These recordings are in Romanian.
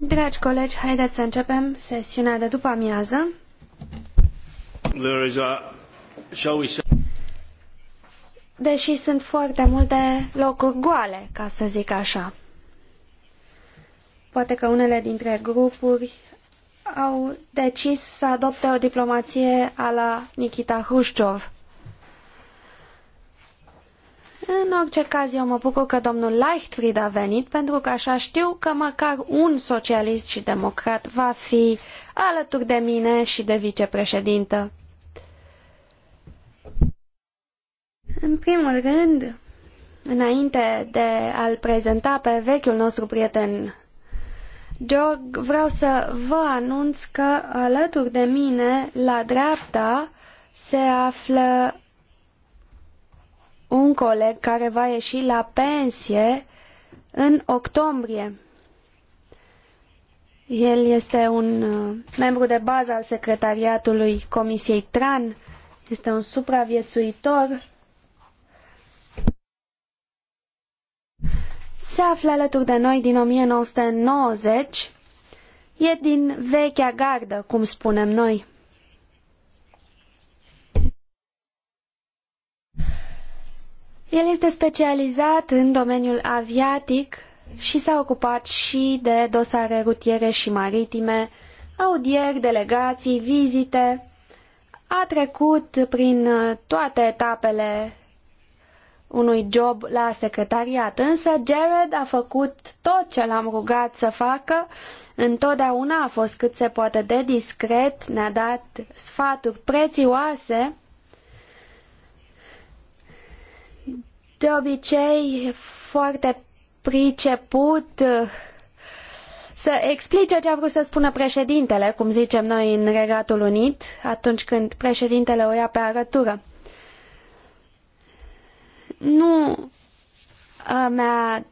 Dragi colegi, haideți să începem sesiunea de după amiază. There is a, shall we say... Deși sunt foarte multe locuri goale, ca să zic așa. Poate că unele dintre grupuri au decis să adopte o diplomație a la Nikita Hrușciov în orice caz, eu mă bucur că domnul Leichtfried a venit, pentru că așa știu că măcar un socialist și democrat va fi alături de mine și de vicepreședintă. În primul rând, înainte de a-l prezenta pe vechiul nostru prieten Georg, vreau să vă anunț că alături de mine, la dreapta, se află un coleg care va ieși la pensie în octombrie. El este un uh, membru de bază al secretariatului Comisiei TRAN, este un supraviețuitor. Se află alături de noi din 1990, e din vechea gardă, cum spunem noi. El este specializat în domeniul aviatic și s-a ocupat și de dosare rutiere și maritime, audieri, delegații, vizite. A trecut prin toate etapele unui job la secretariat, însă Jared a făcut tot ce l-am rugat să facă, întotdeauna a fost cât se poate de discret, ne-a dat sfaturi prețioase, de obicei foarte priceput uh, să explice ce a vrut să spună președintele, cum zicem noi în Regatul Unit, atunci când președintele o ia pe arătură. Nu uh, mi-a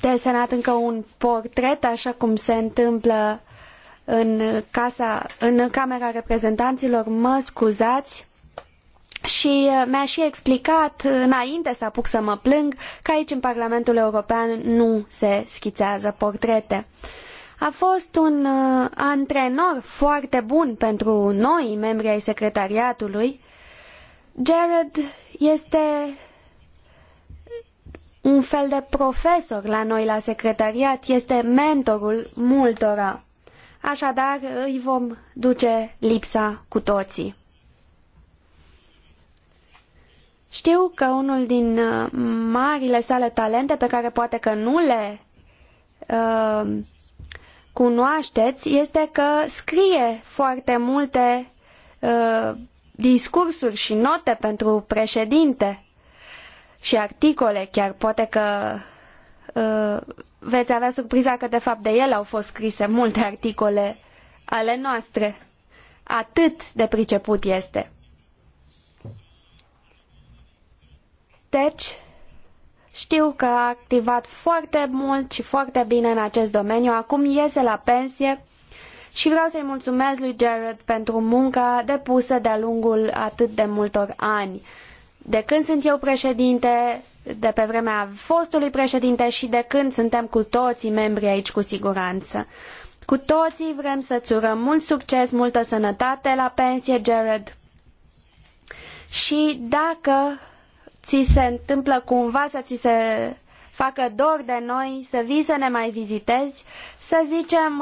desenat încă un portret, așa cum se întâmplă în, casa, în Camera Reprezentanților, mă scuzați și uh, mi-a și explicat uh, înainte să apuc să mă plâng că aici în Parlamentul European nu se schițează portrete. A fost un uh, antrenor foarte bun pentru noi, membrii ai secretariatului. Jared este un fel de profesor la noi la secretariat, este mentorul multora. Așadar, îi vom duce lipsa cu toții. Știu că unul din uh, marile sale talente pe care poate că nu le uh, cunoașteți este că scrie foarte multe uh, discursuri și note pentru președinte și articole chiar. Poate că uh, veți avea surpriza că de fapt de el au fost scrise multe articole ale noastre. Atât de priceput este. Deci, știu că a activat foarte mult și foarte bine în acest domeniu, acum iese la pensie și vreau să-i mulțumesc lui Jared pentru munca depusă de-a lungul atât de multor ani. De când sunt eu președinte, de pe vremea fostului președinte și de când suntem cu toții membri aici cu siguranță. Cu toții vrem să-ți urăm mult succes, multă sănătate la pensie, Jared. Și dacă ți se întâmplă cumva să ți se facă dor de noi, să vii să ne mai vizitezi, să zicem,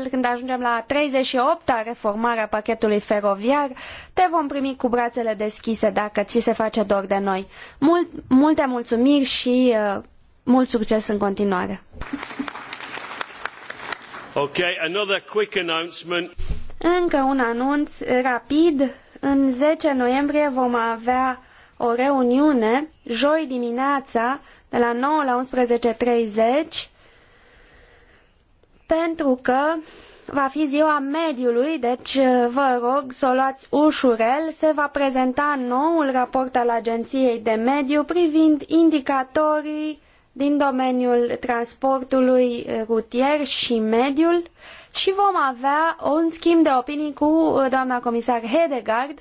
uh, când ajungem la 38-a reformare a pachetului feroviar, te vom primi cu brațele deschise dacă ți se face dor de noi. Mult, multe mulțumiri și uh, mult succes în continuare! Okay, another quick announcement. Încă un anunț rapid. În 10 noiembrie vom avea o reuniune joi dimineața de la 9 la 11.30 pentru că va fi ziua mediului, deci uh, vă rog să o luați ușurel. Se va prezenta noul raport al Agenției de Mediu privind indicatorii din domeniul transportului uh, rutier și mediul și vom avea un schimb de opinii cu uh, doamna comisar Hedegaard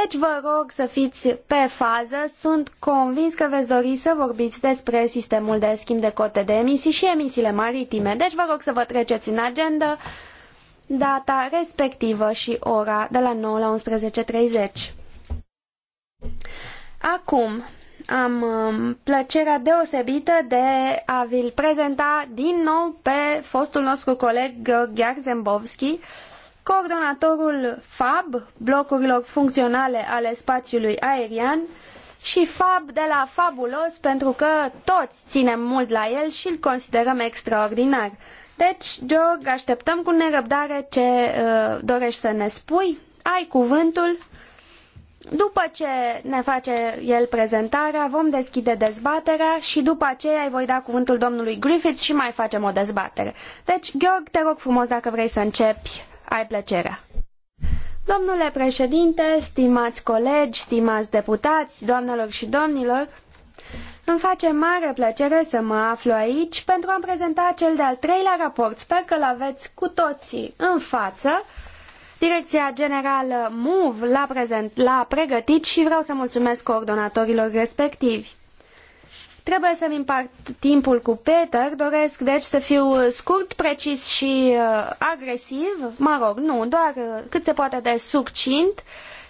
deci vă rog să fiți pe fază. Sunt convins că veți dori să vorbiți despre sistemul de schimb de cote de emisii și emisiile maritime. Deci vă rog să vă treceți în agenda data respectivă și ora de la 9 la 11.30. Acum am um, plăcerea deosebită de a vi-l prezenta din nou pe fostul nostru coleg Gheorghe Zembovski, coordonatorul FAB, blocurilor funcționale ale spațiului aerian, și fab de la fabulos pentru că toți ținem mult la el și îl considerăm extraordinar. Deci, Georg, așteptăm cu nerăbdare ce uh, dorești să ne spui. Ai cuvântul. După ce ne face el prezentarea, vom deschide dezbaterea și după aceea îi voi da cuvântul domnului Griffiths și mai facem o dezbatere. Deci, Georg, te rog frumos dacă vrei să începi ai plăcerea. Domnule președinte, stimați colegi, stimați deputați, doamnelor și domnilor, îmi face mare plăcere să mă aflu aici pentru a-mi prezenta cel de-al treilea raport. Sper că l-aveți cu toții în față. Direcția Generală MUV l-a, prezent, l-a pregătit și vreau să mulțumesc coordonatorilor respectivi. Trebuie să-mi împart timpul cu Peter, doresc deci să fiu uh, scurt, precis și uh, agresiv, mă rog, nu, doar uh, cât se poate de succint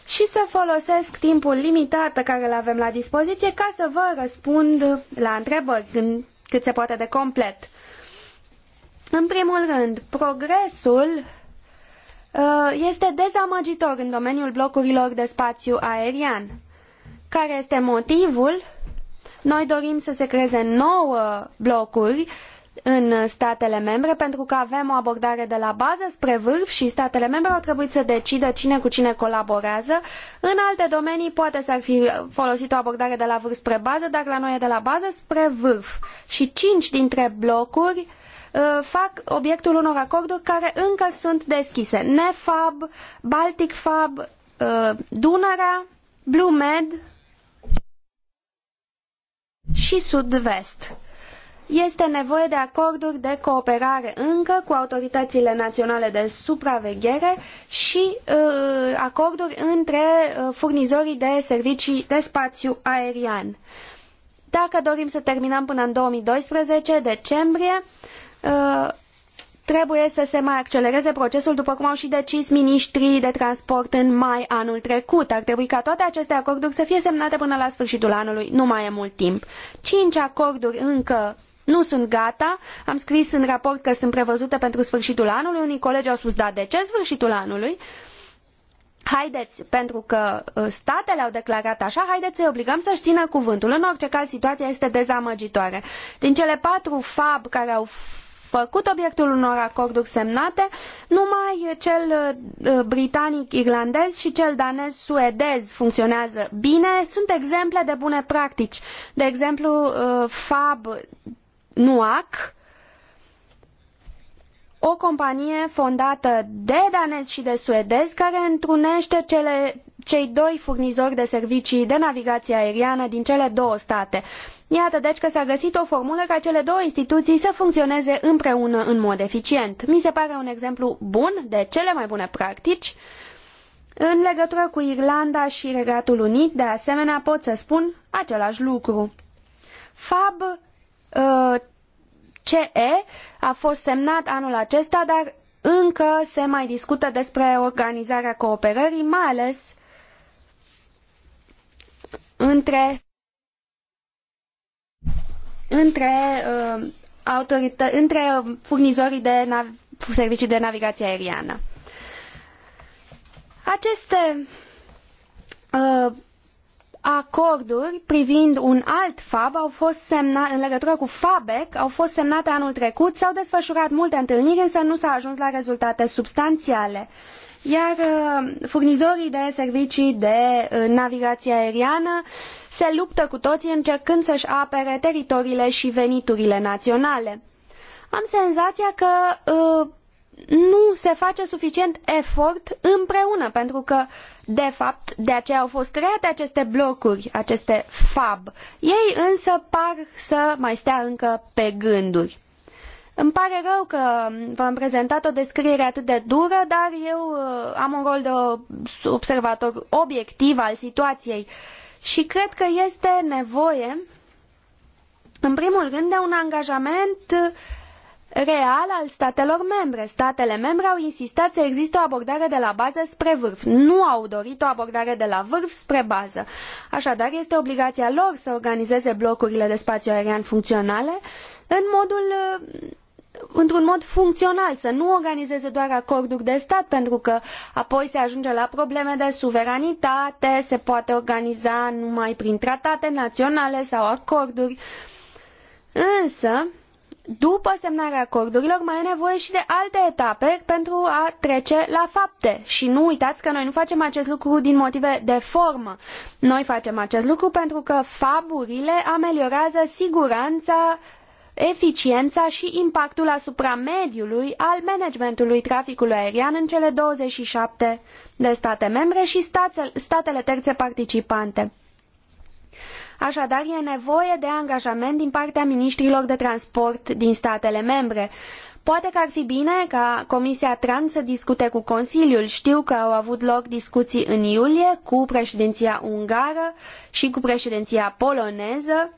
și să folosesc timpul limitat pe care îl avem la dispoziție ca să vă răspund la întrebări cât se poate de complet. În primul rând, progresul uh, este dezamăgitor în domeniul blocurilor de spațiu aerian. Care este motivul? Noi dorim să se creeze nouă blocuri în statele membre pentru că avem o abordare de la bază spre vârf și statele membre au trebuit să decidă cine cu cine colaborează. În alte domenii poate s-ar fi folosit o abordare de la vârf spre bază, dar la noi e de la bază spre vârf. Și cinci dintre blocuri uh, fac obiectul unor acorduri care încă sunt deschise. NEFAB, Baltic Fab, uh, Dunărea, BlueMed și sud-vest. Este nevoie de acorduri de cooperare încă cu autoritățile naționale de supraveghere și uh, acorduri între uh, furnizorii de servicii de spațiu aerian. Dacă dorim să terminăm până în 2012, decembrie, uh, Trebuie să se mai accelereze procesul, după cum au și decis ministrii de transport în mai anul trecut. Ar trebui ca toate aceste acorduri să fie semnate până la sfârșitul anului, nu mai e mult timp. Cinci acorduri încă nu sunt gata, am scris în raport că sunt prevăzute pentru sfârșitul anului, unii colegi au spus, da, de ce sfârșitul anului? Haideți, pentru că uh, statele au declarat așa, haideți să-i obligăm să-și țină cuvântul. În orice caz, situația este dezamăgitoare. Din cele patru FAB care au făcut obiectul unor acorduri semnate, numai cel uh, britanic-irlandez și cel danez-suedez funcționează bine. Sunt exemple de bune practici. De exemplu, uh, FAB NUAC, o companie fondată de danezi și de suedezi care întrunește cele, cei doi furnizori de servicii de navigație aeriană din cele două state. Iată deci că s-a găsit o formulă ca cele două instituții să funcționeze împreună în mod eficient. Mi se pare un exemplu bun de cele mai bune practici. În legătură cu Irlanda și Regatul Unit, de asemenea, pot să spun același lucru. FAB uh, CE a fost semnat anul acesta, dar încă se mai discută despre organizarea cooperării, mai ales între între, uh, autorită- între furnizorii de servicii de navigație aeriană. Aceste uh, acorduri privind un alt FAB au fost semnate în legătură cu FABEC, au fost semnate anul trecut, s-au desfășurat multe întâlniri, însă nu s-a ajuns la rezultate substanțiale. Uh, iar uh, furnizorii de servicii de uh, navigație aeriană se luptă cu toții încercând să-și apere teritoriile și veniturile naționale. Am senzația că uh, nu se face suficient efort împreună, pentru că, de fapt, de aceea au fost create aceste blocuri, aceste FAB. Ei însă par să mai stea încă pe gânduri. Îmi pare rău că v-am prezentat o descriere atât de dură, dar eu uh, am un rol de observator obiectiv al situației și cred că este nevoie, în primul rând, de un angajament real al statelor membre. Statele membre au insistat să existe o abordare de la bază spre vârf. Nu au dorit o abordare de la vârf spre bază. Așadar, este obligația lor să organizeze blocurile de spațiu aerian funcționale în modul uh, într-un mod funcțional, să nu organizeze doar acorduri de stat, pentru că apoi se ajunge la probleme de suveranitate, se poate organiza numai prin tratate naționale sau acorduri. Însă, după semnarea acordurilor, mai e nevoie și de alte etape pentru a trece la fapte. Și nu uitați că noi nu facem acest lucru din motive de formă. Noi facem acest lucru pentru că faburile ameliorează siguranța eficiența și impactul asupra mediului al managementului traficului aerian în cele 27 de state membre și statele terțe participante. Așadar, e nevoie de angajament din partea ministrilor de transport din statele membre. Poate că ar fi bine ca Comisia Trans să discute cu Consiliul. Știu că au avut loc discuții în iulie cu președinția ungară și cu președinția poloneză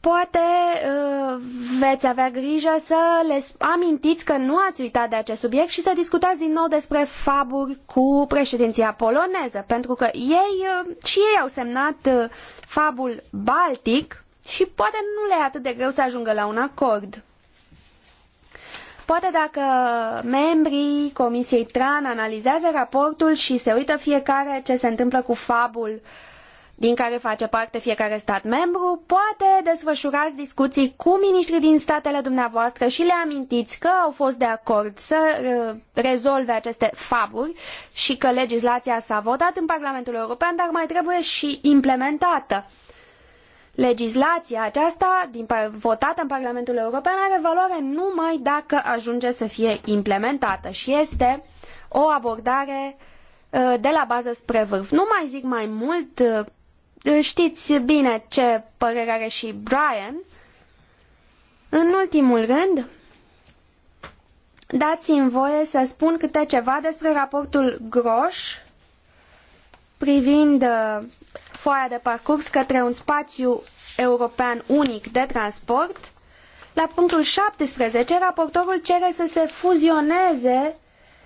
Poate uh, veți avea grijă să le amintiți că nu ați uitat de acest subiect și să discutați din nou despre faburi cu președinția poloneză, pentru că ei uh, și ei au semnat uh, fabul Baltic și poate nu le e atât de greu să ajungă la un acord. Poate dacă membrii Comisiei TRAN analizează raportul și se uită fiecare ce se întâmplă cu fabul uh, din care face parte fiecare stat membru, poate desfășurați discuții cu miniștrii din statele dumneavoastră și le amintiți că au fost de acord să uh, rezolve aceste faburi și că legislația s-a votat în Parlamentul European, dar mai trebuie și implementată. Legislația aceasta din, votată în Parlamentul European are valoare numai dacă ajunge să fie implementată și este o abordare uh, de la bază spre vârf. Nu mai zic mai mult uh, Știți bine ce părere are și Brian. În ultimul rând, dați-mi voie să spun câte ceva despre raportul Groș privind uh, foaia de parcurs către un spațiu european unic de transport. La punctul 17, raportorul cere să se fuzioneze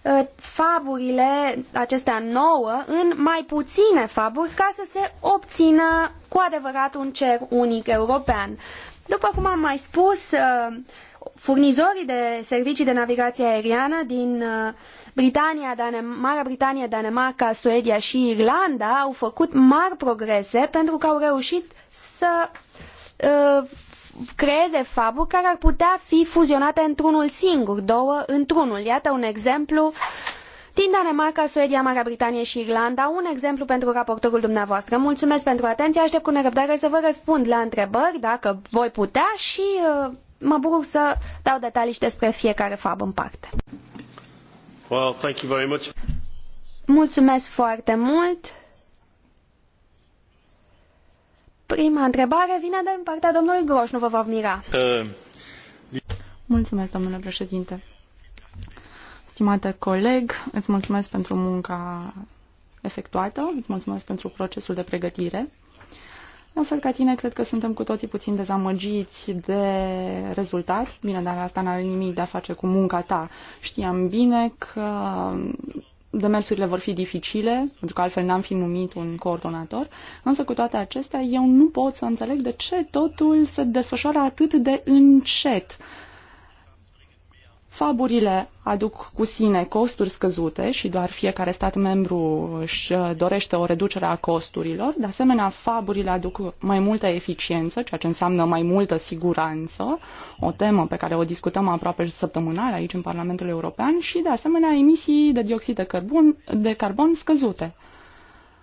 Uh, faburile acestea nouă în mai puține faburi ca să se obțină cu adevărat un cer unic european. După cum am mai spus, uh, furnizorii de servicii de navigație aeriană din uh, Britania, Danem- Marea Britanie, Danemarca, Suedia și Irlanda au făcut mari progrese pentru că au reușit să creeze faburi care ar putea fi fuzionate într-unul singur, două într-unul. Iată un exemplu din Danemarca, Suedia, Marea Britanie și Irlanda, un exemplu pentru raportorul dumneavoastră. Mulțumesc pentru atenție, aștept cu nerăbdare să vă răspund la întrebări, dacă voi putea și uh, mă bucur să dau detalii și despre fiecare fab în parte. Well, Mulțumesc foarte mult. Prima întrebare vine din partea domnului Groș, nu vă va mira. Mulțumesc, domnule președinte. Stimate coleg, îți mulțumesc pentru munca efectuată, îți mulțumesc pentru procesul de pregătire. La fel ca tine, cred că suntem cu toții puțin dezamăgiți de rezultat. Bine, dar asta n-are nimic de a face cu munca ta. Știam bine că demersurile vor fi dificile, pentru că altfel n-am fi numit un coordonator, însă cu toate acestea eu nu pot să înțeleg de ce totul se desfășoară atât de încet. Uh, Faburile aduc cu sine costuri scăzute și doar fiecare stat membru își uh, dorește o reducere a costurilor. De asemenea, faburile aduc mai multă eficiență, ceea ce înseamnă mai multă siguranță, o temă pe care o discutăm aproape săptămânal aici în Parlamentul European și, de asemenea, emisii de dioxid de carbon, de carbon scăzute.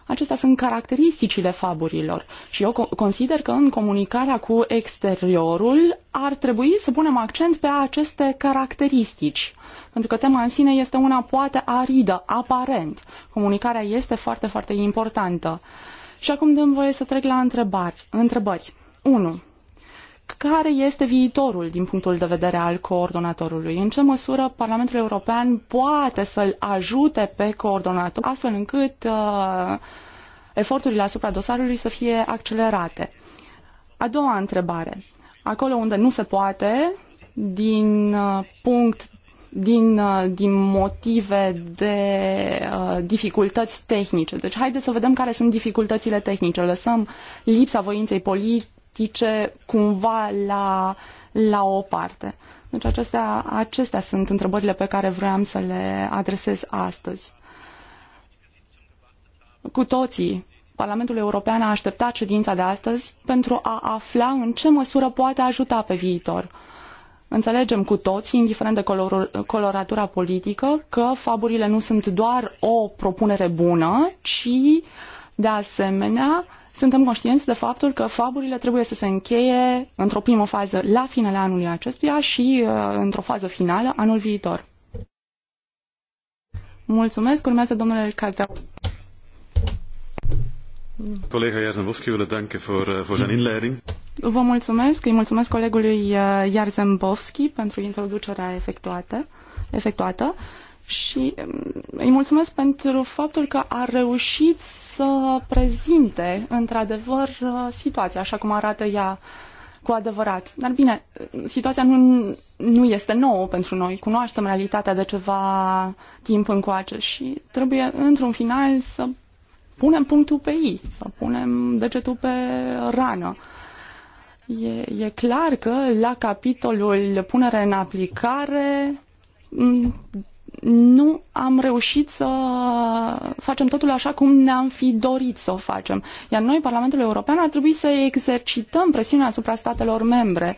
Acestea sunt caracteristicile faburilor și eu consider că în comunicarea cu exteriorul ar trebui să punem accent pe aceste caracteristici. Pentru că tema în sine este una poate aridă, aparent. Comunicarea este foarte, foarte importantă. Și acum dăm voie să trec la întrebări. întrebări. 1 care este viitorul din punctul de vedere al coordonatorului? În ce măsură Parlamentul European poate să-l ajute pe coordonator astfel încât uh, eforturile asupra dosarului să fie accelerate? A doua întrebare. Acolo unde nu se poate, din uh, punct din, uh, din motive de uh, dificultăți tehnice. Deci haideți să vedem care sunt dificultățile tehnice. Lăsăm lipsa voinței politice politice cumva la, la o parte. Deci acestea, acestea sunt întrebările pe care vreau să le adresez astăzi. Cu toții, Parlamentul European a așteptat ședința de astăzi pentru a afla în ce măsură poate ajuta pe viitor. Înțelegem cu toții, indiferent de color, coloratura politică, că faburile nu sunt doar o propunere bună, ci, de asemenea, suntem conștienți de faptul că faburile trebuie să se încheie într-o primă fază la finele anului acestuia și uh, într-o fază finală anul viitor. Mulțumesc. Urmează domnule Cadreau. Colega Jarzembowski wil danken mulțumesc pentru zijn inleiding. Vă mulțumesc, îi mulțumesc colegului eh, Jarzembowski pentru introducerea efectuată. efectuată și um, îi mulțumesc pentru faptul că a reușit să prezinte într-adevăr uh, situația așa cum arată ea cu adevărat. Dar bine, uh, situația nu, nu este nouă pentru noi. Cunoaștem realitatea de ceva timp încoace și trebuie într-un final să punem punctul pe i, să punem degetul pe rană. E, e clar că la capitolul punere în aplicare mm, nu am reușit să facem totul așa cum ne-am fi dorit să o facem. Iar noi, Parlamentul European, ar trebui să exercităm presiunea asupra statelor membre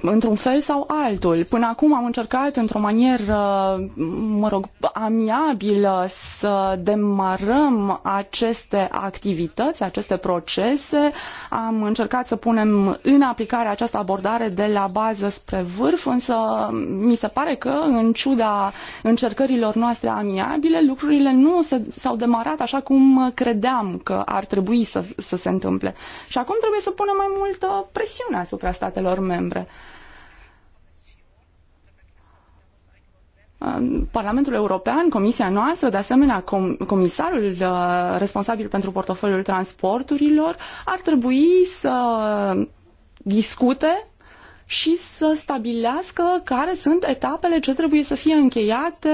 într-un fel sau altul. Până acum am încercat într-o manieră, mă rog, amiabilă să demarăm aceste activități, aceste procese, uh, am încercat să punem în aplicare această abordare de la bază spre vârf, însă mi se pare că, în ciuda încercărilor noastre amiabile, lucrurile nu s-au demarat așa cum credeam că ar trebui să, să se întâmple. Și acum trebuie să punem mai multă presiune asupra statelor membre. Parlamentul European, Comisia noastră, de asemenea com comisarul uh, responsabil pentru portofoliul transporturilor, ar trebui să discute și să stabilească care sunt etapele ce trebuie să fie încheiate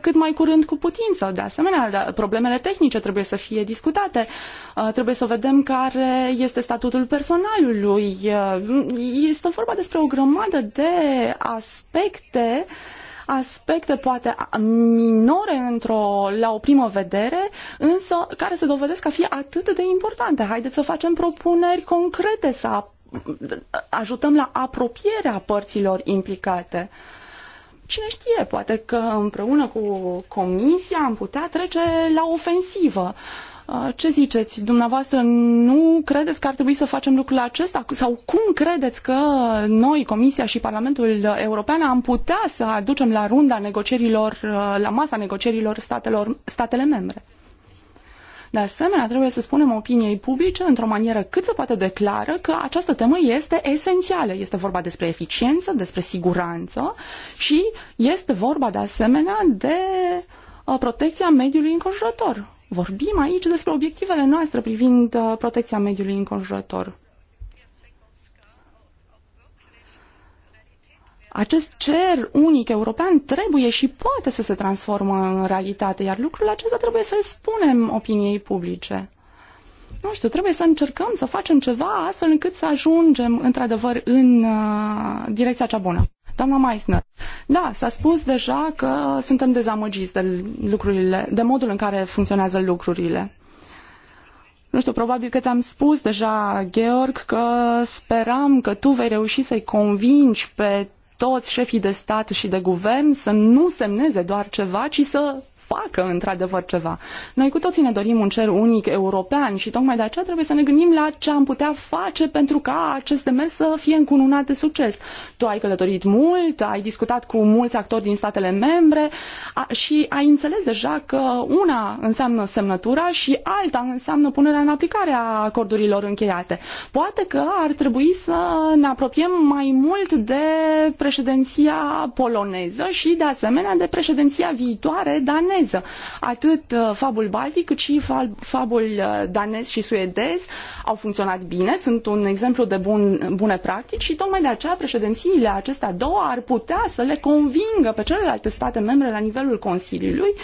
cât mai curând cu putință. De asemenea, da, problemele tehnice trebuie să fie discutate. Uh, trebuie să vedem care este statutul personalului. Uh, este vorba despre o grămadă de aspecte uh, aspecte poate minore într-o, la o primă vedere, însă care se dovedesc a fi atât de importante. Haideți să facem propuneri concrete, să ajutăm la apropierea părților implicate. Cine știe, poate că împreună cu Comisia am putea trece la ofensivă. Uh, Uh, ce ziceți? Dumneavoastră nu credeți că ar trebui să facem lucrul acesta? Sau cum credeți că noi, Comisia și Parlamentul European, am putea să aducem la runda negocierilor, uh, la masa negocierilor statelor, statele membre? De asemenea, trebuie să spunem opiniei publice într-o manieră cât se poate declară că această temă este esențială. Este vorba despre eficiență, despre siguranță și este vorba de asemenea de uh, protecția mediului înconjurător. Vorbim aici despre obiectivele noastre privind uh, protecția mediului înconjurător. Acest cer unic european trebuie și poate să se transformă în realitate, iar lucrul acesta trebuie să-l spunem opiniei publice nu știu, trebuie să încercăm să facem ceva astfel încât să ajungem într-adevăr în uh, direcția cea bună. Doamna Meissner, da, s-a spus deja că suntem dezamăgiți de lucrurile, de modul în care funcționează lucrurile. Nu știu, probabil că ți-am spus deja, Georg, că speram că tu vei reuși să-i convingi pe toți șefii de stat și de guvern să nu semneze doar ceva, ci să facă într-adevăr ceva. Noi cu toții ne dorim un cer unic european și tocmai de aceea trebuie să ne gândim la ce am putea face pentru ca acest demers să fie încununat de succes. Tu ai călătorit mult, ai discutat cu mulți actori din statele membre a, și ai înțeles deja că una înseamnă semnătura și alta înseamnă punerea în aplicare a acordurilor încheiate. Poate că ar trebui să ne apropiem mai mult de președinția poloneză și de asemenea de președinția viitoare daneză daneză. Atât uh, fabul baltic cât și fabul uh, danez și suedez au funcționat bine, sunt un exemplu de bun, bune practici și tocmai de aceea președințiile acestea două ar putea să le convingă pe celelalte state membre la nivelul Consiliului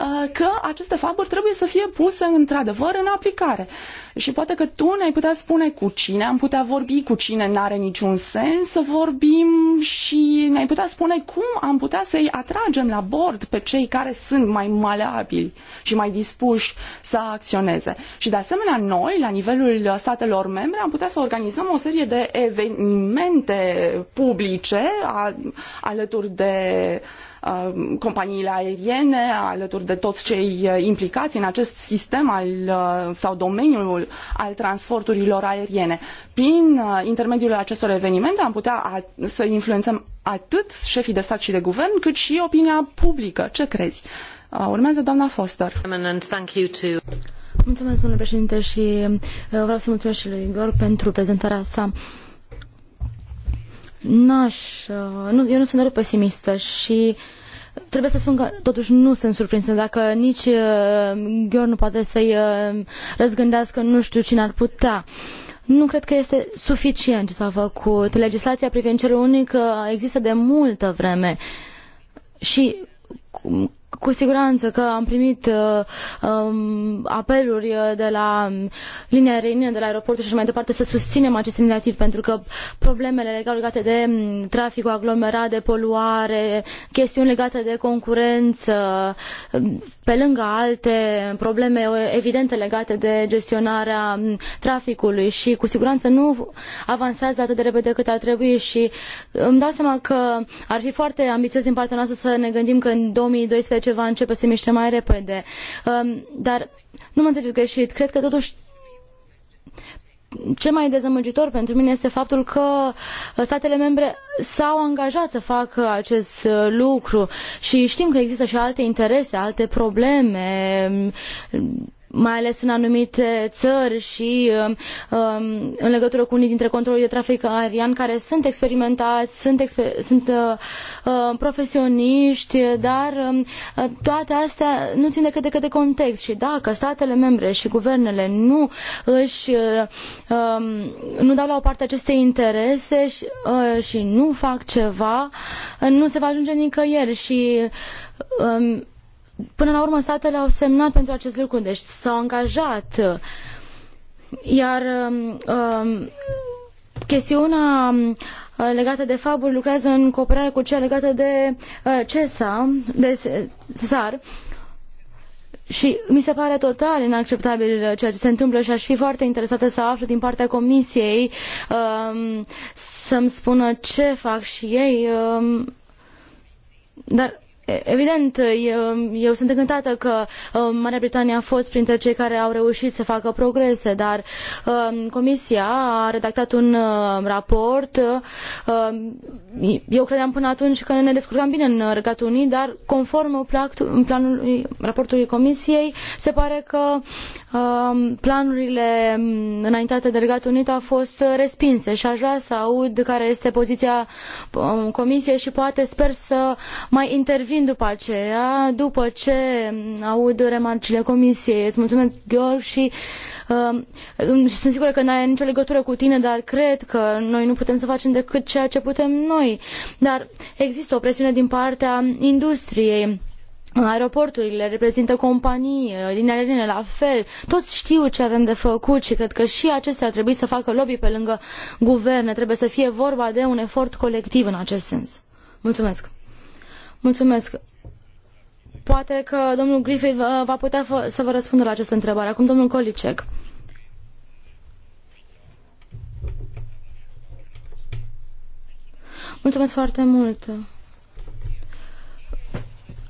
Uh, că aceste faburi trebuie să fie puse într-adevăr în aplicare. Și poate că tu ne-ai putea spune cu cine am putea vorbi, cu cine n-are niciun sens să vorbim și ne-ai putea spune cum am putea să-i atragem la bord pe cei care sunt mai maleabili și mai dispuși să acționeze. Și de asemenea noi, la nivelul statelor membre, am putea să organizăm o serie de evenimente publice a, alături de uh, Uh, companiile aeriene, alături de toți cei uh, implicați în acest sistem al, uh, sau domeniul al transporturilor aeriene. Prin intermediul acestor evenimente am putea să influențăm atât șefii de stat și de guvern, cât și opinia publică. Ce crezi? Urmează doamna Foster. Mulțumesc, domnule președinte, și vreau să mulțumesc și lui Igor pentru prezentarea sa n-aș, uh, nu, eu nu sunt deloc pesimistă și trebuie să spun că totuși nu sunt surprinsă dacă nici uh, Gheor nu poate să-i uh, răzgândească nu știu cine ar putea. Nu cred că este suficient ce s-a făcut. Legislația privind cerul unic uh, există de multă vreme și cu siguranță că am primit uh, um, apeluri uh, de la um, linia aeriană, de la aeroportul și așa mai departe să susținem acest inițiativ pentru că problemele legate de um, traficul aglomerat, de poluare, chestiuni legate de concurență, pe lângă alte probleme uh, evidente legate de gestionarea traficului și cu siguranță nu avansează atât de repede cât ar trebui și îmi dau seama că ar fi foarte ambițios din partea noastră să ne gândim că în 2012 ceva va începe să se miște mai repede. Um, dar nu mă înțelegeți greșit, cred că totuși ce mai dezamăgitor pentru mine este faptul că statele membre s-au angajat să facă acest uh, lucru și știm că există și alte interese, alte probleme um, mai ales în anumite țări și um, um în legătură cu unii dintre controalele de trafic aerian care sunt experimentați, sunt, exper- sunt uh, uh, profesioniști, dar uh, toate astea nu țin decât, decât de context și dacă statele membre și guvernele nu își uh, um, nu dau la o parte aceste interese și, uh, și nu fac ceva, nu se va ajunge nicăieri și um, Până la urmă, statele au semnat pentru acest lucru, deci s-au angajat. Iar um, um, chestiunea um, legată de fabul lucrează în cooperare cu cea legată de uh, CESA, de Sar, Și mi se pare total inacceptabil uh, ceea ce se întâmplă și aș fi foarte interesată să aflu din partea comisiei um, să-mi spună ce fac și ei. Um, dar Evident, eu, eu sunt încântată că uh, Marea Britanie a fost printre cei care au reușit să facă progrese, dar uh, Comisia a redactat un uh, raport. Um, eu credeam până atunci că ne descurcăm bine în Regatul Unit, dar conform planului, planul raportului Comisiei, se pare că um, planurile înaintate de Regatul Unit au fost respinse și aș vrea să aud care este poziția Comisiei și poate sper să mai intervin intervin după aceea, după ce aud remarcile comisiei. Îți mulțumesc, Gheorg, și uh, sunt sigură că nu are nicio legătură cu tine, dar cred că noi nu putem să facem decât ceea ce putem noi. Dar există o presiune din partea industriei. Aeroporturile reprezintă companii, linearele uh, la fel. Toți știu ce avem de făcut și cred că și acestea ar trebui să facă lobby pe lângă guverne. Trebuie să fie vorba de un efort colectiv în acest sens. Mulțumesc! Mulțumesc. Poate că domnul Griffith va putea să vă răspundă la această întrebare. Acum domnul Kolicek. Mulțumesc foarte mult.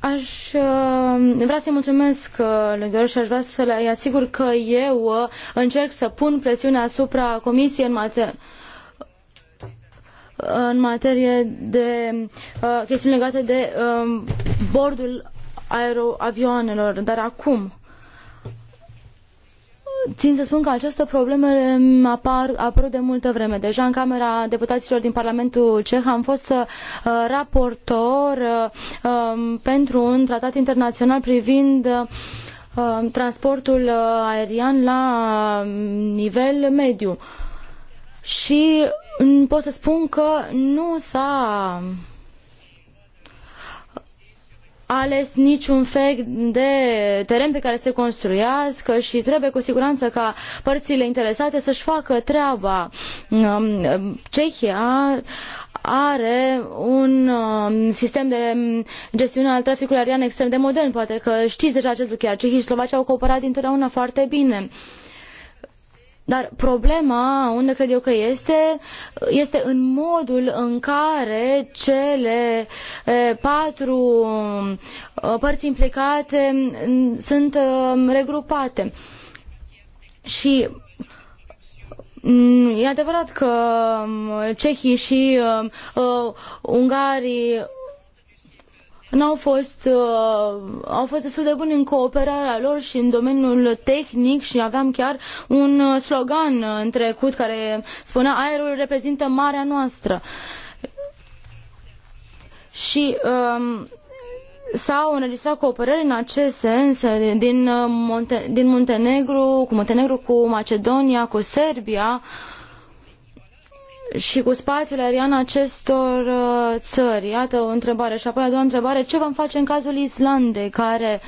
Aș uh, vrea să-i mulțumesc uh, lui Gheorghe și aș vrea să le asigur că eu uh, încerc să pun presiune asupra Comisiei în materie în materie de uh, chestiuni legate de uh, bordul aeroavioanelor, dar acum Țin să spun că aceste probleme apar, apar de multă vreme. Deja în Camera Deputaților din Parlamentul Ceh am fost uh, raportor uh, um, pentru un tratat internațional privind uh, um, transportul uh, aerian la nivel mediu. Și pot să spun că nu s-a ales niciun fel de teren pe care se construiască și trebuie cu siguranță ca părțile interesate să-și facă treaba. Um, Cehia are un um, sistem de gestiune al traficului aerian extrem de modern. Poate că știți deja acest lucru, iar cehii și slovacii au cooperat dintotdeauna foarte bine. Dar problema, unde cred eu că este, este în modul în care cele patru părți implicate sunt regrupate. Și E adevărat că cehii și uh, ungarii n-au fost, uh, au fost destul de buni în cooperarea lor și în domeniul tehnic și aveam chiar un uh, slogan uh, în trecut care spunea aerul reprezintă marea noastră. Și um, s-au înregistrat cooperări în acest sens uh, din, Monte- din Muntenegru, cu Muntenegru, cu Macedonia, cu Serbia, uh, și cu spațiul aerian acestor uh, țări? Iată o întrebare. Și apoi a doua întrebare, ce vom face în cazul Islandei, care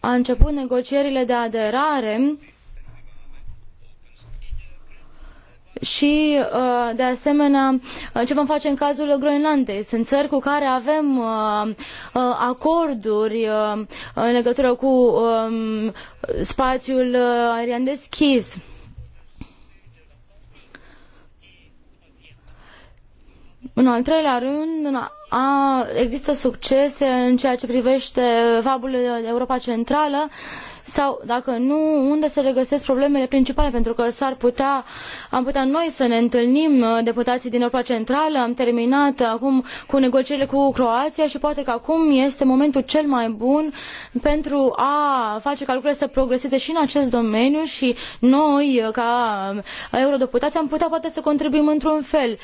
a început negocierile de aderare și, uh, de asemenea, uh, ce vom face în cazul Groenlandei. Sunt țări cu care avem acorduri în legătură cu um, spațiul aerian deschis. În al treilea rând, a, există succese în ceea ce privește fabul Europa Centrală sau, dacă nu, unde se regăsesc problemele principale, pentru că s-ar putea, am putea noi să ne întâlnim, uh, deputații din Europa Centrală, am terminat acum cu negocierile cu Croația și poate că acum este momentul cel mai bun pentru a face ca lucrurile să progreseze și în acest domeniu și noi, ca eurodeputați, am putea poate să contribuim într-un fel. Uh,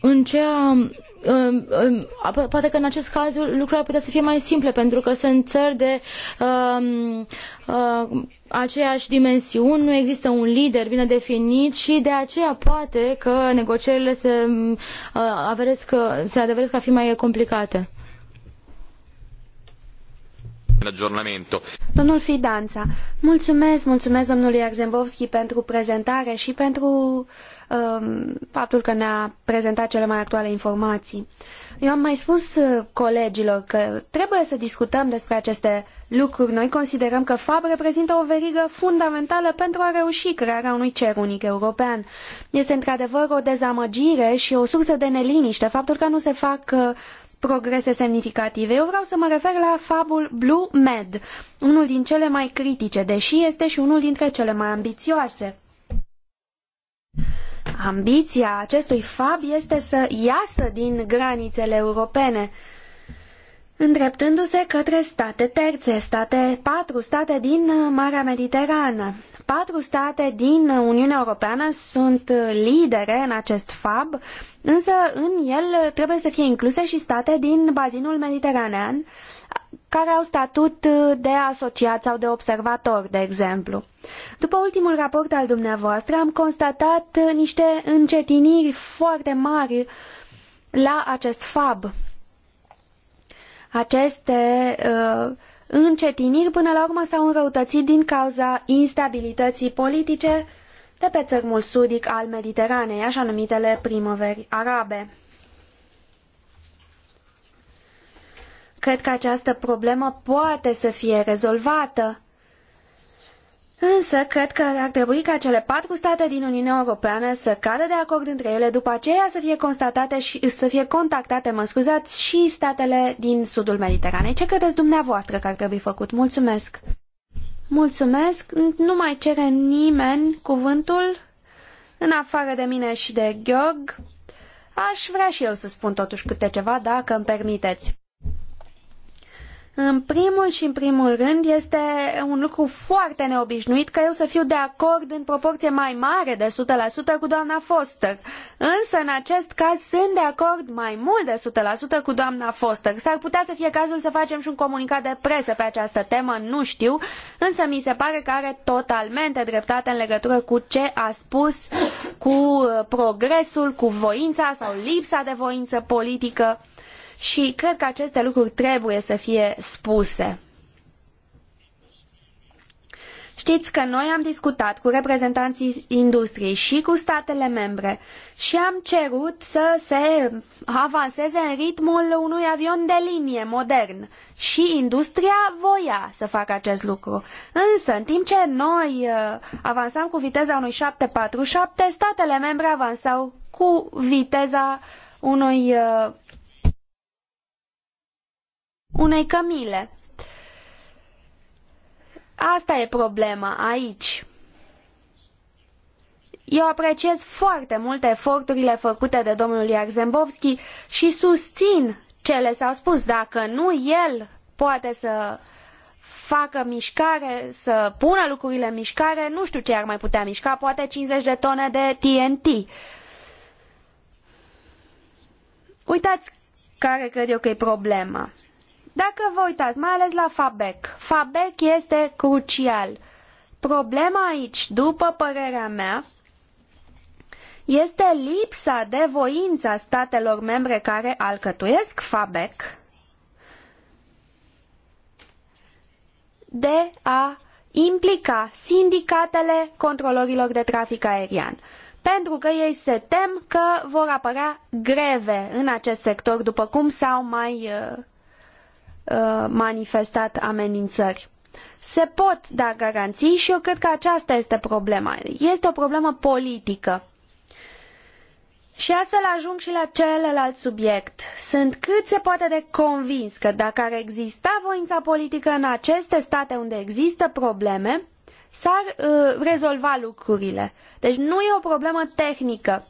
în ceea poate că în acest caz lucrurile ar putea să fie mai simple pentru că sunt țări de um, uh, aceeași dimensiuni, nu există un lider bine definit și de aceea poate că negocierile se, uh, averesc, se adeveresc a fi mai complicate. Domnul Fidanța, mulțumesc, mulțumesc domnului Arzembovski pentru prezentare și pentru um, faptul că ne-a prezentat cele mai actuale informații. Eu am mai spus uh, colegilor că trebuie să discutăm despre aceste lucruri. Noi considerăm că FAB reprezintă o verigă fundamentală pentru a reuși crearea unui cer unic european. Este într-adevăr o dezamăgire și o sursă de neliniște faptul că nu se fac uh, progrese semnificative. Eu vreau să mă refer la fabul Blue Med, unul din cele mai critice, deși este și unul dintre cele mai ambițioase. Ambiția acestui fab este să iasă din granițele europene, îndreptându-se către state terțe, state, patru state din Marea Mediterană. Patru state din Uniunea Europeană sunt lidere în acest fab, uh, însă în el trebuie să fie incluse și state din bazinul mediteranean care au statut de asociat sau de observator, de exemplu. După ultimul raport al dumneavoastră, am constatat niște încetiniri foarte mari la acest FAB. Aceste uh, încetiniri până la urmă s-au înrăutățit din cauza instabilității politice de pe țărmul sudic al Mediteranei, așa numitele primăveri arabe. Cred că această problemă poate să fie rezolvată. Însă, cred că ar trebui ca cele patru state din Uniunea Europeană să cadă de acord între ele, după aceea să fie constatate și să fie contactate, mă scuzați, și statele din sudul Mediteranei. Ce credeți dumneavoastră că ar trebui făcut? Mulțumesc! Mulțumesc. Nu mai cere nimeni cuvântul, în afară de mine și de Gheorg. Aș vrea și eu să spun totuși câte ceva, dacă îmi permiteți. În primul și în primul rând este un lucru foarte neobișnuit că eu să fiu de acord în proporție mai mare de 100% cu doamna Foster. Însă în acest caz sunt de acord mai mult de 100% cu doamna Foster. S-ar putea să fie cazul să facem și un comunicat de presă pe această temă, nu știu, însă mi se pare că are totalmente dreptate în legătură cu ce a spus, cu uh, progresul, cu voința sau lipsa de voință politică și cred că aceste lucruri trebuie să fie spuse. Știți că noi am discutat cu reprezentanții industriei și cu statele membre și am cerut să se avanseze în ritmul unui avion de linie modern și industria voia să facă acest lucru. Însă, în timp ce noi uh, avansam cu viteza unui 747, statele membre avansau cu viteza unui uh, unei cămile. Asta e problema aici. Eu apreciez foarte mult eforturile făcute de domnul Iarzembovski și susțin ce le s-au spus. Dacă nu el poate să facă mișcare, să pună lucrurile în mișcare, nu știu ce ar mai putea mișca, poate 50 de tone de TNT. Uitați care cred eu că e problema. Dacă vă uitați, mai ales la FABEC, FABEC este crucial. Problema aici, după părerea mea, este lipsa de voință a statelor membre care alcătuiesc FABEC de a implica sindicatele controlorilor de trafic aerian. Pentru că ei se tem că vor apărea greve în acest sector, după cum s-au mai uh, Uh, manifestat amenințări. Se pot da garanții și eu cred că aceasta este problema. Este o problemă politică. Și astfel ajung și la celălalt subiect. Sunt cât se poate de convins că dacă ar exista voința politică în aceste state unde există probleme, s-ar uh, rezolva lucrurile. Deci nu e o problemă tehnică.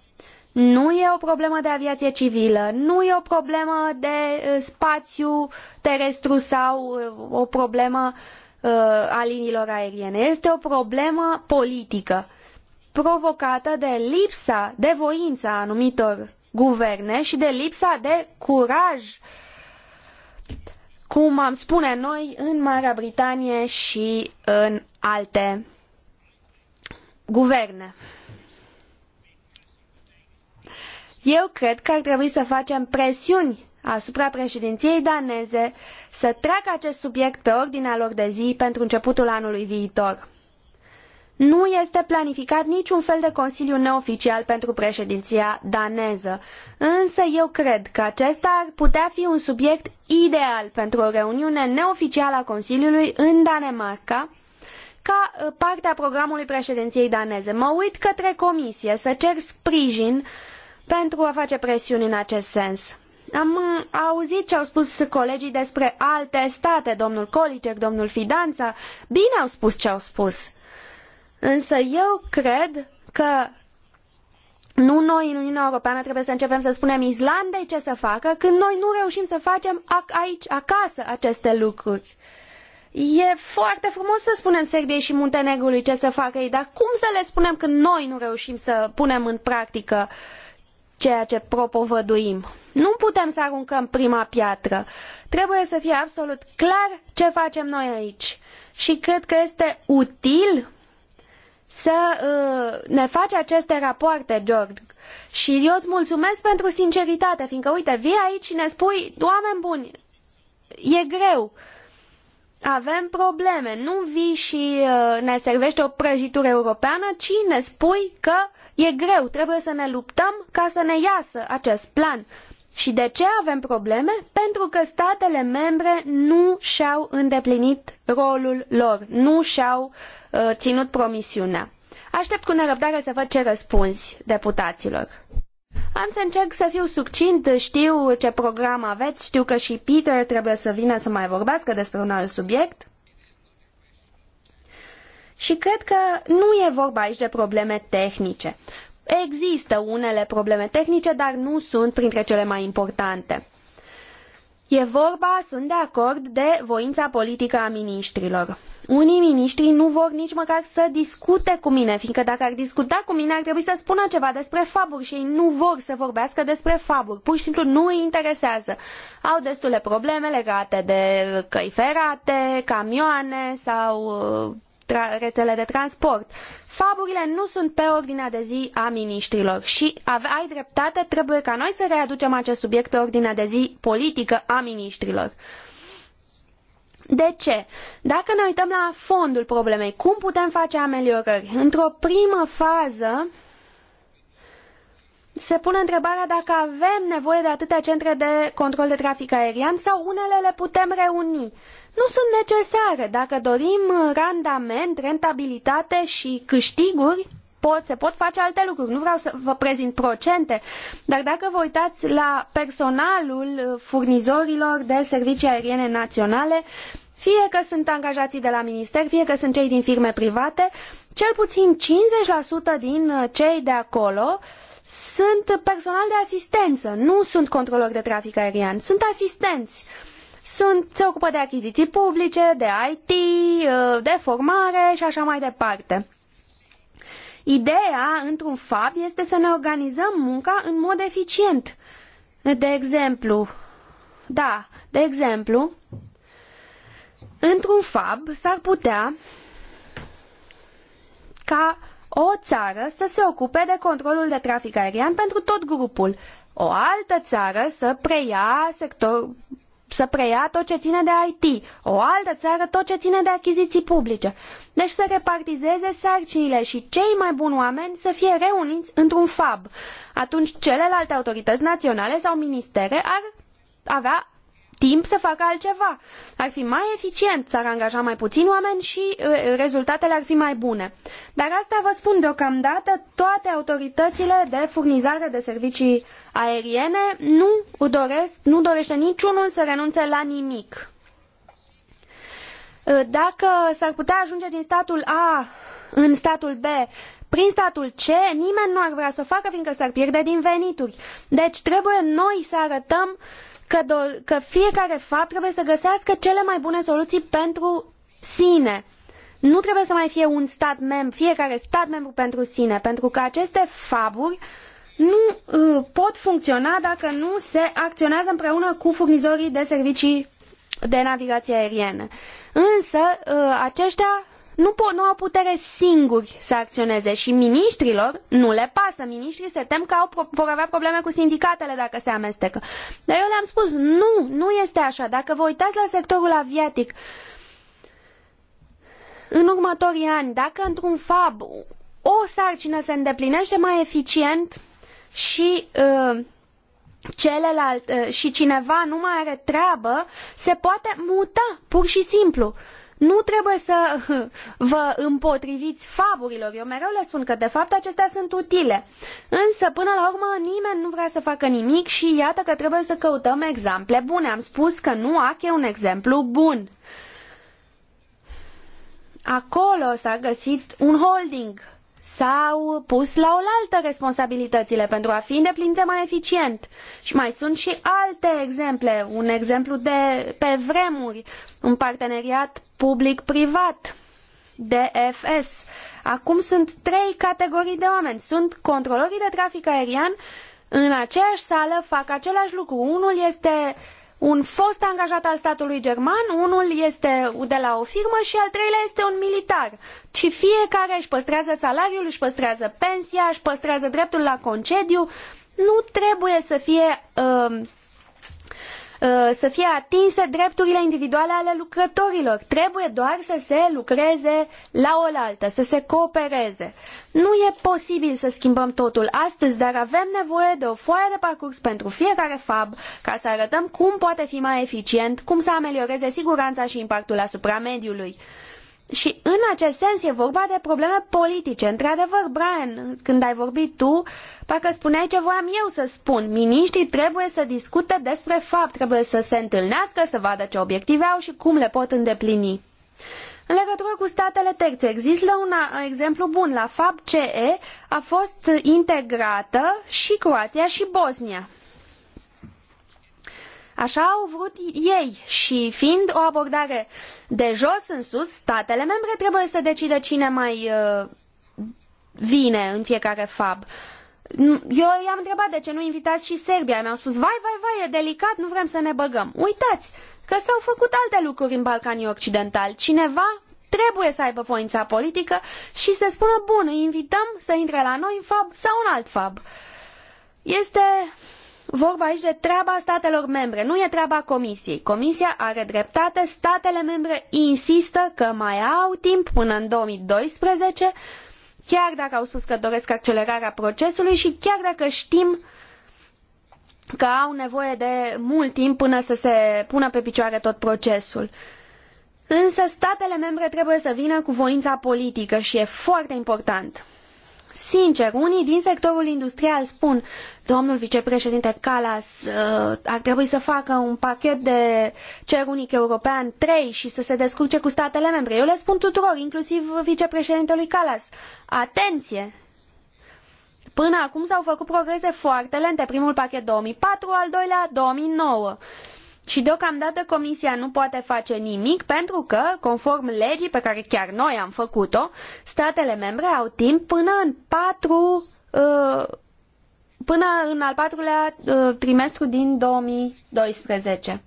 Nu e o problemă de aviație civilă, nu e o problemă de uh, spațiu terestru sau uh, o problemă uh, a liniilor aeriene. Este o problemă politică provocată de lipsa de voință a anumitor guverne și de lipsa de curaj, cum am spune noi, în Marea Britanie și în alte guverne. Eu cred că ar trebui să facem presiuni asupra președinției daneze să treacă acest subiect pe ordinea lor de zi pentru începutul anului viitor. Nu este planificat niciun fel de consiliu neoficial pentru președinția daneză, însă eu cred că acesta ar putea fi un subiect ideal pentru o reuniune neoficială a Consiliului în Danemarca, ca ă, parte a programului președinției daneze. Mă uit către comisie să cer sprijin uh, pentru a face presiuni în acest sens. Am uh, auzit ce au spus colegii despre alte state, domnul Colicec, domnul Fidanța. Bine au spus ce au spus. Însă eu cred că nu noi în Uniunea Europeană trebuie să începem să spunem Islandei ce să facă când noi nu reușim să facem aici, acasă, aceste lucruri. E foarte frumos să spunem Serbiei și Muntenegrului ce să facă ei, dar cum să le spunem când noi nu reușim să punem în practică uh, ceea ce propovăduim. Nu putem să aruncăm prima piatră. Trebuie să fie absolut clar ce facem noi aici. Și cred că este util să uh, ne faci aceste rapoarte, George. Și eu îți mulțumesc pentru sinceritate, fiindcă, uite, vii aici și ne spui, oameni buni, e greu, avem probleme, nu vii și uh, ne servești o prăjitură europeană, ci ne spui că E greu, trebuie să ne luptăm ca să ne iasă acest plan. Și de ce avem probleme? Pentru că statele membre nu și-au îndeplinit rolul lor, nu și-au uh, ținut promisiunea. Aștept cu nerăbdare să văd ce răspunzi deputaților. Am să încerc să fiu succint, știu ce program aveți, știu că și Peter trebuie să vină să mai vorbească despre un alt subiect. Și cred că nu e vorba aici de probleme tehnice. Există unele probleme tehnice, dar nu sunt printre cele mai importante. E vorba, sunt de acord, de voința politică a miniștrilor. Unii miniștri nu vor nici măcar să discute cu mine, fiindcă dacă ar discuta cu mine ar trebui să spună ceva despre faburi și ei nu vor să vorbească despre faburi. Pur și simplu nu îi interesează. Au destule probleme legate de căi ferate, camioane sau uh, rețele de transport. Faburile nu sunt pe ordinea de zi a miniștrilor și ai dreptate, trebuie ca noi să readucem acest subiect pe ordinea de zi politică a miniștrilor. De ce? Dacă ne uităm la fondul problemei, cum putem face ameliorări? Într-o primă fază, se pune întrebarea dacă avem nevoie de atâtea centre de control de trafic aerian sau unele le putem reuni nu sunt necesare. Dacă dorim randament, rentabilitate și câștiguri, pot, se pot face alte lucruri. Nu vreau să vă prezint procente, dar dacă vă uitați la personalul furnizorilor de servicii aeriene naționale, fie că sunt angajații de la minister, fie că sunt cei din firme private, cel puțin 50% din cei de acolo sunt personal de asistență, nu sunt controlori de trafic aerian, sunt asistenți sunt, se ocupă de achiziții publice, de IT, uh, de formare și așa mai departe. Ideea, într-un fab, este să ne organizăm munca în mod eficient. De exemplu, da, de exemplu, într-un fab s-ar putea ca o țară să se ocupe de controlul de trafic aerian pentru tot grupul, o altă țară să preia sector, să preia tot ce ține de IT, o altă țară tot ce ține de achiziții publice. Deci să repartizeze sarcinile și cei mai buni oameni să fie reuniți într-un fab. Atunci celelalte autorități naționale sau ministere ar avea timp să facă altceva. Ar fi mai eficient, s-ar angaja mai puțin oameni și uh, rezultatele ar fi mai bune. Dar asta vă spun deocamdată, toate autoritățile de furnizare de servicii aeriene nu, doresc, nu dorește niciunul să renunțe la nimic. Uh, dacă s-ar putea ajunge din statul A în statul B prin statul C, nimeni nu ar vrea să o facă fiindcă s-ar pierde din venituri. Deci trebuie noi să arătăm uh, că, do- că fiecare fapt trebuie să găsească cele mai bune soluții pentru sine. Nu trebuie să mai fie un stat membru, fiecare stat membru pentru sine, pentru că aceste faburi nu uh, pot funcționa dacă nu se acționează împreună cu furnizorii de servicii de navigație aeriene. Însă, uh, aceștia nu, po- nu au putere singuri să acționeze și miniștrilor nu le pasă. Miniștrii se tem că au, vor avea probleme cu sindicatele dacă se amestecă. Dar eu le-am spus, nu, nu este așa. Dacă vă uitați la sectorul aviatic, în următorii ani, dacă într-un fab o sarcină se îndeplinește mai eficient și uh, celălalt uh, și cineva nu mai are treabă, se poate muta pur și simplu. Uh, nu trebuie să vă împotriviți faburilor. Eu mereu le spun că, de fapt, acestea sunt utile. Însă, până la urmă, nimeni nu vrea să facă nimic și iată că trebuie să căutăm exemple bune. Am spus că nu AC e un exemplu bun. Acolo s-a găsit un holding s-au pus la oaltă responsabilitățile pentru a fi îndeplinite mai eficient. Și mai sunt și alte exemple. Un exemplu de pe vremuri, un parteneriat public-privat, DFS. Acum sunt trei categorii de oameni. Sunt controlorii de trafic aerian, în aceeași sală fac același lucru. Unul este uh, un fost angajat al statului german, unul este de la o firmă și al treilea este un militar. Și fiecare își păstrează salariul, își păstrează pensia, își păstrează dreptul la concediu. Nu trebuie să fie uh, Uh, să fie atinse drepturile individuale ale lucrătorilor. Trebuie doar să se lucreze la oaltă, să se coopereze. Nu e posibil să schimbăm totul astăzi, dar avem nevoie de o foaie de parcurs pentru fiecare fab ca să arătăm cum poate fi mai eficient, cum să amelioreze siguranța și impactul asupra mediului. Și în acest sens e vorba de probleme politice. Într-adevăr, Brian, când ai vorbit tu, parcă spuneai ce voiam eu să spun. Miniștrii trebuie să discute despre fapt, trebuie să se întâlnească, să vadă ce obiective au și cum le pot îndeplini. În legătură cu statele terțe, există un exemplu bun. La FAP CE a fost integrată și Croația și Bosnia. Așa au vrut ei și fiind o abordare de jos în sus, statele membre trebuie să decide cine mai uh, vine în fiecare fab. Eu i-am întrebat de ce nu invitați și Serbia. Mi-au spus, vai, vai, vai, e delicat, nu vrem să ne băgăm. Uitați că s-au făcut alte lucruri în Balcanii Occidentali. Cineva trebuie să aibă voința politică și să spună, bun, îi invităm să intre la noi în fab sau un alt fab. Este vorba aici de treaba statelor membre, nu e treaba Comisiei. Comisia are dreptate, statele membre insistă că mai au timp până în 2012, chiar dacă au spus că doresc accelerarea procesului și chiar dacă știm că au nevoie de mult timp până să se pună pe picioare tot procesul. Însă statele membre trebuie să vină cu voința politică și e foarte important. Sincer, unii din sectorul industrial spun, domnul vicepreședinte Calas, uh, ar trebui să facă un pachet de cer unic european 3 și să se descurce cu statele membre. Eu le spun tuturor, inclusiv vicepreședintelui Calas, atenție! Până acum s-au făcut progrese foarte lente, primul pachet 2004, al doilea 2009. Și deocamdată Comisia nu poate face nimic pentru că, conform legii pe care chiar noi am făcut-o, statele membre au timp până în patru uh, până în al patrulea uh, trimestru din 2012.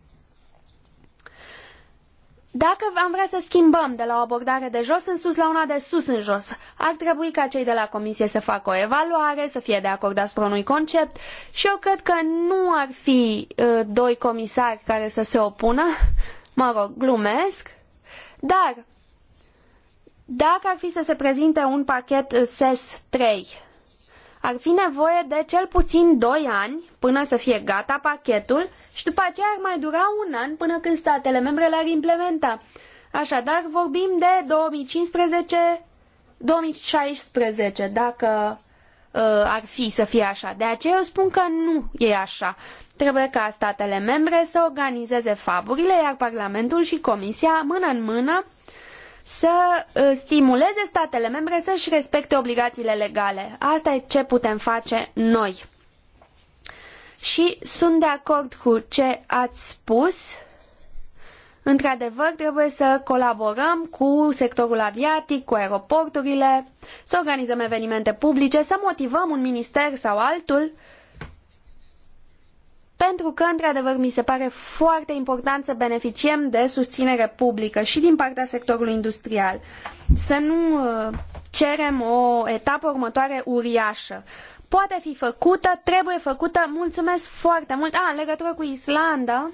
Dacă am vrea să schimbăm de la o abordare de jos în sus la una de sus în jos, ar trebui ca cei de la comisie să facă o evaluare, să fie de acord asupra unui concept și eu cred că nu ar fi uh, doi comisari care să se opună, mă rog, glumesc, dar dacă ar fi să se prezinte un pachet SES 3 ar fi nevoie de cel puțin 2 ani până să fie gata pachetul și după aceea ar mai dura un an până când statele membre l-ar implementa. Așadar, vorbim de 2015 2016, dacă uh, ar fi să fie așa. De aceea eu spun că nu e așa. Trebuie ca statele membre să organizeze faburile, iar Parlamentul și Comisia, mână în mână, să uh, stimuleze statele membre să-și respecte obligațiile legale. Asta e ce putem face noi. Și sunt de acord cu ce ați spus. Într-adevăr, trebuie să colaborăm cu sectorul aviatic, cu aeroporturile, să organizăm evenimente publice, să motivăm un minister sau altul uh, pentru că, într-adevăr, mi se pare foarte important să beneficiem de susținere publică și din partea sectorului industrial. Să nu uh, cerem o etapă următoare uriașă. Poate fi făcută, trebuie făcută. Mulțumesc foarte mult. A, în legătură cu Islanda,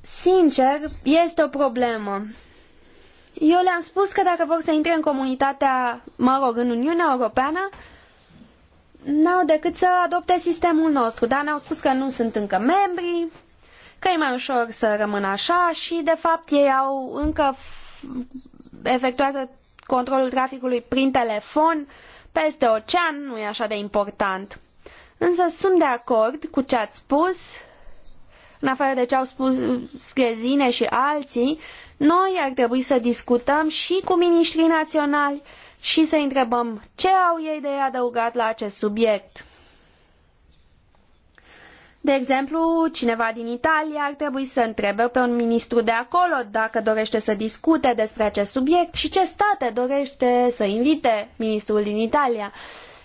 sincer, este o problemă. Eu le-am spus că dacă vor să intre în comunitatea, mă rog, în Uniunea Europeană, uh, n-au decât să adopte sistemul nostru, dar ne-au spus că nu sunt încă membri, că e mai ușor să rămână așa și, de fapt, ei au încă efectuează controlul traficului prin telefon, peste ocean, nu e așa de important. Însă sunt de acord cu ce ați spus, în afară de ce au spus Sghezine și alții, noi ar trebui să discutăm și cu miniștrii naționali și să întrebăm ce au ei de adăugat la acest subiect. De exemplu, cineva din Italia ar trebui să întrebe pe un ministru de acolo dacă dorește să discute despre acest subiect și ce state dorește să invite ministrul din Italia.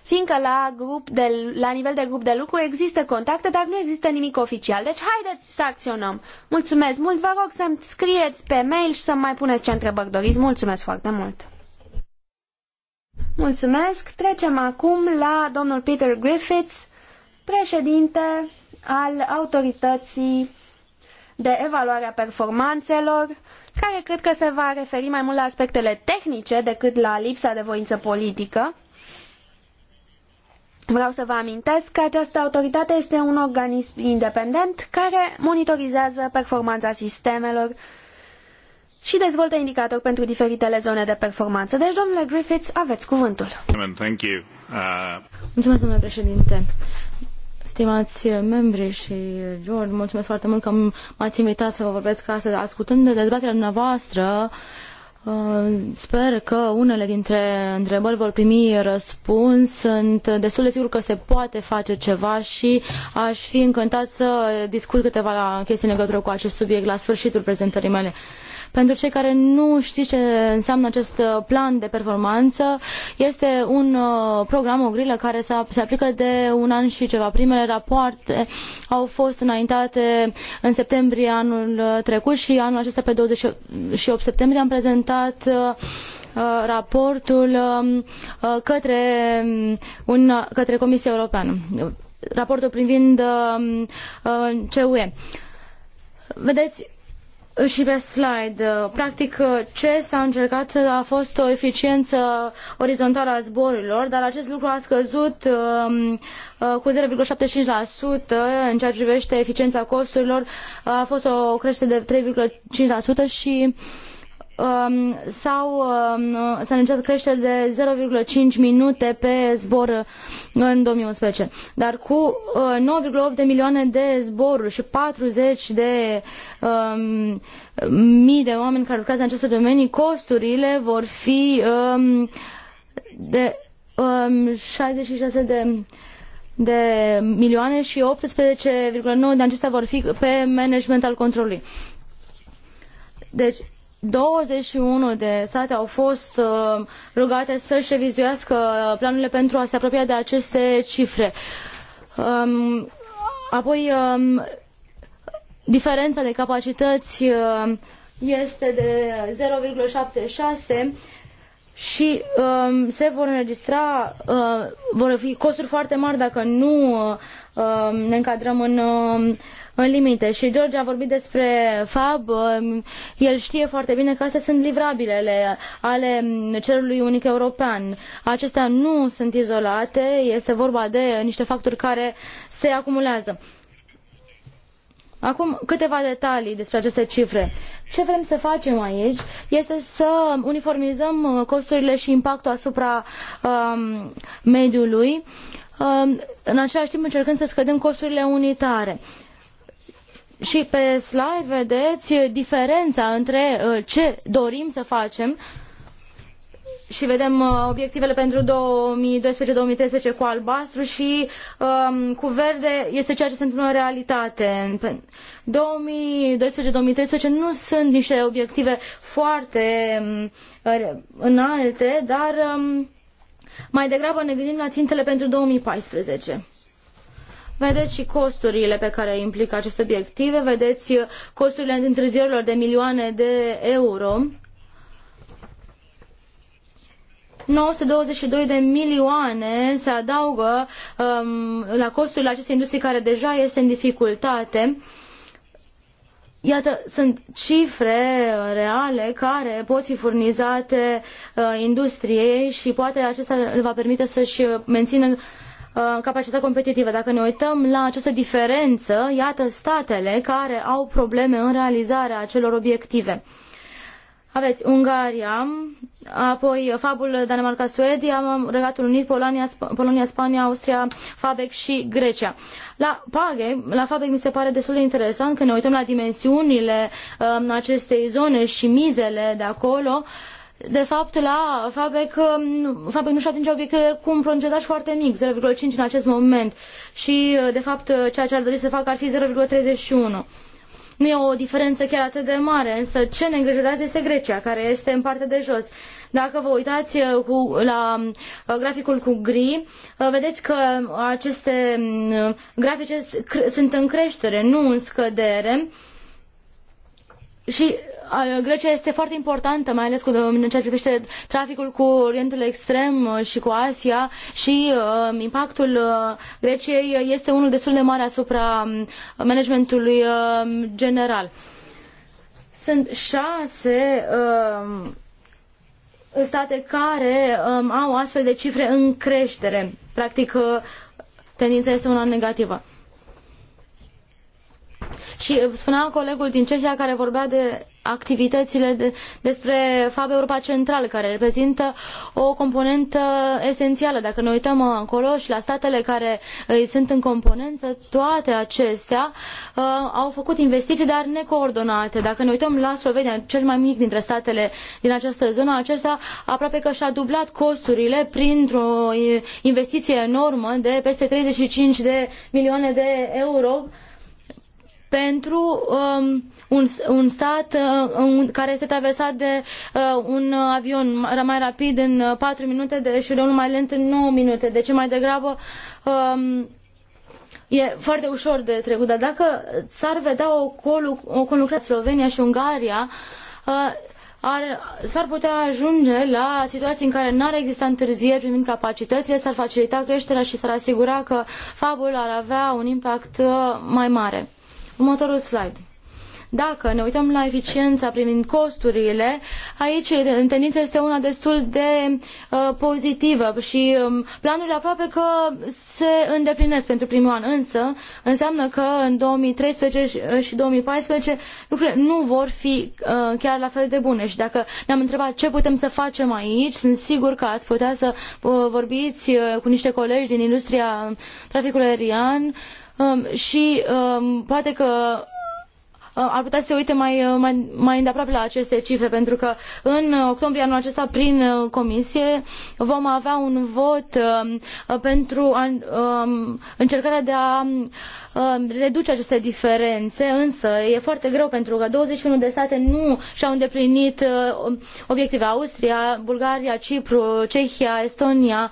Fiindcă la, grup de, la nivel de grup de lucru există contacte, dar nu există nimic oficial. Deci haideți să acționăm. Mulțumesc mult, vă rog să-mi scrieți pe mail și să mai puneți ce întrebări doriți. Mulțumesc foarte mult! Mulțumesc. Trecem acum la domnul Peter Griffiths, președinte al autorității de evaluare a performanțelor, care cred că se va referi mai mult la aspectele tehnice decât la lipsa de voință politică. Vreau să vă amintesc că această autoritate este un organism independent care monitorizează performanța sistemelor și dezvoltă indicatori pentru diferitele zone de performanță. Deci, domnule Griffiths, aveți cuvântul. Uh, mulțumesc, domnule președinte. Stimați membri și George, mulțumesc foarte mult că m-ați invitat să vă vorbesc astăzi. Ascultând de dezbaterea dumneavoastră, uh, Sper că unele dintre întrebări vor primi răspuns. Sunt destul de sigur că se poate face ceva și aș fi încântat să discut câteva chestii în legătură cu acest subiect la sfârșitul prezentării mele. Pentru cei care nu știți ce înseamnă acest uh, plan de performanță, este un uh, program, o grilă care se aplică de un an și ceva. Primele rapoarte au fost înaintate în septembrie anul uh, trecut și anul acesta pe 28 septembrie am prezentat raportul um, către, um, un, către Comisia Europeană, raportul privind um, CUE. Vedeți, și pe slide. Practic, ce s-a încercat a fost o eficiență orizontală a zborurilor, dar acest lucru a scăzut um, uh, cu 0,75% în ceea ce privește eficiența costurilor. A fost o creștere de 3,5% și Um, sau um, s-a anunțat creștere de 0,5 minute pe zbor uh, în 2011. Dar cu 9,8 uh, de milioane de zboruri și 40 de um, mii de oameni care lucrează în aceste domenii, costurile vor fi de 66 de de milioane și 18,9 de acestea vor fi pe management al controlului. Deci, 21 de state au fost uh, rugate să-și revizuiască planurile pentru a se apropia de aceste cifre. Um, apoi, um, diferența de capacități uh, este de 0,76 și um, se vor înregistra, uh, vor fi costuri foarte mari dacă nu uh, ne încadrăm în uh, limite. Și George a vorbit despre FAB, um, el știe foarte bine că astea sunt livrabilele ale um, cerului unic european. Acestea nu sunt izolate, este vorba de niște factori care se acumulează. Acum câteva detalii despre aceste cifre. Ce vrem să facem aici este să uniformizăm uh, costurile și impactul asupra um, mediului, um, în același timp încercând să scădem costurile unitare. Și pe slide vedeți diferența între uh, ce dorim să facem și vedem uh, obiectivele pentru 2012-2013 cu albastru și um, cu verde este ceea ce se întâmplă în realitate. 2012-2013 nu sunt niște obiective foarte um, înalte, dar um, mai degrabă ne gândim la țintele pentru 2014. Vedeți și costurile pe care implică aceste obiective, vedeți costurile întârzierilor de milioane de euro. 922 de milioane se adaugă um, la costurile acestei industrii care deja este în dificultate. Iată, sunt cifre reale care pot fi furnizate uh, industriei și poate acesta le va permite să-și mențină Uh, capacitatea competitivă. Dacă ne uităm la această diferență, iată statele care au probleme în realizarea acelor obiective. Aveți Ungaria, apoi Fabul Danemarca-Suedia, Regatul Unit, Polonia, Sp Polonia, Spania, Austria, Fabec și Grecia. La, Page, la Fabec mi se pare destul de interesant când ne uităm la dimensiunile um, acestei zone și mizele de acolo. Uh, de fapt, la Fabec, um, Fabec nu-și atinge obiectele cu un procentaj foarte mic, 0,5 în acest moment. Și, uh, de fapt, uh, ceea ce ar dori să facă ar fi 0,31. Nu e o diferență chiar atât de mare, însă ce ne îngrijorează este Grecia, care este în partea de jos. Dacă vă uitați uh, cu, la graficul cu gri, vedeți că aceste grafice sunt în creștere, nu în scădere. Și Grecia este foarte importantă, mai ales cu, în ceea ce privește traficul cu Orientul Extrem uh, și cu Asia și uh, impactul uh, Greciei este unul destul de mare asupra um, managementului uh, general. Sunt șase um, state care au astfel de cifre în creștere. Practic, uh, tendința este una negativă. Și spunea colegul din Cehia care vorbea de activitățile de, despre FAB Europa Central, care reprezintă o componentă esențială. Dacă ne uităm acolo și la statele care îi uh, sunt în componență, toate acestea uh, au făcut investiții, dar necoordonate. Dacă ne uităm la Slovenia, cel mai mic dintre statele din această zonă, acesta aproape că și-a dublat costurile printr-o investiție enormă de peste 35 de milioane de euro uh, pentru um, un, un stat uh, un, care este traversat de uh, un avion mai rapid în uh, patru 4 minute de, și de unul mai lent în 9 minute. Deci mai degrabă um, e foarte ușor de trecut. Dar dacă s-ar vedea o, colu, o conlucrare Slovenia și Ungaria, uh, ar, s-ar putea ajunge la situații în care n-ar exista întârzieri privind capacitățile, s-ar facilita creșterea și s-ar asigura că fabul ar avea un impact uh, mai mare. Următorul slide. Dacă ne uităm la eficiența privind costurile, aici tendința este una destul de uh, pozitivă și um, planurile aproape că se îndeplinesc pentru primul an, însă înseamnă că în 2013 și 2014 uh, lucrurile nu vor fi uh, chiar la fel de bune și dacă ne-am întrebat ce putem să facem aici, sunt sigur că ați putea să uh, vorbiți uh, cu niște colegi din industria traficului aerian uh, um, și um, poate că uh, ar putea să se uite mai, uh, mai, mai îndeaproape la aceste cifre, pentru că în octombrie anul acesta, prin uh, comisie, vom avea un vot um, pentru um, încercarea de a Um, reduce aceste diferențe, însă e foarte greu pentru că 21 de state nu și-au îndeplinit uh, obiective. Austria, Bulgaria, Cipru, Cehia, Estonia,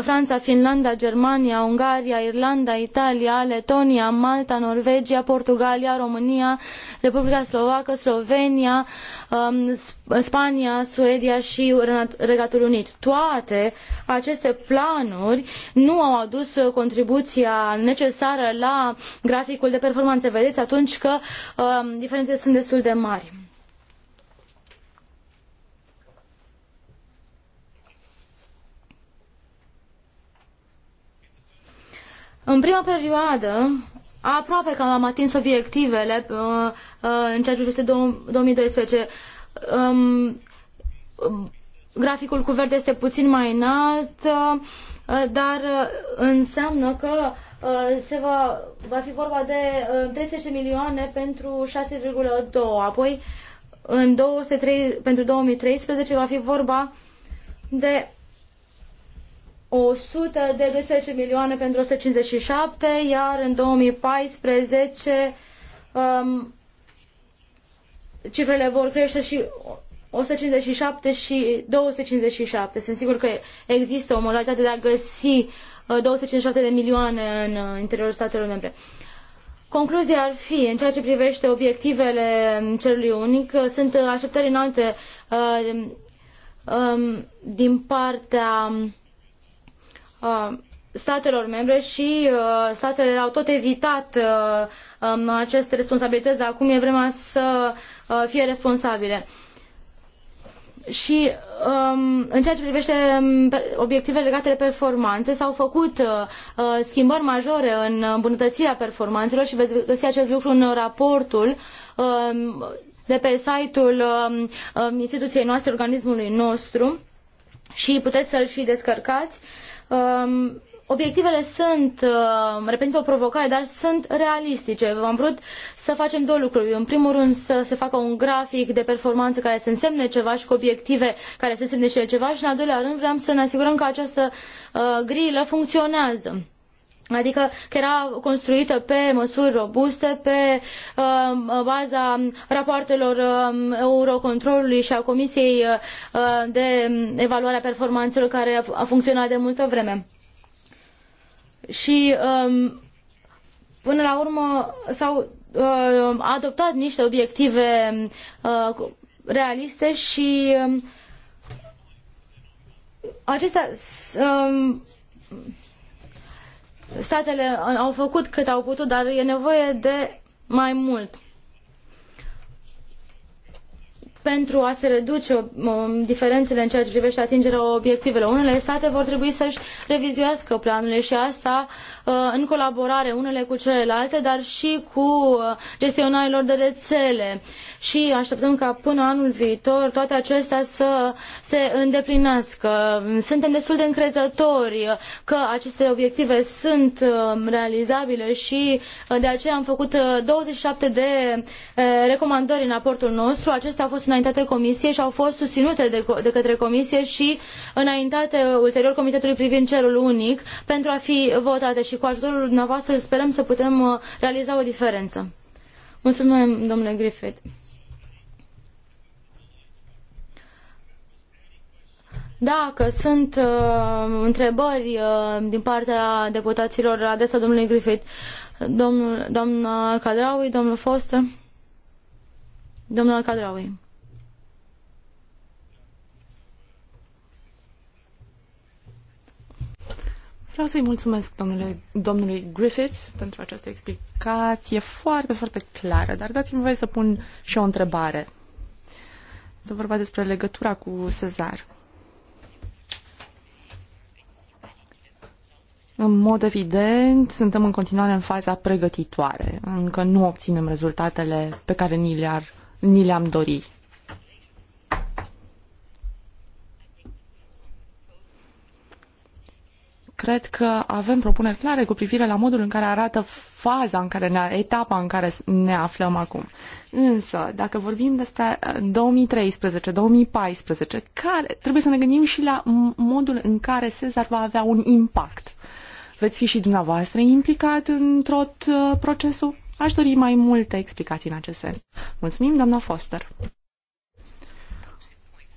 Franța, Finlanda, Germania, Ungaria, Irlanda, Italia, Letonia, Malta, Norvegia, Portugalia, România, Republica Slovacă, Slovenia, um, Spania, Suedia și Regatul Unit. Toate aceste planuri nu au adus uh, contribuția necesară la graficul de performanțe. Vedeți atunci că uh, diferențele sunt destul de mari. În prima perioadă, aproape că am atins obiectivele uh, uh, în ceea ce privește 2012. Um, graficul cu verde este puțin mai înalt, uh, dar uh, înseamnă că Uh, se va, va fi vorba de 13 uh, milioane pentru 6,2, apoi în 203, pentru 2013 va fi vorba de 100 de 12 milioane pentru 157, iar în 2014 um, cifrele vor crește și 157 și 257. Sunt sigur că există o modalitate de a găsi 257 uh, de milioane în uh, interiorul statelor membre. Concluzia ar fi, în ceea ce privește obiectivele um, cerului unic, uh, sunt așteptări înalte uh, um, din partea um, uh, statelor membre și uh, statele au tot evitat um, aceste responsabilități, dar acum e vremea să fie responsabile. Uh, și um, în ceea ce privește um, obiectivele legate de performanțe, s-au făcut uh, uh, schimbări majore în îmbunătățirea performanțelor și veți găsi acest lucru în raportul um, de pe site-ul um, um instituției noastre, organismului nostru și puteți să-l și descărcați. Um, Obiectivele sunt, uh, reprezintă o provocare, dar sunt realistice. Am vrut să facem două lucruri. În primul rând să se facă un grafic de performanță care să însemne ceva și cu obiective care să însemne și ceva și în al doilea rând vreau să ne asigurăm că această uh, grilă funcționează. Adică că era construită pe măsuri robuste, pe uh, baza rapoartelor uh, Eurocontrolului și a Comisiei uh, de Evaluare a Performanțelor care a, a funcționat de multă vreme și um, până la urmă s-au uh, adoptat niște obiective uh, realiste și um, acestea um, statele au făcut cât au putut, dar e nevoie de mai mult pentru a se reduce um, diferențele în ceea ce privește atingerea obiectivelor. Unele state vor trebui să-și revizuiască planurile și asta uh, în colaborare unele cu celelalte, dar și cu uh, gestionarilor de rețele. Și așteptăm ca până anul viitor toate acestea să se îndeplinească. Suntem destul de încrezători că aceste obiective sunt uh, realizabile și de aceea am făcut 27 de recomandări în raportul nostru. Acestea au fost înaintate comisiei și au fost susținute de, de către comisie și înaintate ulterior Comitetului privind cerul unic pentru a fi votate și cu ajutorul dumneavoastră sperăm să putem uh, realiza o diferență. Mulțumim, domnule Griffith. Dacă sunt uh, întrebări uh, din partea deputaților adesea domnului Griffith, domnul, doamna Alcadraui, domnul Foster, domnul Alcadraui. Vreau să-i mulțumesc domnule, domnului Griffiths pentru această explicație foarte, foarte clară, dar dați-mi voie să pun și o întrebare. Să vorba despre legătura cu Cezar. În mod evident, suntem în continuare în faza pregătitoare. Încă nu obținem rezultatele pe care ni, le-ar, ni le-am dorit. cred că avem propuneri clare cu privire la modul în care arată faza în care ne, etapa în care ne aflăm acum. Însă, dacă vorbim despre 2013, uh, 2014, care, trebuie să ne gândim și la modul în care Cezar va avea un impact. Veți fi și dumneavoastră implicat în tot uh, procesul? Aș dori mai multe explicații în acest sens. Mulțumim, doamna Foster.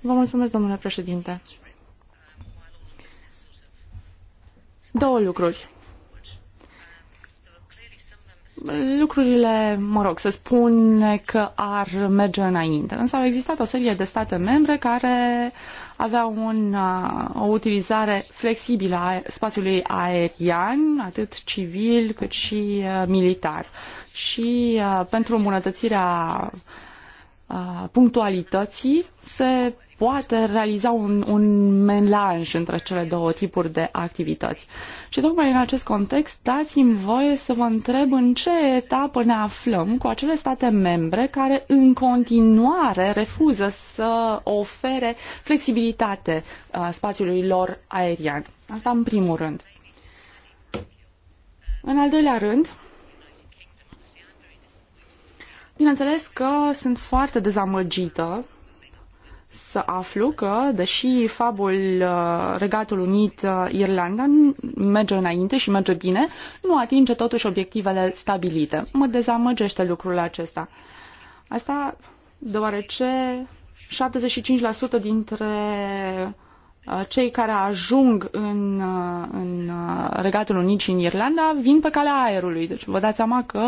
Vă mulțumesc, domnule președinte. Două lucruri. Lucrurile, mă rog, se spune că ar merge înainte, însă au existat o serie de state membre care aveau un, uh, o utilizare flexibilă a spațiului aerian, atât civil cât și uh, militar. Și uh, pentru îmbunătățirea punctualității se poate realiza un, un melanj între cele două tipuri de activități. Și tocmai în acest context, dați-mi voie să vă întreb în ce etapă ne aflăm cu acele state membre care în continuare refuză să ofere flexibilitate uh, spațiului lor aerian. Asta în primul rând. În al doilea rând, bineînțeles că sunt foarte dezamăgită să aflu că, deși fabul uh, Regatul Unit uh, Irlanda merge înainte și merge bine, nu atinge totuși obiectivele stabilite. Mă dezamăgește lucrul acesta. Asta deoarece 75% dintre Uh, cei care ajung în, uh, în uh, Regatul Unit și în Irlanda vin pe calea aerului. Deci vă dați seama că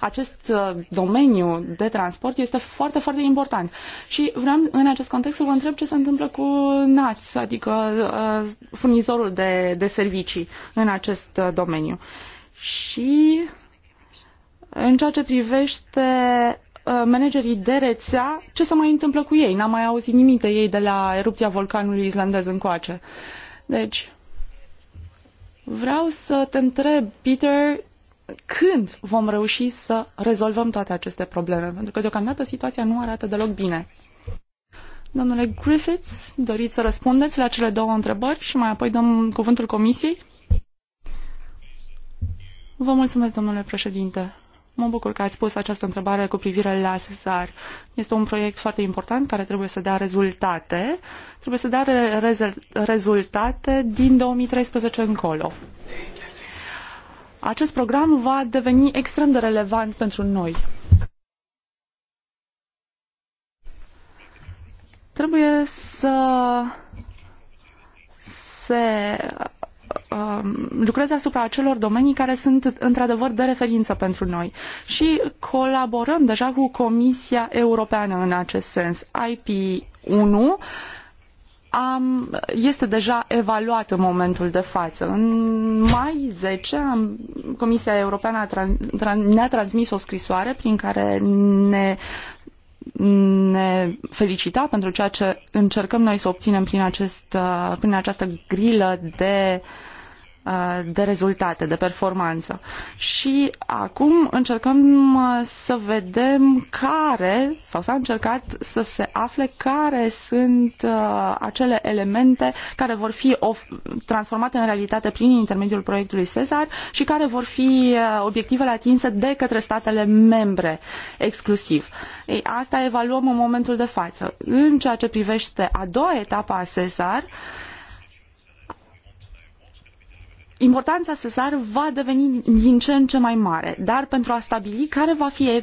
acest domeniu de transport este foarte, foarte important. Și vreau în acest context să vă întreb ce se întâmplă cu NATS, adică furnizorul de, de servicii în acest domeniu. Și în ceea ce privește Uh, managerii de rețea, ce se mai întâmplă cu ei? N-am mai auzit nimic de ei de la erupția vulcanului islandez încoace. Deci, vreau să te întreb, Peter, când vom reuși să rezolvăm toate aceste probleme? Pentru că deocamdată situația nu arată deloc bine. Domnule Griffiths, doriți să răspundeți la cele două întrebări și mai apoi dăm cuvântul comisiei? Vă mulțumesc, domnule președinte. Mă bucur că ați pus această întrebare cu privire la SESAR. Este un proiect foarte important care trebuie să dea rezultate. Trebuie să dea re rezultate din 2013 încolo. Acest program va deveni extrem de relevant pentru noi. Trebuie să se Um, lucreze asupra acelor domenii care sunt într-adevăr de referință pentru noi. Și colaborăm deja cu Comisia Europeană în acest sens. IP1 am, este deja evaluat în momentul de față. În mai 10, am, Comisia Europeană a trans, ne-a transmis o scrisoare prin care ne ne felicita pentru ceea ce încercăm noi să obținem prin, acest, uh, prin această grilă de uh, Uh, de rezultate, de performanță. Și acum încercăm uh, să vedem care, sau s-a încercat să se afle care sunt uh, acele elemente care vor fi transformate în realitate prin intermediul proiectului Cezar și care vor fi obiectivele atinse de către statele membre exclusiv. Ei, asta evaluăm în momentul de față. În ceea ce privește a doua etapă a Cezar, uh, importanța Sesar va deveni din ce în ce mai mare, dar pentru a stabili care va fi eh,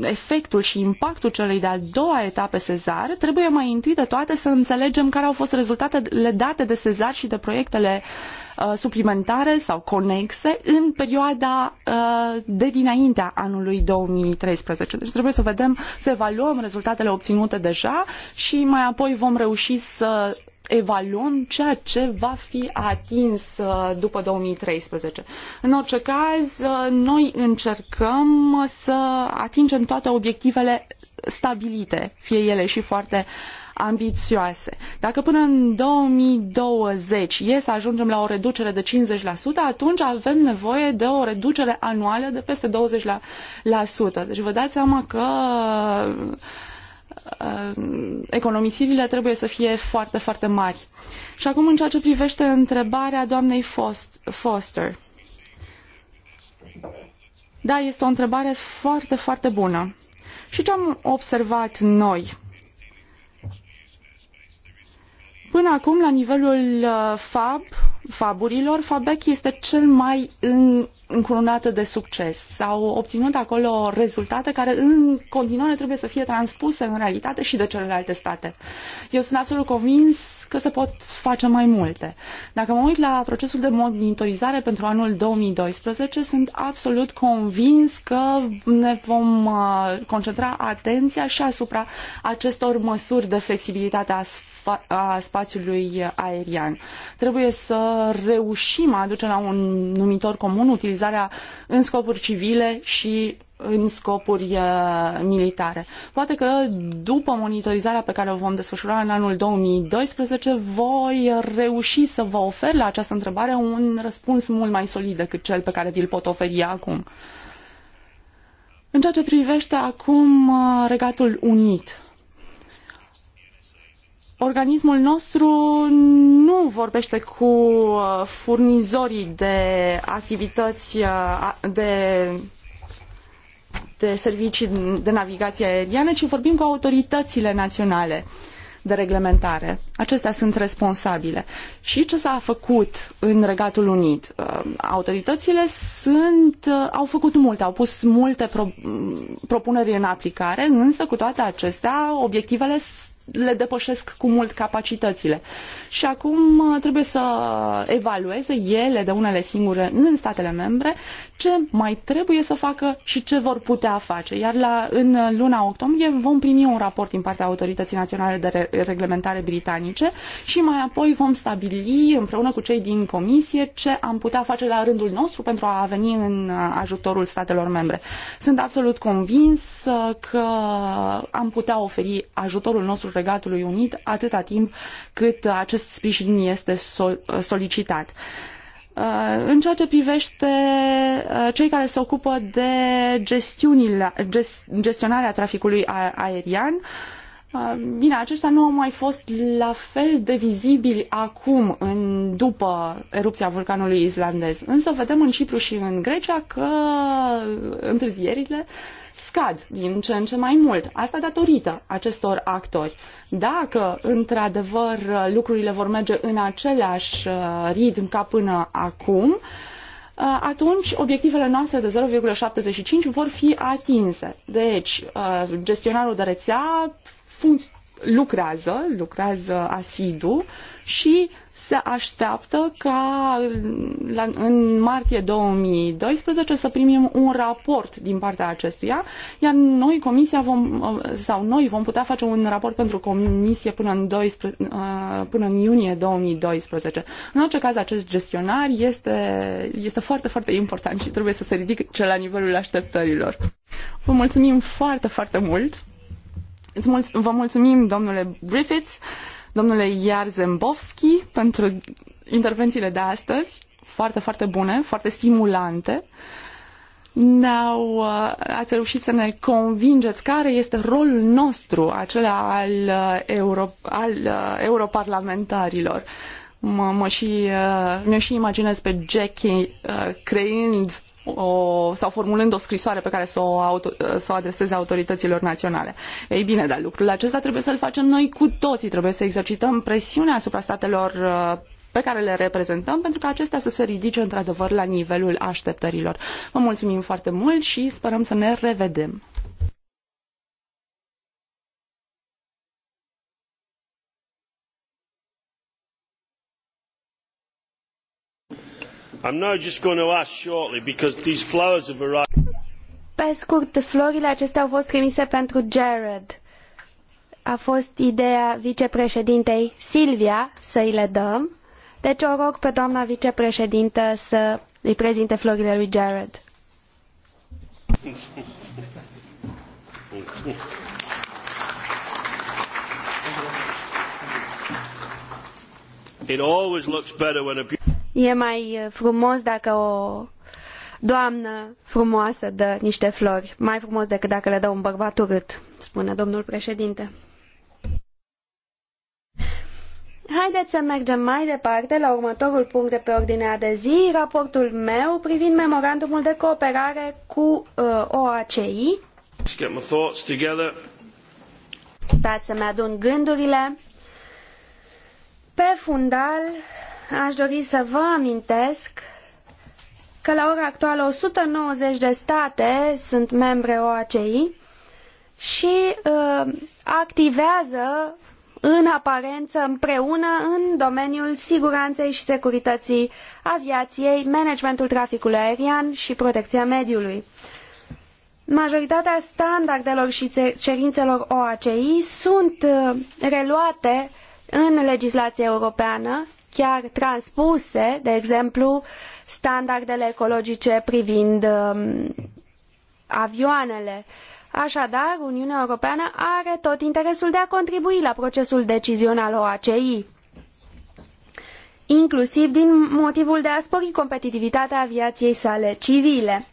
efectul și impactul celei de-a doua etape Sesar, trebuie mai întâi de toate să înțelegem care au fost rezultatele date de Sesar și de proiectele eh, suplimentare sau conexe în perioada eh, de dinaintea anului 2013. Deci trebuie să vedem, să evaluăm rezultatele obținute deja și mai apoi vom reuși să evaluăm ceea ce va fi atins uh, după 2013. În orice caz, uh, noi încercăm să atingem toate obiectivele stabilite, fie ele și foarte ambițioase. Dacă până în 2020 e să ajungem la o reducere de 50%, atunci avem nevoie de o reducere anuală de peste 20%. Deci vă dați seama că Uh, economisirile trebuie să fie foarte, foarte mari. Și acum în ceea ce privește întrebarea doamnei Foster. Da, este o întrebare foarte, foarte bună. Și ce am observat noi? Până acum, la nivelul uh, FAB, faburilor, FABEC este cel mai încurunată de succes. S-au obținut acolo rezultate care în continuare trebuie să fie transpuse în realitate și de celelalte state. Eu sunt absolut convins că se pot face mai multe. Dacă mă uit la procesul de monitorizare pentru anul 2012, sunt absolut convins că ne vom uh, concentra atenția și asupra acestor măsuri de flexibilitate a, spa- a spațiului aerian. Trebuie să reușim a aduce la un numitor comun utilizarea în scopuri civile și în scopuri uh, militare. Poate că după monitorizarea pe care o vom desfășura în anul 2012 voi reuși să vă ofer la această întrebare un răspuns mult mai solid decât cel pe care vi-l pot oferi acum. În ceea ce privește acum uh, Regatul Unit, organismul nostru nu vorbește cu uh, furnizorii de activități de de servicii de navigație aeriană, ci vorbim cu autoritățile naționale de reglementare. Acestea sunt responsabile. Și ce s-a făcut în Regatul Unit? Uh, autoritățile sunt, uh, au făcut multe, au pus multe pro, propuneri în aplicare, însă cu toate acestea obiectivele le depășesc cu mult capacitățile. Și acum uh, trebuie să evalueze ele de unele singure în statele membre ce mai trebuie să facă și ce vor putea face. Iar la, în luna octombrie vom primi un raport din partea Autorității Naționale de Reglementare Britanice și mai apoi vom stabili împreună cu cei din comisie ce am putea face la rândul nostru pentru a veni în ajutorul statelor membre. Sunt absolut convins uh, că am putea oferi ajutorul nostru Regatului Unit atâta timp cât acest sprijin este solicitat. Uh, în ceea ce privește uh, cei care se ocupă de gestionarea traficului aerian, uh, Bine, aceștia nu au mai fost la fel de vizibili acum, în, după erupția vulcanului islandez. Însă vedem în Cipru și în Grecia că întârzierile uh, scad din ce în ce mai mult. Asta datorită acestor actori. Dacă, într-adevăr, lucrurile vor merge în același uh, ritm ca până acum, uh, atunci obiectivele noastre de 0,75 vor fi atinse. Deci, uh, gestionarul de rețea lucrează, lucrează asidu și se așteaptă ca la, în martie 2012 să primim un raport din partea acestuia, iar noi, comisia, vom, sau noi vom putea face un raport pentru comisie până în, 12, uh, până în iunie 2012. În orice caz, acest gestionar este, este foarte, foarte important și trebuie să se ridice la nivelul așteptărilor. Vă mulțumim foarte, foarte mult! Vă mulțumim, domnule Griffiths domnule Iar Zembovski pentru intervențiile de astăzi, foarte, foarte bune, foarte stimulante. Ne-au, uh, ați reușit să ne convingeți care este rolul nostru, acela al, uh, euro, al uh, europarlamentarilor. Mă, mă și, mi și imaginez pe Jackie creând o, sau formulând o scrisoare pe care să o, auto, să o adreseze autorităților naționale. Ei bine, dar lucrul acesta trebuie să-l facem noi cu toții, trebuie să exercităm presiunea asupra statelor uh, pe care le reprezentăm pentru ca acestea să se ridice într-adevăr la nivelul așteptărilor. Vă mulțumim foarte mult și sperăm să ne revedem. I'm now just going to ask shortly because these flowers have arrived. Pe scurt, florile acestea au fost trimise pentru Jared. A fost ideea vicepreședintei Silvia să îi le dăm. Deci o rog pe doamna vicepreședintă să îi prezinte florile lui Jared. It always looks better when a E mai uh, frumos dacă o doamnă frumoasă dă niște flori, mai frumos decât dacă le dă un bărbat urât, spune domnul președinte. Haideți să mergem mai departe la următorul punct de pe ordinea de zi, raportul meu privind memorandumul de cooperare cu uh, OACI. Stați să-mi adun gândurile. Pe fundal, aș dori să vă amintesc că la ora actuală 190 de state sunt membre OACI și uh, activează în aparență împreună în domeniul siguranței și securității aviației, managementul traficului aerian și protecția mediului. Majoritatea standardelor și cerințelor OACI sunt uh, reluate în legislația europeană chiar transpuse, de exemplu, standardele ecologice privind um, avioanele. Așadar, Uniunea Europeană are tot interesul de a contribui la procesul decizional OACI, inclusiv din motivul de a spori competitivitatea aviației sale civile.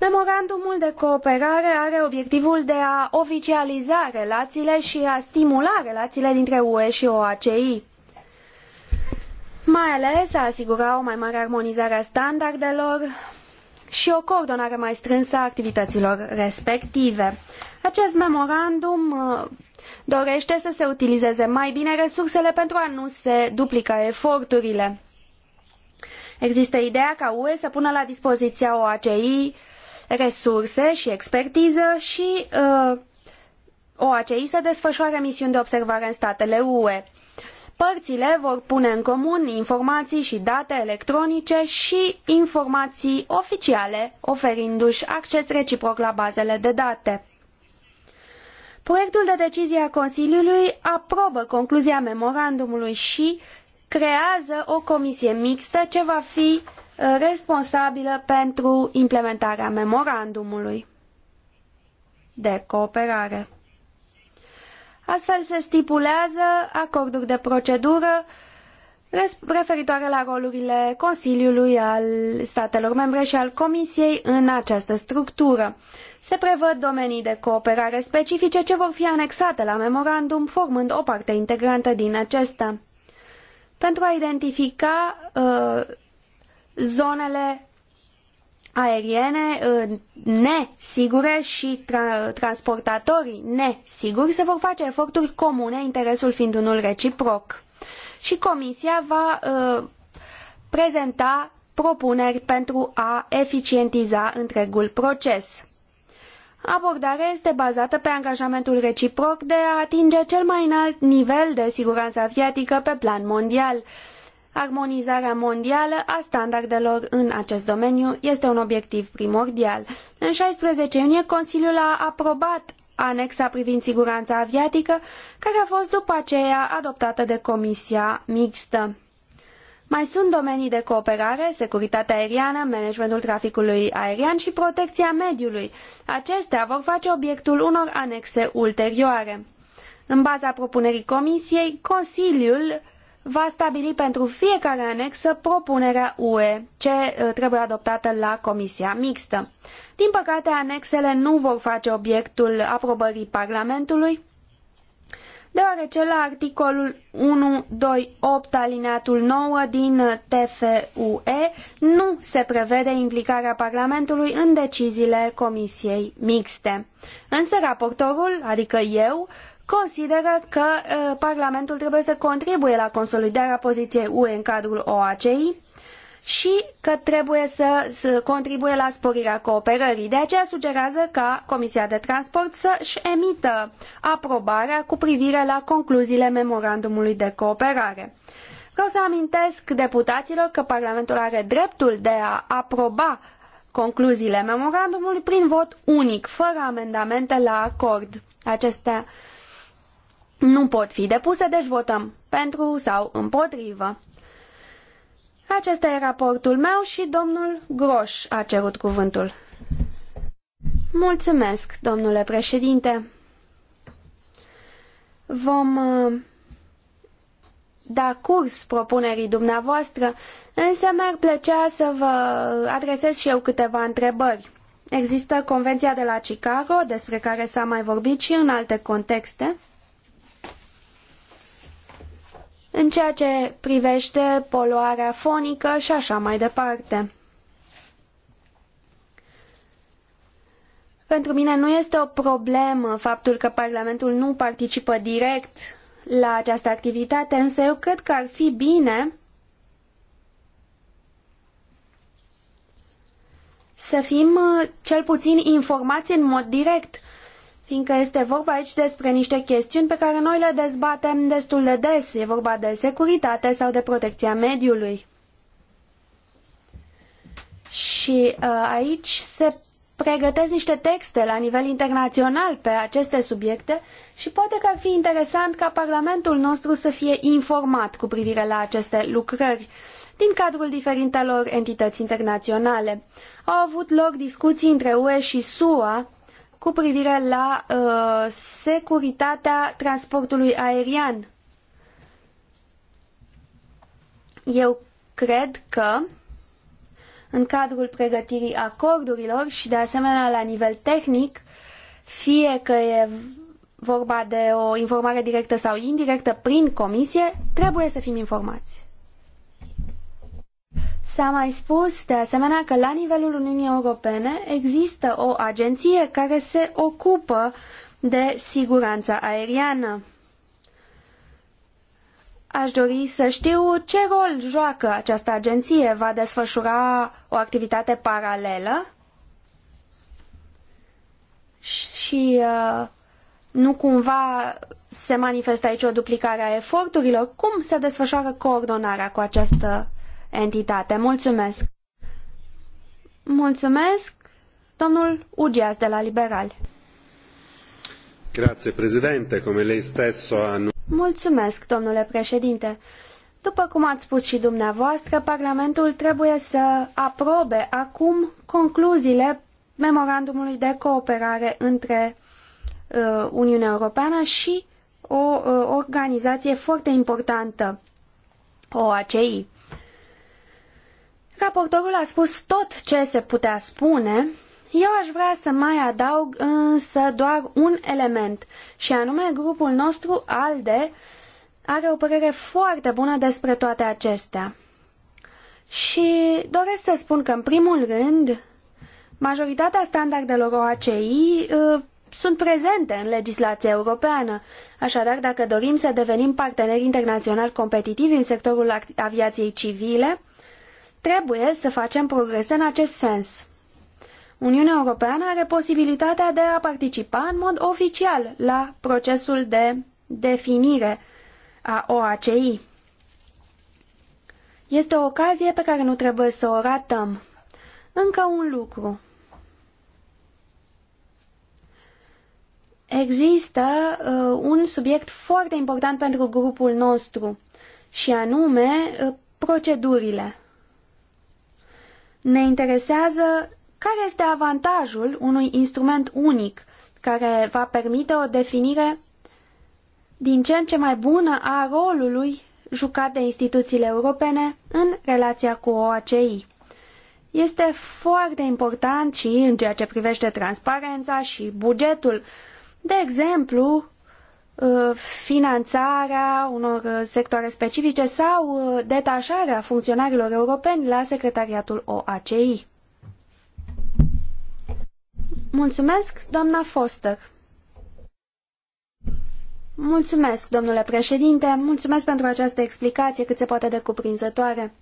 Memorandumul de cooperare are obiectivul de a oficializa relațiile și a stimula relațiile dintre UE și OACI mai ales a asigura o mai mare armonizare a standardelor și o coordonare mai strânsă a activităților respective. Acest memorandum uh, dorește să se utilizeze mai bine resursele pentru a nu se duplica eforturile. Există ideea ca UE să pună la dispoziția OACI resurse și expertiză și uh, OACI să desfășoare misiuni de observare în statele UE. Părțile vor pune în comun informații și date electronice și informații oficiale, oferindu-și acces reciproc la bazele de date. Proiectul de decizie a Consiliului aprobă concluzia memorandumului și creează o comisie mixtă ce va fi uh, responsabilă pentru implementarea memorandumului de cooperare. Astfel se stipulează acorduri de procedură referitoare la rolurile Consiliului al statelor membre și al Comisiei în această structură. Se prevăd domenii de cooperare specifice ce vor fi anexate la memorandum, formând o parte integrantă din acesta. Pentru a identifica uh, zonele aeriene uh, nesigure și tra transportatorii nesiguri se vor face eforturi comune, interesul fiind unul reciproc. Și Comisia va uh, prezenta propuneri pentru a eficientiza întregul proces. Abordarea este bazată pe angajamentul reciproc de a atinge cel mai înalt nivel de siguranță aviatică pe plan mondial, Armonizarea mondială a standardelor în acest domeniu este un obiectiv primordial. În 16 iunie, Consiliul a aprobat anexa privind siguranța aviatică, care a fost după aceea adoptată de Comisia Mixtă. Mai sunt domenii de cooperare, securitatea aeriană, managementul traficului aerian și protecția mediului. Acestea vor face obiectul unor anexe ulterioare. În baza propunerii Comisiei, Consiliul va stabili pentru fiecare anexă propunerea UE ce uh, trebuie adoptată la Comisia Mixtă. Din păcate, anexele nu vor face obiectul aprobării Parlamentului, deoarece la articolul 128 alineatul 9 din TFUE nu se prevede implicarea Parlamentului în deciziile Comisiei Mixte. Însă raportorul, adică eu, consideră că uh, Parlamentul trebuie să contribuie la consolidarea poziției UE în cadrul OACI și că trebuie să, să contribuie la sporirea cooperării. De aceea sugerează ca Comisia de Transport să-și emită aprobarea cu privire la concluziile memorandumului de cooperare. Vreau să amintesc deputaților că Parlamentul are dreptul de a aproba concluziile memorandumului prin vot unic, fără amendamente la acord. Acestea nu pot fi depuse, deci votăm pentru sau împotrivă. Acesta e raportul meu și domnul Groș a cerut cuvântul. Mulțumesc, domnule președinte. Vom uh, da curs propunerii dumneavoastră, însă mi-ar plăcea să vă adresez și eu câteva întrebări. Există Convenția de la Chicago, despre care s-a mai vorbit și în alte contexte, în ceea ce privește poluarea fonică și așa mai departe. Pentru mine nu este o problemă faptul că Parlamentul nu participă direct la această activitate, însă eu cred că ar fi bine să fim uh, cel puțin informați în mod direct fiindcă este vorba aici despre niște chestiuni pe care noi le dezbatem destul de des. E vorba de securitate sau de protecția mediului. Și uh, aici se pregătesc niște texte la nivel internațional pe aceste subiecte și poate că ar fi interesant ca Parlamentul nostru să fie informat cu privire la aceste lucrări din cadrul diferitelor entități internaționale. Au avut loc discuții între UE și SUA cu privire la uh, securitatea transportului aerian. Eu cred că în cadrul pregătirii acordurilor și de asemenea la nivel tehnic, fie că e vorba de o informare directă sau indirectă prin comisie, trebuie să fim informați. S-a mai spus, de asemenea, că la nivelul Uniunii Europene există o agenție care se ocupă de siguranța aeriană. Aș dori să știu ce rol joacă această agenție. Va desfășura o activitate paralelă? Și uh, nu cumva se manifestă aici o duplicare a eforturilor? Cum se desfășoară coordonarea cu această entitate. Mulțumesc! Mulțumesc, domnul Ugias de la Liberal. Grazie, președinte, come lei stesso a... Mulțumesc, domnule președinte. După cum ați spus și dumneavoastră, Parlamentul trebuie să aprobe acum concluziile memorandumului de cooperare între uh, Uniunea Europeană și o uh, organizație foarte importantă, OACI. Raportorul a spus tot ce se putea spune. Eu aș vrea să mai adaug însă doar un element, și anume grupul nostru ALDE are o părere foarte bună despre toate acestea. Și doresc să spun că, în primul rând, majoritatea standardelor OACI uh, sunt prezente în legislația europeană. Așadar, dacă dorim să devenim parteneri internaționali competitivi în sectorul aviației civile, Trebuie să facem progrese în acest sens. Uniunea Europeană are posibilitatea de a participa în mod oficial la procesul de definire a OACI. Este o ocazie pe care nu trebuie să o ratăm. Încă un lucru. Există uh, un subiect foarte important pentru grupul nostru și anume uh, procedurile. Ne interesează care este avantajul unui instrument unic care va permite o definire din ce în ce mai bună a rolului jucat de instituțiile europene în relația cu OACI. Este foarte important și în ceea ce privește transparența și bugetul. De exemplu, Uh, finanțarea unor uh, sectoare specifice sau uh, detașarea funcționarilor europeni la secretariatul OACI. Mulțumesc, doamna Foster. Mulțumesc, domnule președinte, mulțumesc pentru această explicație cât se poate de cuprinzătoare.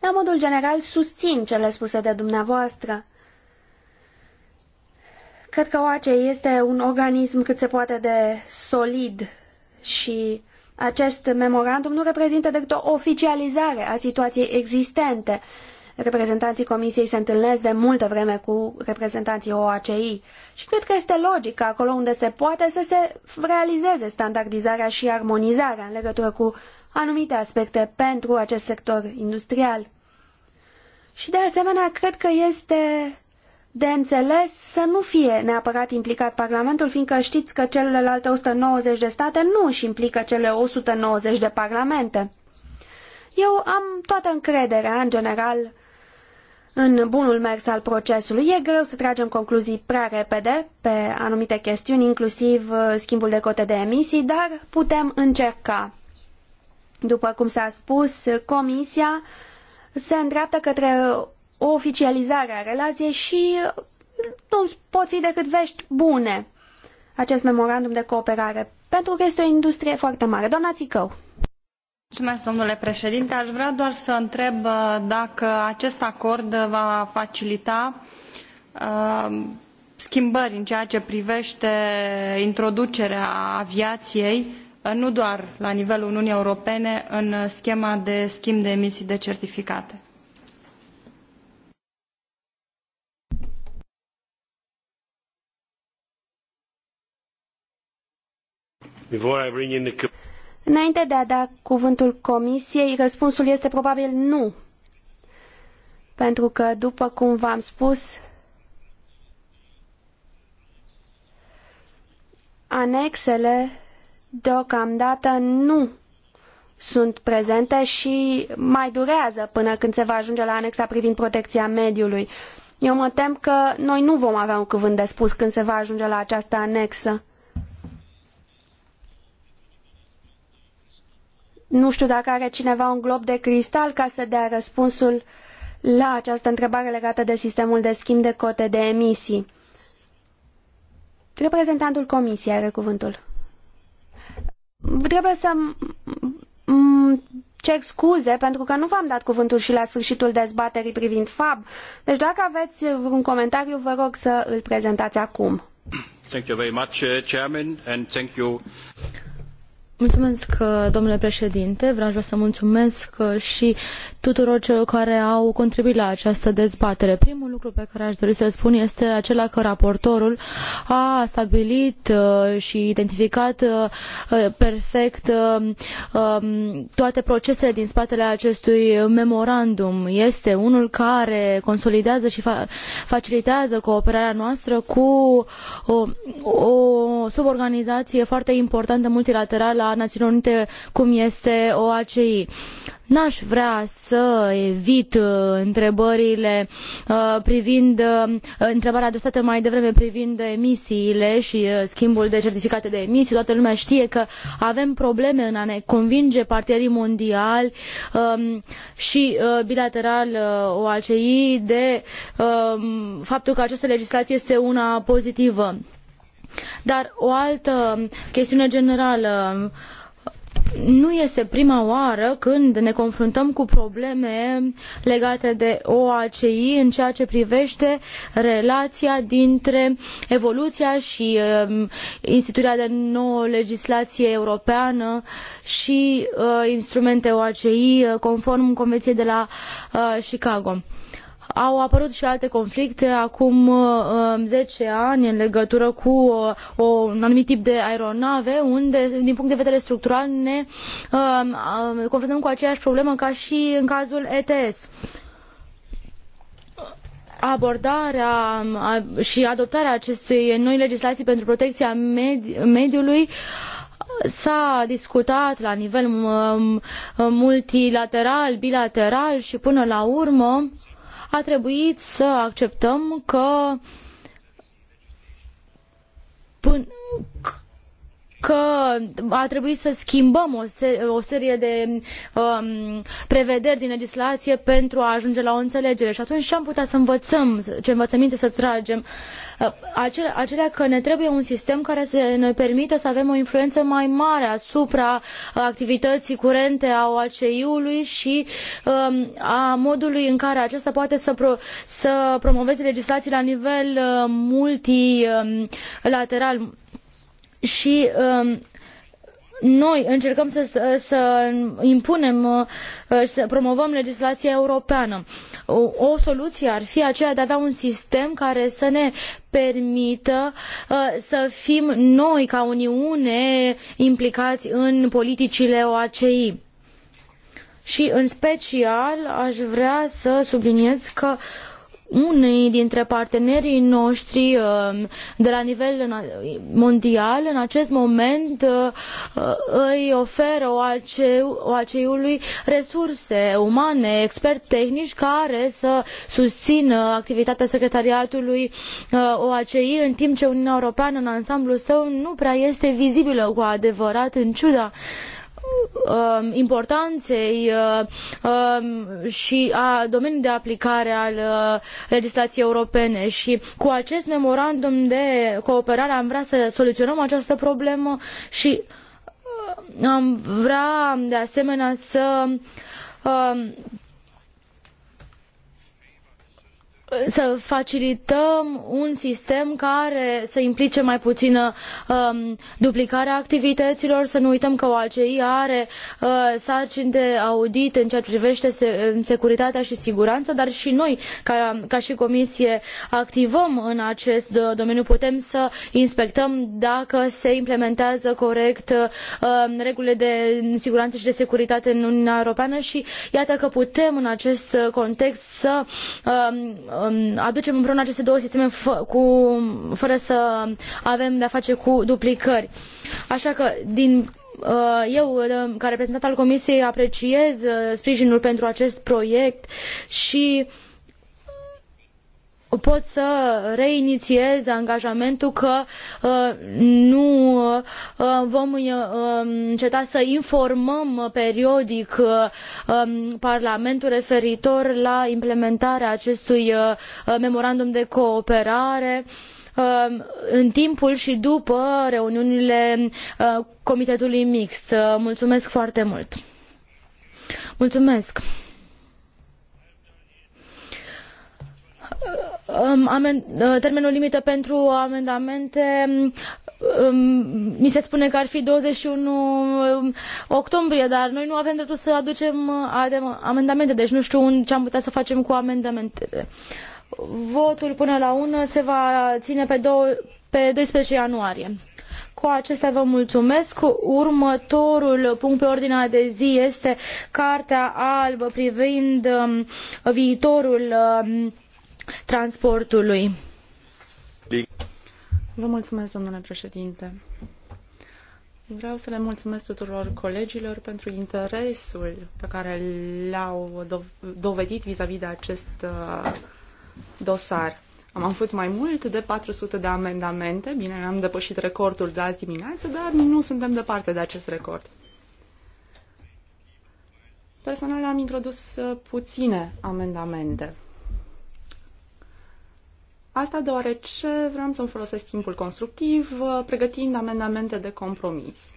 La modul general, susțin cele spuse de dumneavoastră. Cred că OACE este un organism cât se poate de solid și acest memorandum nu reprezintă decât o oficializare a situației existente. Reprezentanții Comisiei se întâlnesc de multă vreme cu reprezentanții OACI și cred că este logic că acolo unde se poate să se realizeze standardizarea și armonizarea în legătură cu anumite aspecte pentru acest sector industrial. Și de asemenea, cred că este de înțeles să nu fie neapărat implicat Parlamentul, fiindcă știți că celelalte 190 de state nu își implică cele 190 de parlamente. Eu am toată încrederea, în general, în bunul mers al procesului. E greu să tragem concluzii prea repede pe anumite chestiuni, inclusiv uh, schimbul de cote de emisii, dar putem încerca. După cum s-a spus, Comisia se îndreaptă către o oficializare a relației și nu pot fi decât vești bune acest memorandum de cooperare, pentru că este o industrie foarte mare. Doamna Țicău. Mulțumesc, domnule președinte. Aș vrea doar să întreb uh, dacă acest acord va facilita uh, schimbări în ceea ce privește introducerea aviației, uh, nu doar la nivelul Uniunii Europene, în schema de schimb de emisii de certificate. Înainte de a da cuvântul comisiei, răspunsul este probabil nu. Pentru că, după cum v-am spus, anexele deocamdată nu sunt prezente și mai durează până când se va ajunge la anexa privind protecția mediului. Eu mă tem că noi nu vom avea un cuvânt de spus când se va ajunge la această anexă. Nu știu dacă are cineva un glob de cristal ca să dea răspunsul la această întrebare legată de sistemul de schimb de cote de emisii. Reprezentantul Comisiei are cuvântul. Trebuie să cer scuze pentru că nu v-am dat cuvântul și la sfârșitul dezbaterii privind FAB. Deci dacă aveți un comentariu, vă rog să îl prezentați acum. Thank you very much, uh, Chairman, and thank you. Mulțumesc, uh, domnule președinte. Vreau să mulțumesc uh, și tuturor celor care au contribuit la această dezbatere. Primul lucru pe care aș dori să-l spun este acela că raportorul a stabilit uh, și identificat perfect um, toate procesele din spatele acestui memorandum. Este unul care consolidează și facilitează cooperarea noastră cu o, o suborganizație foarte importantă multilaterală a Națiunilor Unite cum este OACI. N-aș vrea să evit uh, întrebările uh, privind uh, întrebarea adresată mai devreme privind emisiile și schimbul de certificate de emisii. Toată lumea știe că avem probleme în a ne convinge partenerii mondiali um, și bilateral OACI de um, faptul că această legislație este una pozitivă. Dar o altă chestiune generală nu este prima oară când ne confruntăm cu probleme legate de OACI în ceea ce privește relația dintre evoluția și um, instituirea de nouă legislație europeană și uh, instrumente OACI uh, conform Convenției de la uh, Chicago. Au apărut și alte conflicte acum uh, zece ani în legătură cu uh, un anumit tip de aeronave unde, din punct de vedere structural, ne uh, confruntăm cu aceeași problemă ca și în cazul ETS abordarea și adoptarea acestei noi legislații pentru protecția mediului s-a discutat la nivel multilateral, bilateral și până la urmă a trebuit să acceptăm că până, că ar trebui să schimbăm o, o serie de um, prevederi din legislație pentru a ajunge la o înțelegere. Și atunci ce am putea să învățăm, ce învățăminte să tragem? Uh, acele, acelea că ne trebuie un sistem care să ne permită să avem o influență mai mare asupra activității curente a OACI-ului și um, a modului în care acesta poate să, pro să promoveze legislații la nivel uh, multilateral și um, noi încercăm să, să, impunem uh, și să promovăm legislația europeană. O, o soluție ar fi aceea de a avea da un sistem care să ne permită uh, să fim noi ca Uniune implicați în politicile OACI. Și în special aș vrea să subliniez că uh, unii dintre partenerii noștri um, de la nivel mondial în acest moment uh, îi oferă OACI-ului resurse umane, experți tehnici care să susțină activitatea secretariatului uh, OACI în timp ce Uniunea Europeană în ansamblul său nu prea este vizibilă cu adevărat în ciuda Um, importanței uh, um, și a domeniului de aplicare al uh, legislației europene și cu acest memorandum de cooperare am vrea să soluționăm această problemă și uh, am vrea de asemenea să um, să facilităm un sistem care să implice mai puțină um, duplicarea activităților, să nu uităm că OACI are uh, sarcini de audit în ceea ce privește se, um, securitatea și siguranța, dar și noi, ca, ca și Comisie, activăm în acest uh, domeniu, putem să inspectăm dacă se implementează corect uh, um, regulile de siguranță și de securitate în Uniunea Europeană și iată că putem în acest context să uh, Um, aducem împreună aceste două sisteme fă, cu, fără să avem de-a face cu duplicări. Așa că, din uh, eu, uh, ca reprezentant al Comisiei, apreciez uh, sprijinul pentru acest proiect și uh, pot să reinițiez angajamentul că uh, nu uh, vom uh, înceta să informăm periodic um, Parlamentul referitor la implementarea acestui memorandum de cooperare um, în timpul și după reuniunile Comitetului Mixt. Mulțumesc foarte mult! Mulțumesc! Uh, termenul limită pentru amendamente um, um, mi se spune că ar fi 21 um, octombrie, dar noi nu avem dreptul să aducem uh, amendamente, deci nu știu ce am putea să facem cu amendamentele. Votul până la 1 se va ține pe, 2, pe 12 ianuarie. Cu acestea vă mulțumesc. Următorul punct pe ordinea de zi este Cartea Albă privind viitorul transportului. Vă mulțumesc, domnule președinte. Vreau să le mulțumesc tuturor colegilor pentru interesul pe care l-au dovedit vis a -vis de acest uh, dosar. Am avut mai mult de 400 de amendamente, bine, am depășit recordul de azi dimineață, dar nu suntem departe de acest record. Personal am introdus uh, puține amendamente Asta deoarece vreau să-mi folosesc timpul constructiv, uh, pregătind amendamente de compromis.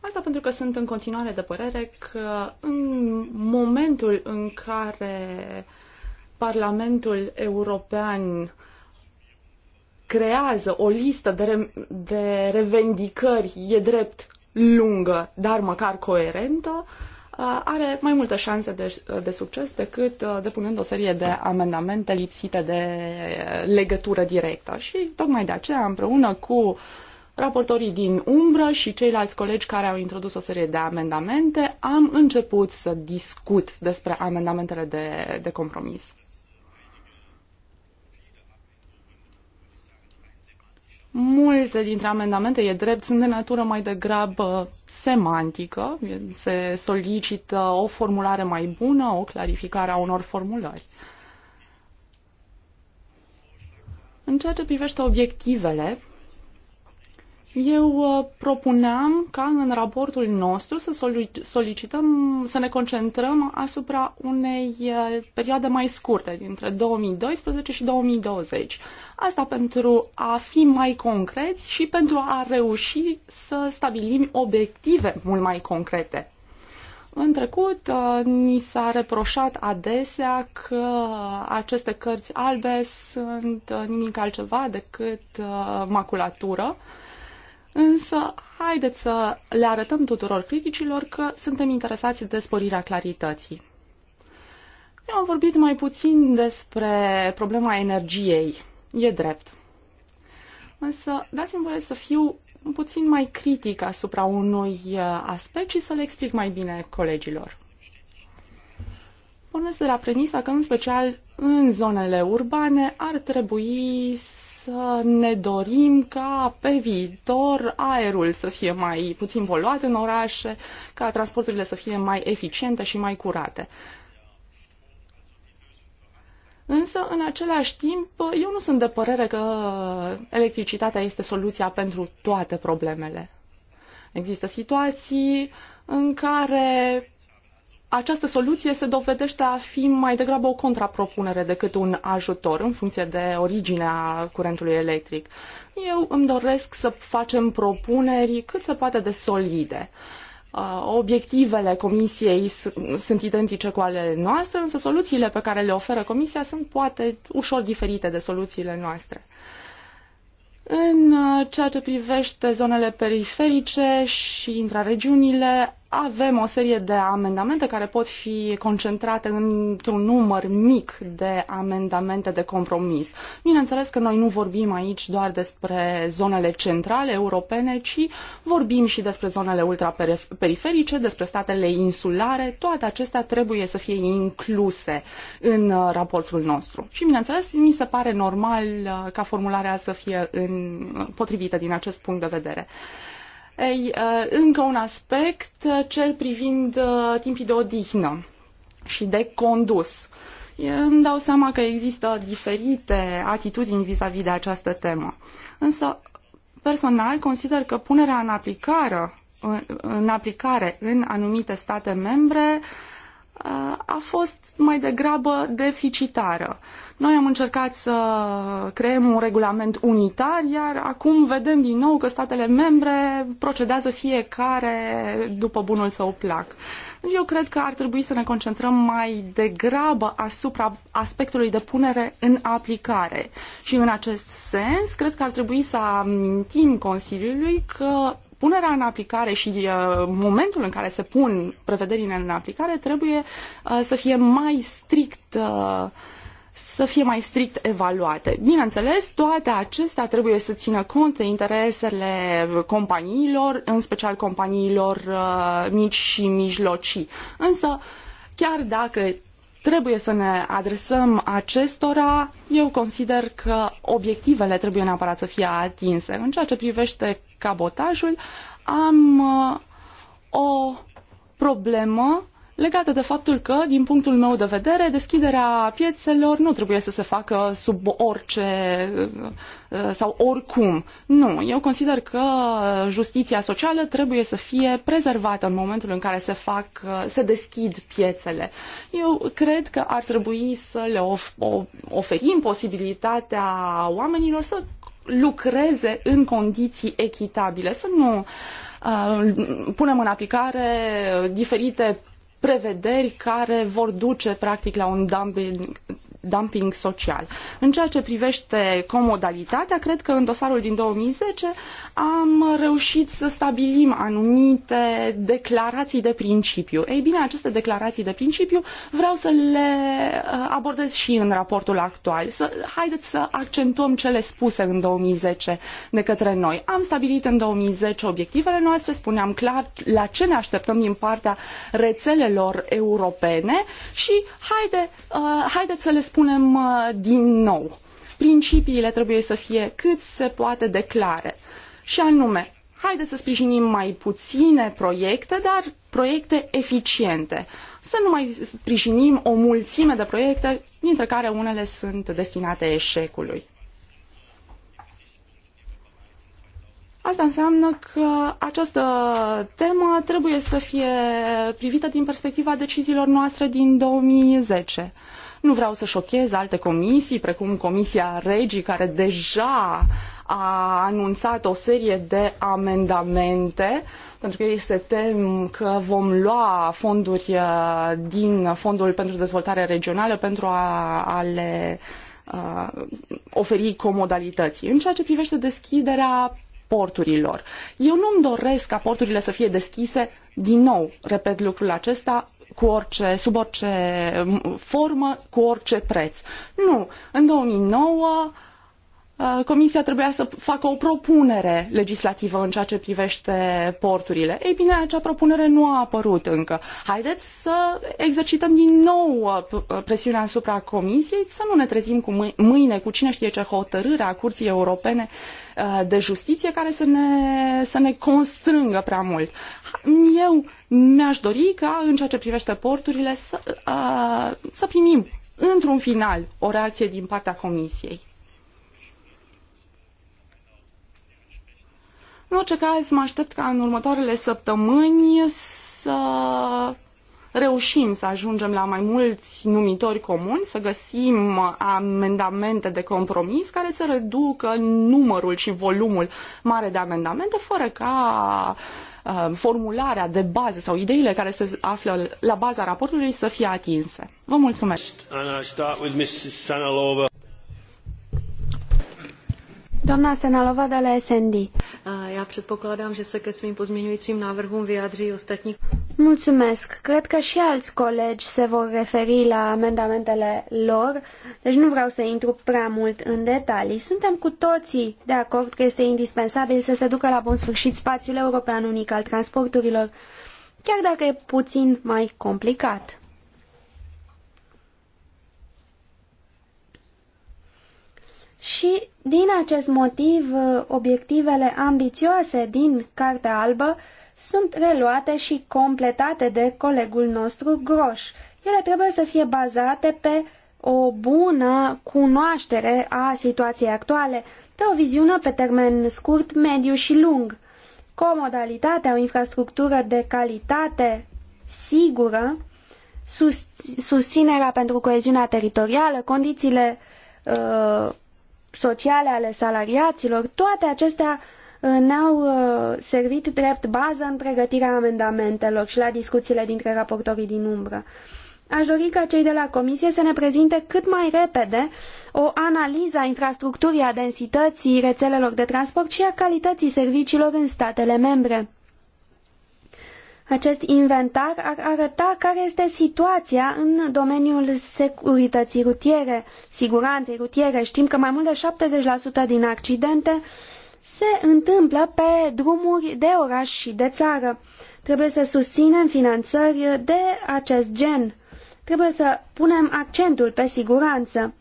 Asta pentru că sunt în continuare de părere că în momentul în care Parlamentul European creează o listă de, re- de revendicări, e drept lungă, dar măcar coerentă, Uh, are mai multe șanse de, uh, de succes decât uh, depunând o serie de amendamente lipsite de legătură directă. Și tocmai de aceea, împreună cu raportorii din umbră și ceilalți colegi care au introdus o serie de amendamente, am început să discut despre amendamentele de, de compromis. Multe dintre amendamente, e drept, sunt de natură mai degrabă semantică, se solicită o formulare mai bună, o clarificare a unor formulări. În ceea ce privește obiectivele, eu uh, propuneam ca în raportul nostru să solicităm să ne concentrăm asupra unei uh, perioade mai scurte, dintre 2012 și 2020. Asta pentru a fi mai concreți și pentru a reuși să stabilim obiective mult mai concrete. În trecut, uh, ni s-a reproșat adesea că aceste cărți albe sunt nimic altceva decât maculatură, Însă, haideți să le arătăm tuturor criticilor că suntem interesați de sporirea clarității. Eu am vorbit mai puțin despre problema energiei. E drept. Însă, dați-mi voie să fiu puțin mai critic asupra unui uh, aspect și să le explic mai bine colegilor. Pornesc de la premisa că, în special în zonele urbane, ar trebui să ne dorim ca pe viitor aerul să fie mai puțin poluat în orașe, ca transporturile să fie mai eficiente și mai curate. Însă, în același timp, eu nu sunt de părere că electricitatea este soluția pentru toate problemele. Există situații în care această soluție se dovedește a fi mai degrabă o contrapropunere decât un ajutor în funcție de originea curentului electric. Eu îmi doresc să facem propuneri cât se poate de solide. Uh, obiectivele comisiei sunt identice cu ale noastre, însă soluțiile pe care le oferă comisia sunt poate ușor diferite de soluțiile noastre. În uh, ceea ce privește zonele periferice și intraregiunile, avem o serie de amendamente care pot fi concentrate într-un număr mic de amendamente de compromis. Bineînțeles că noi nu vorbim aici doar despre zonele centrale europene, ci vorbim și despre zonele ultraperiferice, despre statele insulare. Toate acestea trebuie să fie incluse în uh, raportul nostru. Și, bineînțeles, mi se pare normal uh, ca formularea să fie în, potrivită din acest punct de vedere. Ei, uh, încă un aspect, uh, cel privind uh, timpii de odihnă și de condus. Îmi dau seama că există diferite atitudini vis-a-vis -vis de această temă. Însă, personal, consider că punerea în aplicare în, aplicare în anumite state membre a fost mai degrabă deficitară. Noi am încercat să creăm un regulament unitar, iar acum vedem din nou că statele membre procedează fiecare după bunul său plac. Deci eu cred că ar trebui să ne concentrăm mai degrabă asupra aspectului de punere în aplicare. Și în acest sens, cred că ar trebui să amintim Consiliului că punerea în aplicare și uh, momentul în care se pun prevederile în aplicare trebuie uh, să fie mai strict uh, să fie mai strict evaluate. Bineînțeles, toate acestea trebuie să țină cont de interesele companiilor, în special companiilor uh, mici și mijlocii. Însă, chiar dacă Trebuie să ne adresăm acestora. Eu consider că obiectivele trebuie neapărat să fie atinse. În ceea ce privește cabotajul, am uh, o problemă legată de faptul că, din punctul meu de vedere, deschiderea piețelor nu trebuie să se facă sub orice uh, Uh, sau oricum. Nu, eu consider că justiția socială trebuie să fie prezervată în momentul în care se fac, uh, se deschid piețele. Eu cred că ar trebui să le oferim posibilitatea oamenilor să lucreze în condiții echitabile, să nu uh, punem în aplicare diferite prevederi care vor duce practic la un dumping, dumping social. În ceea ce privește comodalitatea, cred că în dosarul din 2010 am reușit să stabilim anumite declarații de principiu. Ei bine, aceste declarații de principiu vreau să le uh, abordez și în raportul actual. Să, haideți să accentuăm cele spuse în 2010 de către noi. Am stabilit în 2010 obiectivele noastre, spuneam clar la ce ne așteptăm din partea rețelelor europene și haide, uh, haideți să le spunem uh, din nou, principiile trebuie să fie cât se poate de clare. Și anume, haideți să sprijinim mai puține proiecte, dar proiecte eficiente. Să nu mai sprijinim o mulțime de proiecte, dintre care unele sunt destinate eșecului. Asta înseamnă că această temă trebuie să fie privită din perspectiva deciziilor noastre din 2010. Nu vreau să șochez alte comisii, precum Comisia Regii, care deja a anunțat o serie de amendamente, pentru că este se tem că vom lua fonduri uh, din Fondul pentru Dezvoltare Regională pentru a, a le a, uh, oferi comodalității. În ceea ce privește deschiderea porturilor. Eu nu-mi doresc ca porturile să fie deschise din nou, repet lucrul acesta, cu orice, sub orice formă, cu orice preț. Nu. În 2009 uh, Comisia trebuia să facă o propunere legislativă în ceea ce privește porturile. Ei bine, acea propunere nu a apărut încă. Haideți să exercităm din nou uh, uh, presiunea asupra Comisiei, să nu ne trezim cu mâine cu cine știe ce hotărâre a Curții Europene de Justiție care să ne, să ne constrângă prea mult. Eu mi-aș dori ca, în ceea ce privește porturile, să, a, să primim, într-un final, o reacție din partea Comisiei. În orice caz, mă aștept ca în următoarele săptămâni să reușim să ajungem la mai mulți numitori comuni, să găsim amendamente de compromis care să reducă numărul și volumul mare de amendamente, fără ca Um, formularea de bază sau ideile care se află la baza raportului să fie atinse. Vă mulțumesc! Doamna Senalova de la SND. Eh, ja předpokládám, že se ke svým pozměňujícím návrhům vyjádří ostatní. Mulțumesc. Cred că și alți colegi se vor referi la amendamentele lor, deci nu vreau să intru prea mult în detalii. Suntem cu toții de acord că este indispensabil să se ducă la bun sfârșit spațiul european unic al transporturilor, chiar dacă e puțin mai complicat. Și din acest motiv, uh, obiectivele ambițioase din Cartea Albă sunt reluate și completate de colegul nostru Groș. Ele trebuie să fie bazate pe o bună cunoaștere a situației actuale, pe o viziune pe termen scurt, mediu și lung. Comodalitatea, o infrastructură de calitate sigură, sus, susținerea pentru coeziunea teritorială, condițiile uh, sociale ale salariaților, toate acestea uh, ne-au uh, servit drept bază în pregătirea amendamentelor și la discuțiile dintre raportorii din umbră. Aș dori ca cei de la Comisie să ne prezinte cât mai repede o analiză a infrastructurii, a densității rețelelor de transport și a calității serviciilor în statele membre. Acest inventar ar arăta care este situația în domeniul securității rutiere, siguranței rutiere. Știm că mai mult de 70% din accidente se întâmplă pe drumuri de oraș și de țară. Trebuie să susținem finanțări de acest gen. Trebuie să punem accentul pe siguranță.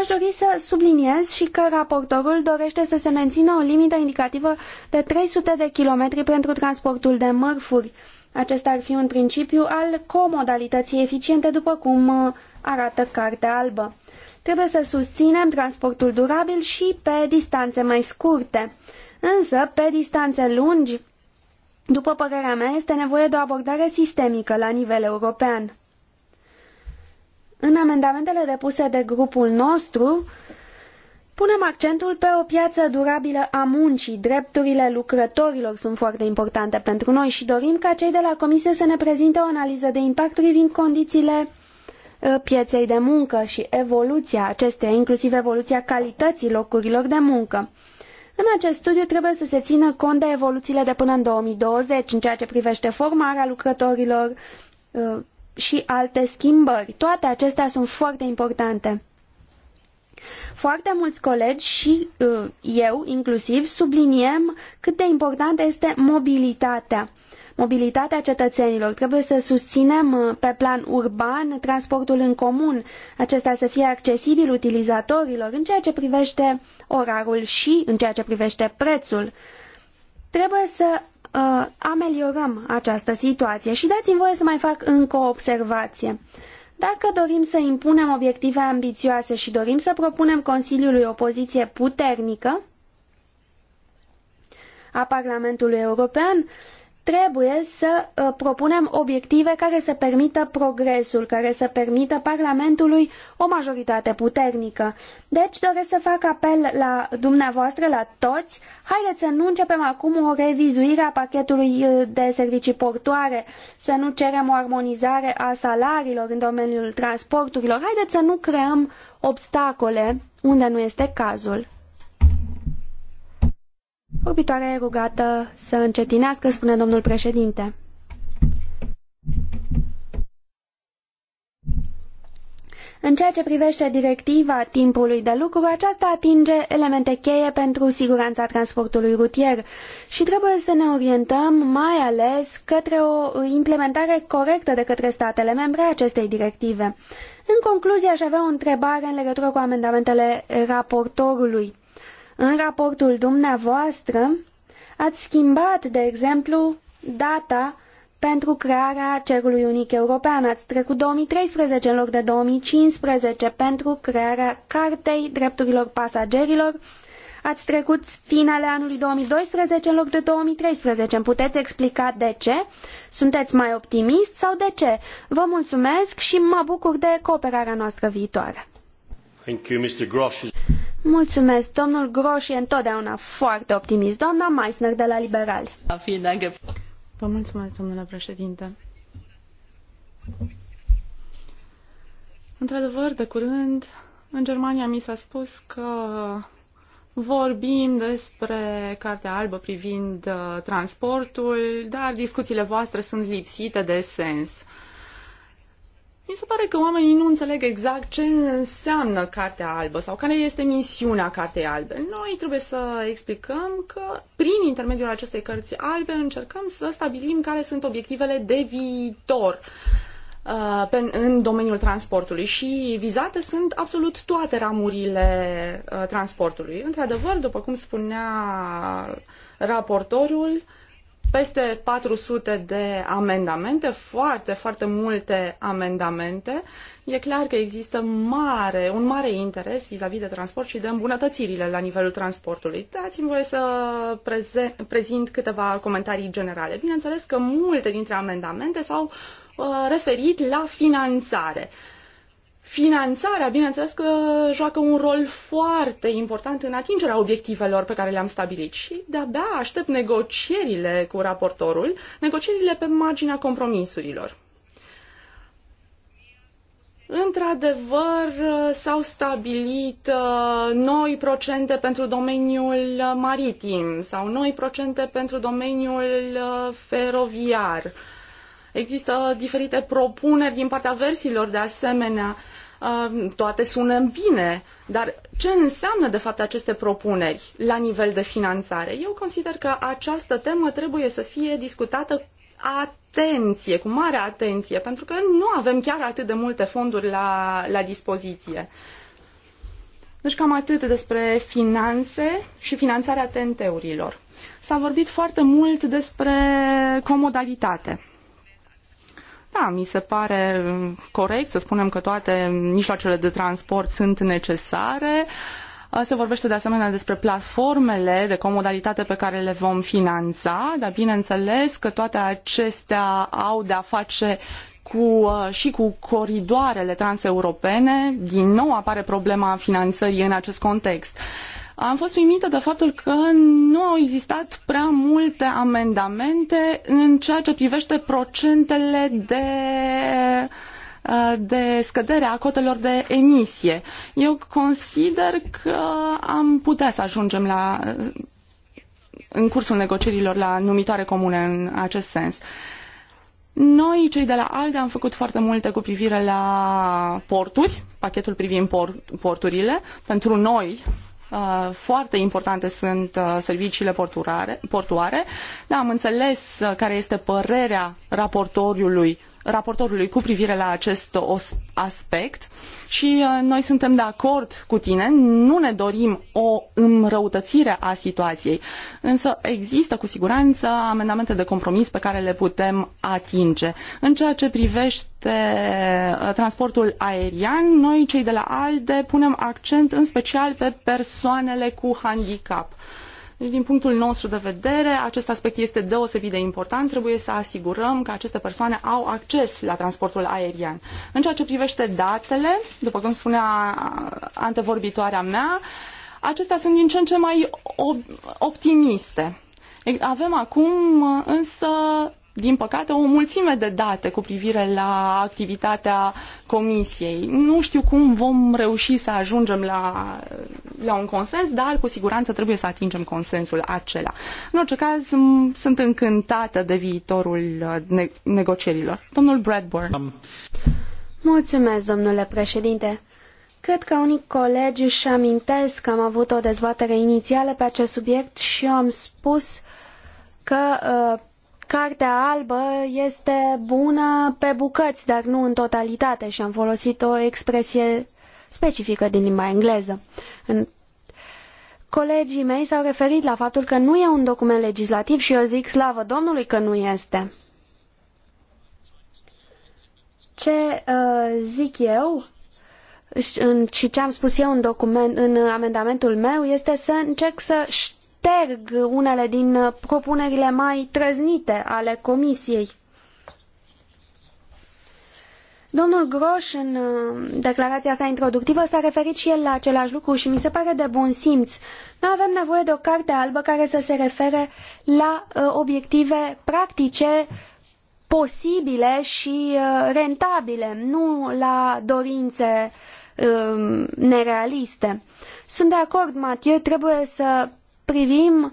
Aș dori să subliniez și că raportorul dorește să se mențină o limită indicativă de 300 de kilometri pentru transportul de mărfuri. Acesta ar fi un principiu al comodalității eficiente, după cum uh, arată Cartea Albă. Trebuie să susținem transportul durabil și pe distanțe mai scurte. Însă, pe distanțe lungi, după părerea mea, este nevoie de o abordare sistemică la nivel european. În amendamentele depuse de grupul nostru, punem accentul pe o piață durabilă a muncii. Drepturile lucrătorilor sunt foarte importante pentru noi și dorim ca cei de la Comisie să ne prezinte o analiză de impact privind condițiile ă, pieței de muncă și evoluția acesteia, inclusiv evoluția calității locurilor de muncă. În acest studiu trebuie să se țină cont de evoluțiile de până în 2020 în ceea ce privește formarea lucrătorilor, ă, și alte schimbări. Toate acestea sunt foarte importante. Foarte mulți colegi și uh, eu inclusiv subliniem cât de importantă este mobilitatea. Mobilitatea cetățenilor. Trebuie să susținem uh, pe plan urban transportul în comun, acesta să fie accesibil utilizatorilor în ceea ce privește orarul și în ceea ce privește prețul. Trebuie să uh, ameliorăm această situație. Și dați-mi voie să mai fac încă o observație. Dacă dorim să impunem obiective ambițioase și dorim să propunem Consiliului o poziție puternică a Parlamentului European, trebuie să uh, propunem obiective care să permită progresul, care să permită Parlamentului o majoritate puternică. Deci doresc să fac apel la dumneavoastră, la toți, haideți să nu începem acum o revizuire a pachetului uh, de servicii portoare, să nu cerem o armonizare a salariilor în domeniul transporturilor, haideți să nu creăm obstacole unde nu este cazul. Orbitoarea e rugată să încetinească, spune domnul președinte. În ceea ce privește directiva timpului de lucru, aceasta atinge elemente cheie pentru siguranța transportului rutier și trebuie să ne orientăm mai ales către o implementare corectă de către statele membre a acestei directive. În concluzie, aș avea o întrebare în legătură cu amendamentele raportorului. În raportul dumneavoastră ați schimbat, de exemplu, data pentru crearea cerului unic european. Ați trecut 2013 în loc de 2015 pentru crearea Cartei Drepturilor Pasagerilor. Ați trecut finele anului 2012 în loc de 2013. Îmi puteți explica de ce? Sunteți mai optimist sau de ce? Vă mulțumesc și mă bucur de cooperarea noastră viitoare. Grosch. Mulțumesc. Domnul Groș e întotdeauna foarte optimist. Doamna Meissner de la Liberali. Da, Vă mulțumesc, domnule președinte. Într-adevăr, de curând, în Germania mi s-a spus că vorbim despre Cartea Albă privind uh, transportul, dar discuțiile voastre sunt lipsite de sens. Uh, mi se pare că oamenii nu înțeleg exact ce înseamnă Cartea Albă sau care este misiunea Cartei Albe. Noi trebuie să explicăm că prin intermediul acestei cărți albe încercăm să stabilim care sunt obiectivele de viitor uh, în domeniul transportului și vizate sunt absolut toate ramurile uh, transportului. Într-adevăr, după cum spunea raportorul, peste 400 de amendamente, foarte, foarte multe amendamente. E clar că există mare, un mare interes vis-a-vis de transport și de îmbunătățirile la nivelul transportului. Dați-mi voie să prezint câteva comentarii generale. Bineînțeles că multe dintre amendamente s-au uh, referit la finanțare. Uh, Finanțarea, bineînțeles că joacă un rol foarte important în atingerea obiectivelor pe care le-am stabilit și de-abia aștept negocierile cu raportorul, negocierile pe marginea compromisurilor. Într-adevăr, s-au stabilit uh, noi procente pentru domeniul uh, maritim sau noi procente pentru domeniul uh, feroviar. Există diferite propuneri din partea versiilor de asemenea, toate sună bine, dar ce înseamnă de fapt aceste propuneri la nivel de finanțare? Eu consider că această temă trebuie să fie discutată atenție, cu mare atenție, pentru că nu avem chiar atât de multe fonduri la, la dispoziție. Deci cam atât despre finanțe și finanțarea TNT-urilor. S-a vorbit foarte mult despre comodalitate. Da, mi se pare um, corect să spunem că toate mijloacele de transport sunt necesare. Uh, se vorbește de asemenea despre platformele de comodalitate pe care le vom finanța, dar bineînțeles că toate acestea au de-a face cu, uh, și cu coridoarele transeuropene. Din nou apare problema finanțării în acest context. Am fost uimită de faptul că nu au existat prea multe amendamente în ceea ce privește procentele de de scădere a cotelor de emisie. Eu consider că am putea să ajungem la în cursul negocierilor la numitoare comune în acest sens. Noi, cei de la ALDE, am făcut foarte multe cu privire la porturi, pachetul privind porturile. Pentru noi, Uh, foarte importante sunt uh, serviciile portuare. portuare. Da, am înțeles uh, care este părerea raportorului raportorului cu privire la acest aspect și uh, noi suntem de acord cu tine, nu ne dorim o înrăutățire a situației, însă există cu siguranță amendamente de compromis pe care le putem atinge. În ceea ce privește uh, transportul aerian, noi cei de la ALDE punem accent în special pe persoanele cu handicap. Deci, din punctul nostru de vedere, acest aspect este deosebit de important. Trebuie să asigurăm că aceste persoane au acces la transportul aerian. În ceea ce privește datele, după cum spunea antevorbitoarea mea, acestea sunt din ce în ce mai optimiste. Avem acum însă din păcate, o mulțime de date cu privire la activitatea comisiei. Nu știu cum vom reuși să ajungem la, la un consens, dar cu siguranță trebuie să atingem consensul acela. În orice caz, sunt încântată de viitorul ne- negocierilor. Domnul Bradburn. Mulțumesc, domnule președinte. Cred că unii colegi își amintesc că am avut o dezbatere inițială pe acest subiect și eu am spus că uh, Cartea albă este bună pe bucăți, dar nu în totalitate și am folosit o expresie specifică din limba engleză. În Colegii mei s-au referit la faptul că nu e un document legislativ și eu zic slavă Domnului că nu este. Ce uh, zic eu și ce am spus eu în, document, în amendamentul meu este să încerc să știu șterg unele din uh, propunerile mai trăznite ale Comisiei. Domnul Groș, în uh, declarația sa introductivă, s-a referit și el la același lucru și mi se pare de bun simț. Noi avem nevoie de o carte albă care să se refere la uh, obiective practice, posibile și rentabile, nu la dorințe nerealiste. Sunt de acord, Mathieu, trebuie să privim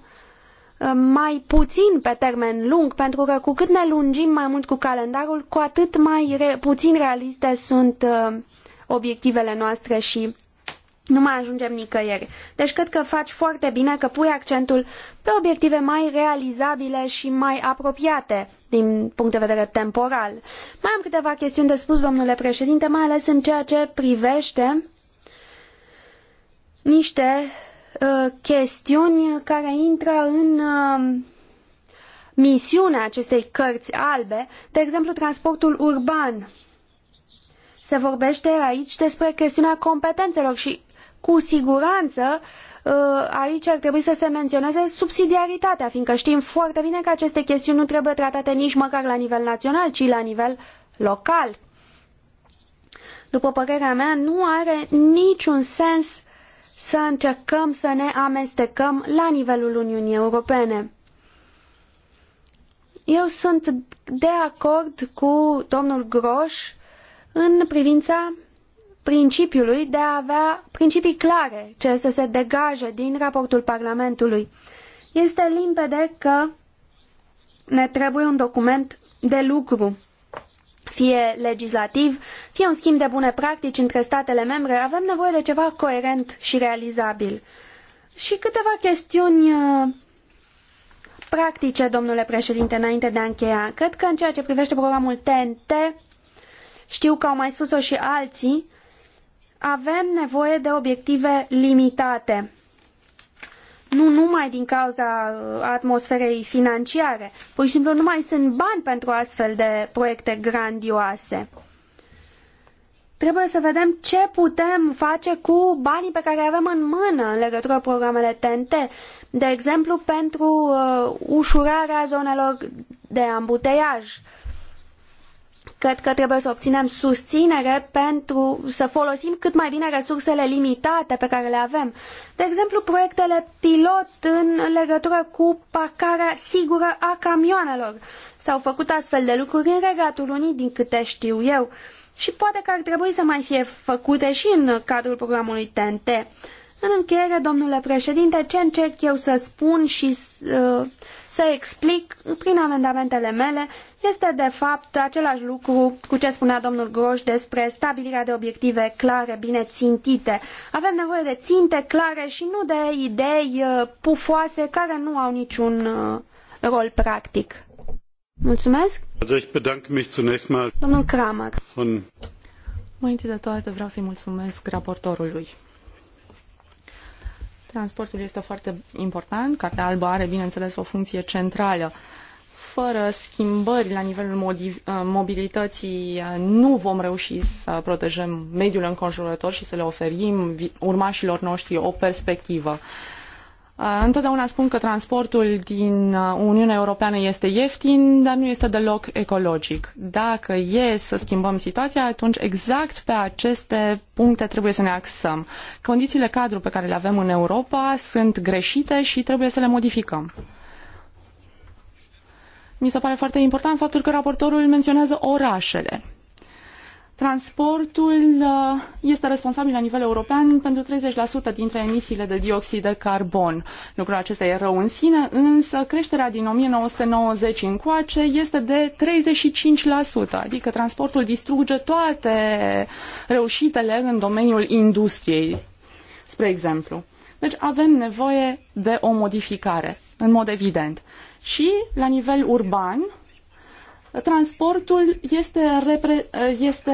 uh, mai puțin pe termen lung, pentru că cu cât ne lungim mai mult cu calendarul, cu atât mai re- puțin realiste sunt uh, obiectivele noastre și nu mai ajungem nicăieri. Deci cred că faci foarte bine că pui accentul pe obiective mai realizabile și mai apropiate din punct de vedere temporal. Mai am câteva chestiuni de spus, domnule președinte, mai ales în ceea ce privește niște Uh, chestiuni care intră în uh, misiunea acestei cărți albe, de exemplu transportul urban. Se vorbește aici despre chestiunea competențelor și cu siguranță uh, aici ar trebui să se menționeze subsidiaritatea, fiindcă știm foarte bine că aceste chestiuni nu trebuie tratate nici măcar la nivel național, ci la nivel local. După părerea mea, nu are niciun sens să încercăm să ne amestecăm la nivelul Uniunii Europene. Eu sunt de acord cu domnul Groș în privința principiului de a avea principii clare ce să se degaje din raportul Parlamentului. Este limpede că ne trebuie un document de lucru fie legislativ, fie un schimb de bune practici între statele membre, avem nevoie de ceva coerent și realizabil. Și câteva chestiuni uh, practice, domnule președinte, înainte de a încheia. Cred că în ceea ce privește programul TNT, știu că au mai spus-o și alții, avem nevoie de obiective limitate nu numai din cauza uh, atmosferei financiare. Pur și simplu nu mai sunt bani pentru astfel de proiecte grandioase. Trebuie să vedem ce putem face cu banii pe care îi avem în mână în legătură cu programele TNT. De exemplu, pentru uh, ușurarea zonelor de ambuteiaj. Uh, Cred că trebuie să obținem susținere pentru să folosim cât mai bine resursele limitate pe care le avem. De exemplu, proiectele pilot în legătură cu parcarea sigură a camioanelor. S-au făcut astfel de lucruri în Regatul Unii, din câte știu eu. Și poate că ar trebui să mai fie făcute și în cadrul programului TNT. În încheiere, domnule președinte, ce încerc eu să spun și uh, să explic prin amendamentele mele este de fapt același lucru cu ce spunea domnul Groș despre stabilirea de obiective clare, bine țintite. Avem nevoie de ținte clare și nu de idei uh, pufoase care nu au niciun uh, rol practic. Mulțumesc! Domnul Kramer. Mai întâi de toate vreau să-i mulțumesc raportorului. Transportul este foarte important. Cartea albă are, bineînțeles, o funcție centrală. Fără schimbări la nivelul uh, mobilității uh, nu vom reuși să protejăm mediul înconjurător și să le oferim urmașilor noștri o perspectivă. Uh, Întotdeauna spun că transportul din Uniunea Europeană este ieftin, dar nu este deloc ecologic. Dacă e să schimbăm situația, atunci exact pe aceste puncte trebuie să ne axăm. Condițiile cadru pe care le avem în Europa sunt greșite și trebuie să le modificăm. Mi se pare foarte important faptul că raportorul menționează orașele. Transportul uh, este responsabil la nivel european pentru 30% dintre emisiile de dioxid de carbon. Lucrul acesta e rău în sine, însă creșterea din 1990 încoace este de 35%, adică transportul distruge toate reușitele în domeniul industriei, spre exemplu. Deci avem nevoie de o modificare, în mod evident. Și la nivel urban, Transportul este, repre, este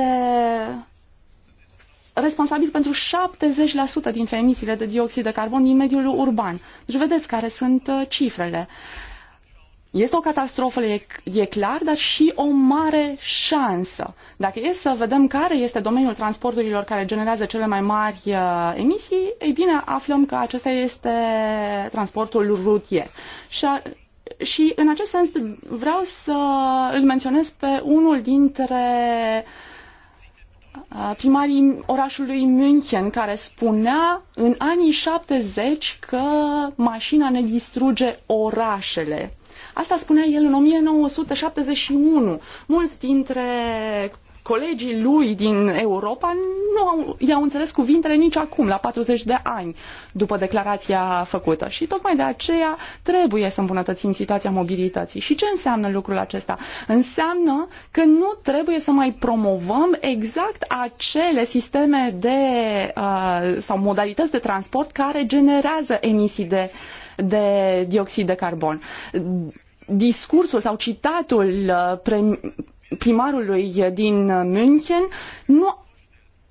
responsabil pentru 70% dintre emisiile de dioxid de carbon din mediul urban. Deci vedeți care sunt uh, cifrele. Este o catastrofă, e, e clar, dar și o mare șansă. Dacă e să vedem care este domeniul transporturilor care generează cele mai mari uh, emisii, ei bine, aflăm că acesta este transportul rutier. Și a, și în acest sens vreau să îl menționez pe unul dintre primarii orașului München, care spunea în anii 70 că mașina ne distruge orașele. Asta spunea el în 1971. Mulți dintre colegii lui din Europa nu au, i-au înțeles cuvintele nici acum, la 40 de ani după declarația făcută. Și tocmai de aceea trebuie să îmbunătățim situația mobilității. Și ce înseamnă lucrul acesta? Înseamnă că nu trebuie să mai promovăm exact acele sisteme de, uh, sau modalități de transport care generează emisii de, de dioxid de carbon discursul sau citatul uh, primarului din München nu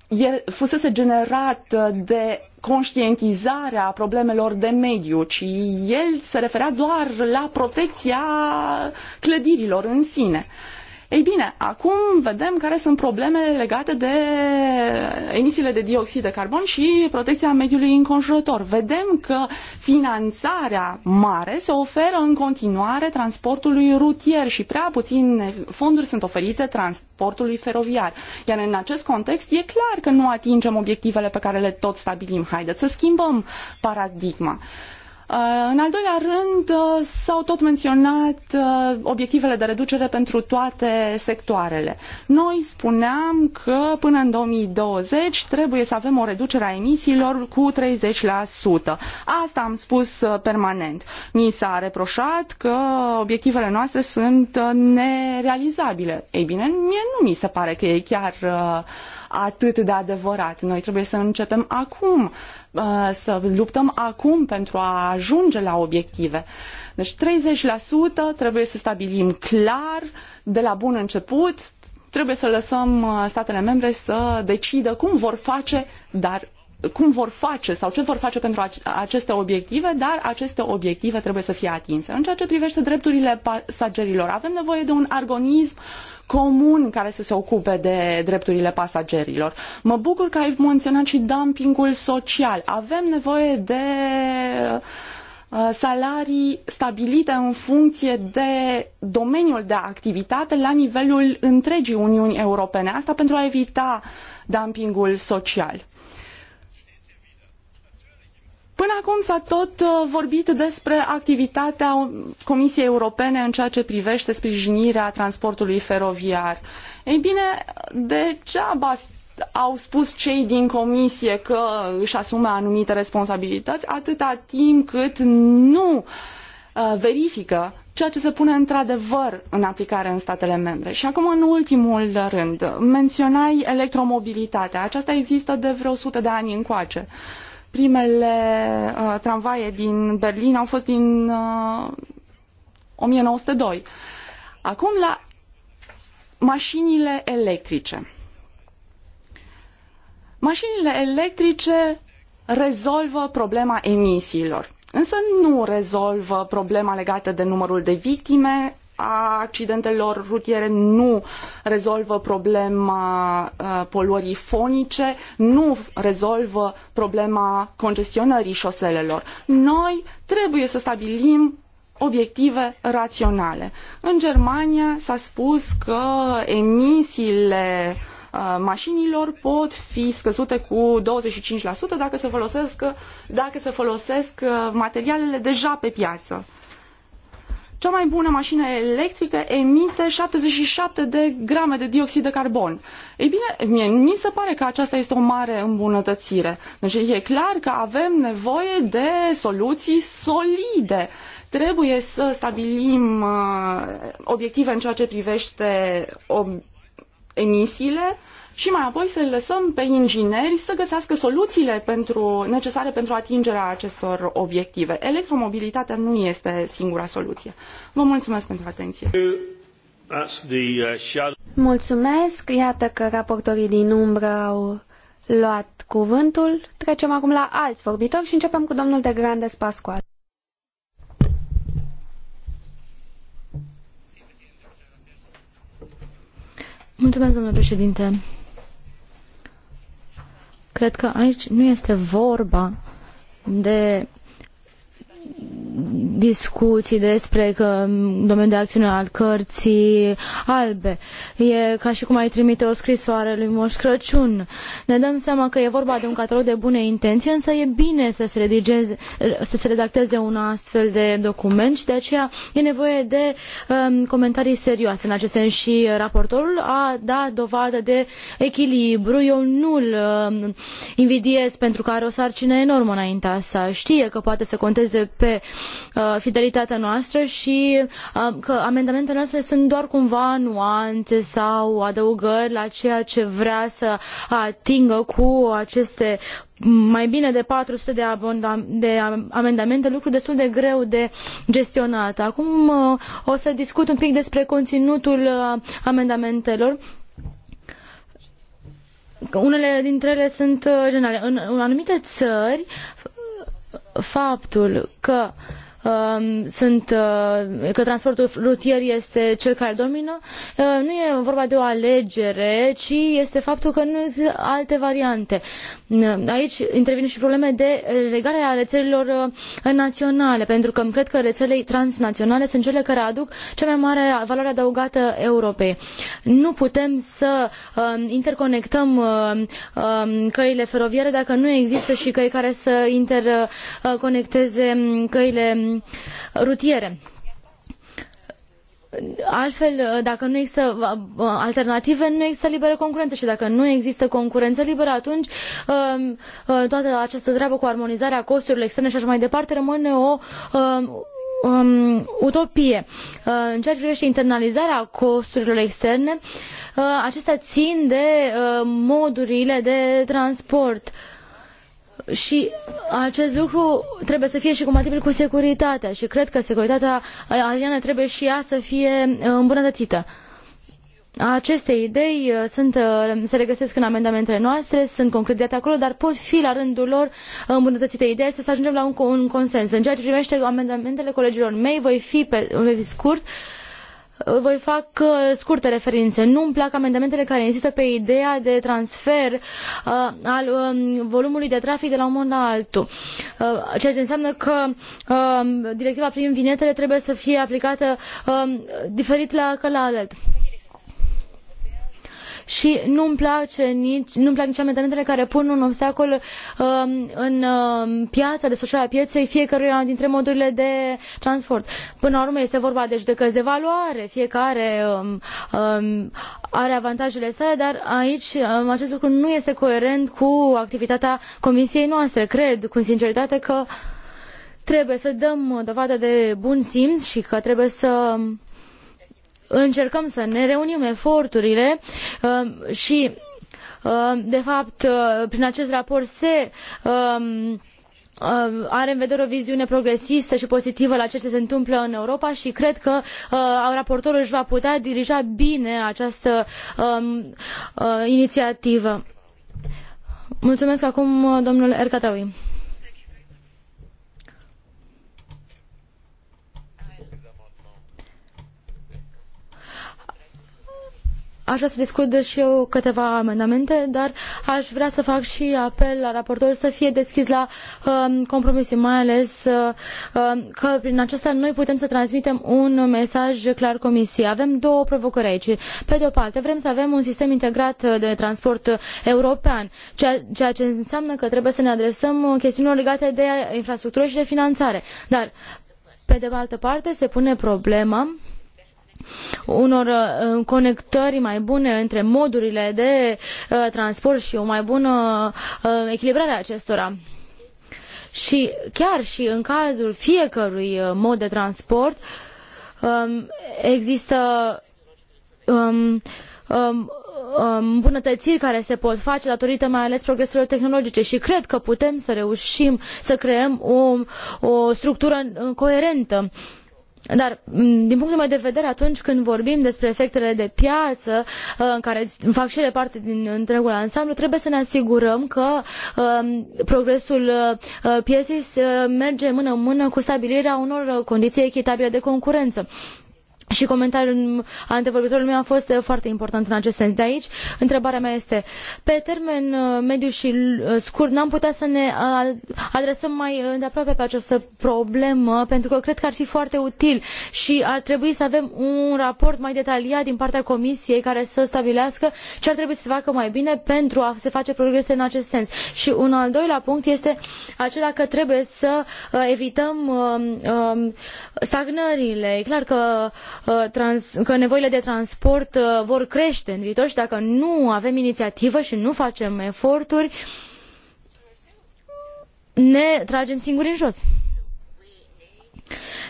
el fusese generat de conștientizarea problemelor de mediu, ci el se referea doar la protecția clădirilor în sine. Ei bine, acum vedem care sunt problemele legate de emisiile de dioxid de carbon și protecția mediului înconjurător. Vedem că finanțarea mare se oferă în continuare transportului rutier și prea puțin fonduri sunt oferite transportului feroviar. Iar în acest context e clar că nu atingem obiectivele pe care le tot stabilim. Haideți să schimbăm paradigma. Uh, Uh, în al doilea rând, uh, s-au tot menționat uh, obiectivele de reducere pentru toate sectoarele. Noi spuneam că până în 2020 trebuie să avem o reducere a emisiilor cu 30%. Asta am spus permanent. Ni s-a reproșat că obiectivele noastre sunt nerealizabile. Ei bine, mie nu mi se pare că e chiar atât de adevărat. Noi trebuie să începem acum Uh, să luptăm acum pentru a ajunge la obiective. Deci 30% trebuie să stabilim clar de la bun început, trebuie să lăsăm uh, statele membre să decidă cum vor face, dar cum vor face sau ce vor face pentru aceste obiective, dar aceste obiective trebuie să fie atinse. În ceea ce privește drepturile pasagerilor, avem nevoie de un organism comun care să se ocupe de drepturile pasagerilor. Mă bucur că ai menționat și dumpingul social. Avem nevoie de uh, salarii stabilite în funcție de domeniul de activitate la nivelul întregii Uniuni Europene. Asta pentru a evita dumpingul social. Până acum s-a tot uh, vorbit despre activitatea Comisiei Europene în ceea ce privește sprijinirea transportului feroviar. Ei bine, degeaba au spus cei din comisie că își asumă anumite responsabilități atâta timp cât nu uh, verifică ceea ce se pune într-adevăr în aplicare în statele membre. Și acum, în ultimul rând, menționai electromobilitatea. Aceasta există de vreo sută de ani încoace. Uh, Primele uh, tramvaie din Berlin au fost din uh, 1902. Acum la mașinile electrice. Mașinile electrice rezolvă problema emisiilor, însă nu rezolvă problema legată de numărul de victime a accidentelor rutiere nu rezolvă problema uh, poluării fonice, nu rezolvă problema congestionării șoselelor. Noi trebuie să stabilim obiective raționale. În Germania s-a spus că emisiile uh, mașinilor pot fi scăzute cu 25% dacă se folosesc, dacă se folosesc uh, materialele deja pe piață. Cea mai bună mașină electrică emite 77 de grame de dioxid de carbon. Ei bine, mie, mi se pare că aceasta este o mare îmbunătățire. Deci e clar că avem nevoie de soluții solide. Trebuie să stabilim uh, obiective în ceea ce privește ob- um, emisiile, și mai apoi să lăsăm pe ingineri să găsească soluțiile pentru, necesare pentru atingerea acestor obiective. Electromobilitatea nu este singura soluție. Vă mulțumesc pentru atenție. Uh, mulțumesc. Iată că raportorii din umbră au luat cuvântul. Trecem acum la alți vorbitori și începem cu domnul de Grandes Pascual. Mulțumesc, domnule președinte. Cred că aici nu este vorba de discuții despre că domeniul de acțiune al cărții albe. E ca și cum ai trimite o scrisoare lui Moș Crăciun. Ne dăm seama că e vorba de un catalog de bune intenții, însă e bine să se, redigeze, să se redacteze un astfel de document și de aceea e nevoie de um, comentarii serioase. În acest sens și raportorul a dat dovadă de echilibru. Eu nu-l um, invidiez pentru că are o sarcină enormă înaintea sa. Știe că poate să conteze pe uh, fidelitatea noastră și uh, că amendamentele noastre sunt doar cumva nuanțe sau adăugări la ceea ce vrea să atingă cu aceste mai bine de 400 de, de amendamente, lucru destul de greu de gestionat. Acum uh, o să discut un pic despre conținutul uh, amendamentelor unele dintre ele sunt uh, generale. în anumite țări, faptul că Um, sunt, uh, că transportul rutier este cel care domină, uh, nu e vorba de o alegere, ci este faptul că nu există alte variante. Uh, aici intervin și probleme de legare a rețelelor naționale, pentru că cred că rețelele transnaționale sunt cele care aduc cea mai mare valoare adăugată Europei. Nu putem să um, interconectăm um, căile feroviare dacă nu există și căi care să interconecteze căile rutiere. Altfel, dacă nu există alternative, nu există liberă concurență și dacă nu există concurență liberă, atunci um, uh, toată această treabă cu armonizarea costurilor externe și așa mai departe rămâne o um, um utopie. Uh, în ceea ce privește internalizarea costurilor externe, uh, acestea țin de modurile de transport. Uh, și acest lucru trebuie să fie și compatibil cu securitatea și cred că securitatea aeriană trebuie și ea să fie uh, îmbunătățită. Aceste idei uh, sunt, uh, se regăsesc în amendamentele noastre, sunt concrediate acolo, dar pot fi la rândul lor îmbunătățite. Ideea să ajungem la un, un consens. În ceea ce privește amendamentele colegilor mei, voi fi pe, pe scurt, uh, voi fac uh, scurte referințe. Nu îmi plac amendamentele care insistă pe ideea de transfer uh, al um, volumului de trafic de la un mod la altul. Uh, ceea ce înseamnă că uh, directiva prin vinetele trebuie să fie aplicată um, diferit la călalt. La și nu-mi place nici, nu-mi plac nici amendamentele care pun un obstacol um, în um, piața, desfășurarea pieței fiecăruia dintre modurile de transport. Până la urmă este vorba deci, de judecăți de valoare, fiecare um, um, are avantajele sale, dar aici um, acest lucru nu este coerent cu activitatea comisiei noastre. Cred cu sinceritate că trebuie să dăm dovadă de bun simț și că trebuie să um, încercăm să ne reunim eforturile um, și um, de fapt uh, prin acest raport se um, are în vedere o viziune progresistă și pozitivă la ceea ce se întâmplă în Europa și cred că uh, raportorul își va putea dirija bine această um, uh, inițiativă. Mulțumesc acum domnul Ercataui. Aș vrea să discut și eu câteva amendamente, dar aș vrea să fac și apel la raportor să fie deschis la um, compromis, mai ales uh, um, că prin acesta noi putem să transmitem un mesaj clar comisiei. Avem două provocări aici. Pe de o parte, vrem să avem un sistem integrat de transport european, ceea, ceea ce înseamnă că trebuie să ne adresăm chestiunilor legate de infrastructură și de finanțare. Dar, pe de altă parte, se pune problema unor uh, conectări mai bune între modurile de uh, transport și o mai bună uh, echilibrare a acestora. Și chiar și în cazul fiecărui mod de transport um, există um, um, îmbunătățiri care se pot face datorită mai ales progreselor tehnologice și cred că putem să reușim să creăm o, o structură coerentă. Uh, dar, din punctul meu de vedere, atunci când vorbim despre efectele de piață, uh, în care fac și ele parte din întregul ansamblu, trebuie să ne asigurăm că um, progresul uh, uh, pieței merge mână în mână cu stabilirea unor condiții echitabile de concurență și comentariul antevorbitorului meu a fost uh, foarte important în acest sens. De aici, întrebarea mea este, pe termen uh, mediu și uh, scurt, n-am putea să ne adresăm mai îndeaproape pe această problemă, pentru că cred că ar fi foarte util și ar trebui să avem un raport mai detaliat din partea Comisiei care să stabilească ce ar trebui să se facă mai bine pentru a se face progrese în acest sens. Și un al doilea punct este acela că trebuie să evităm um, stagnările. E clar că Uh, că nevoile de transport uh, vor crește în viitor și dacă nu avem inițiativă și nu facem eforturi, ne tragem singuri în jos.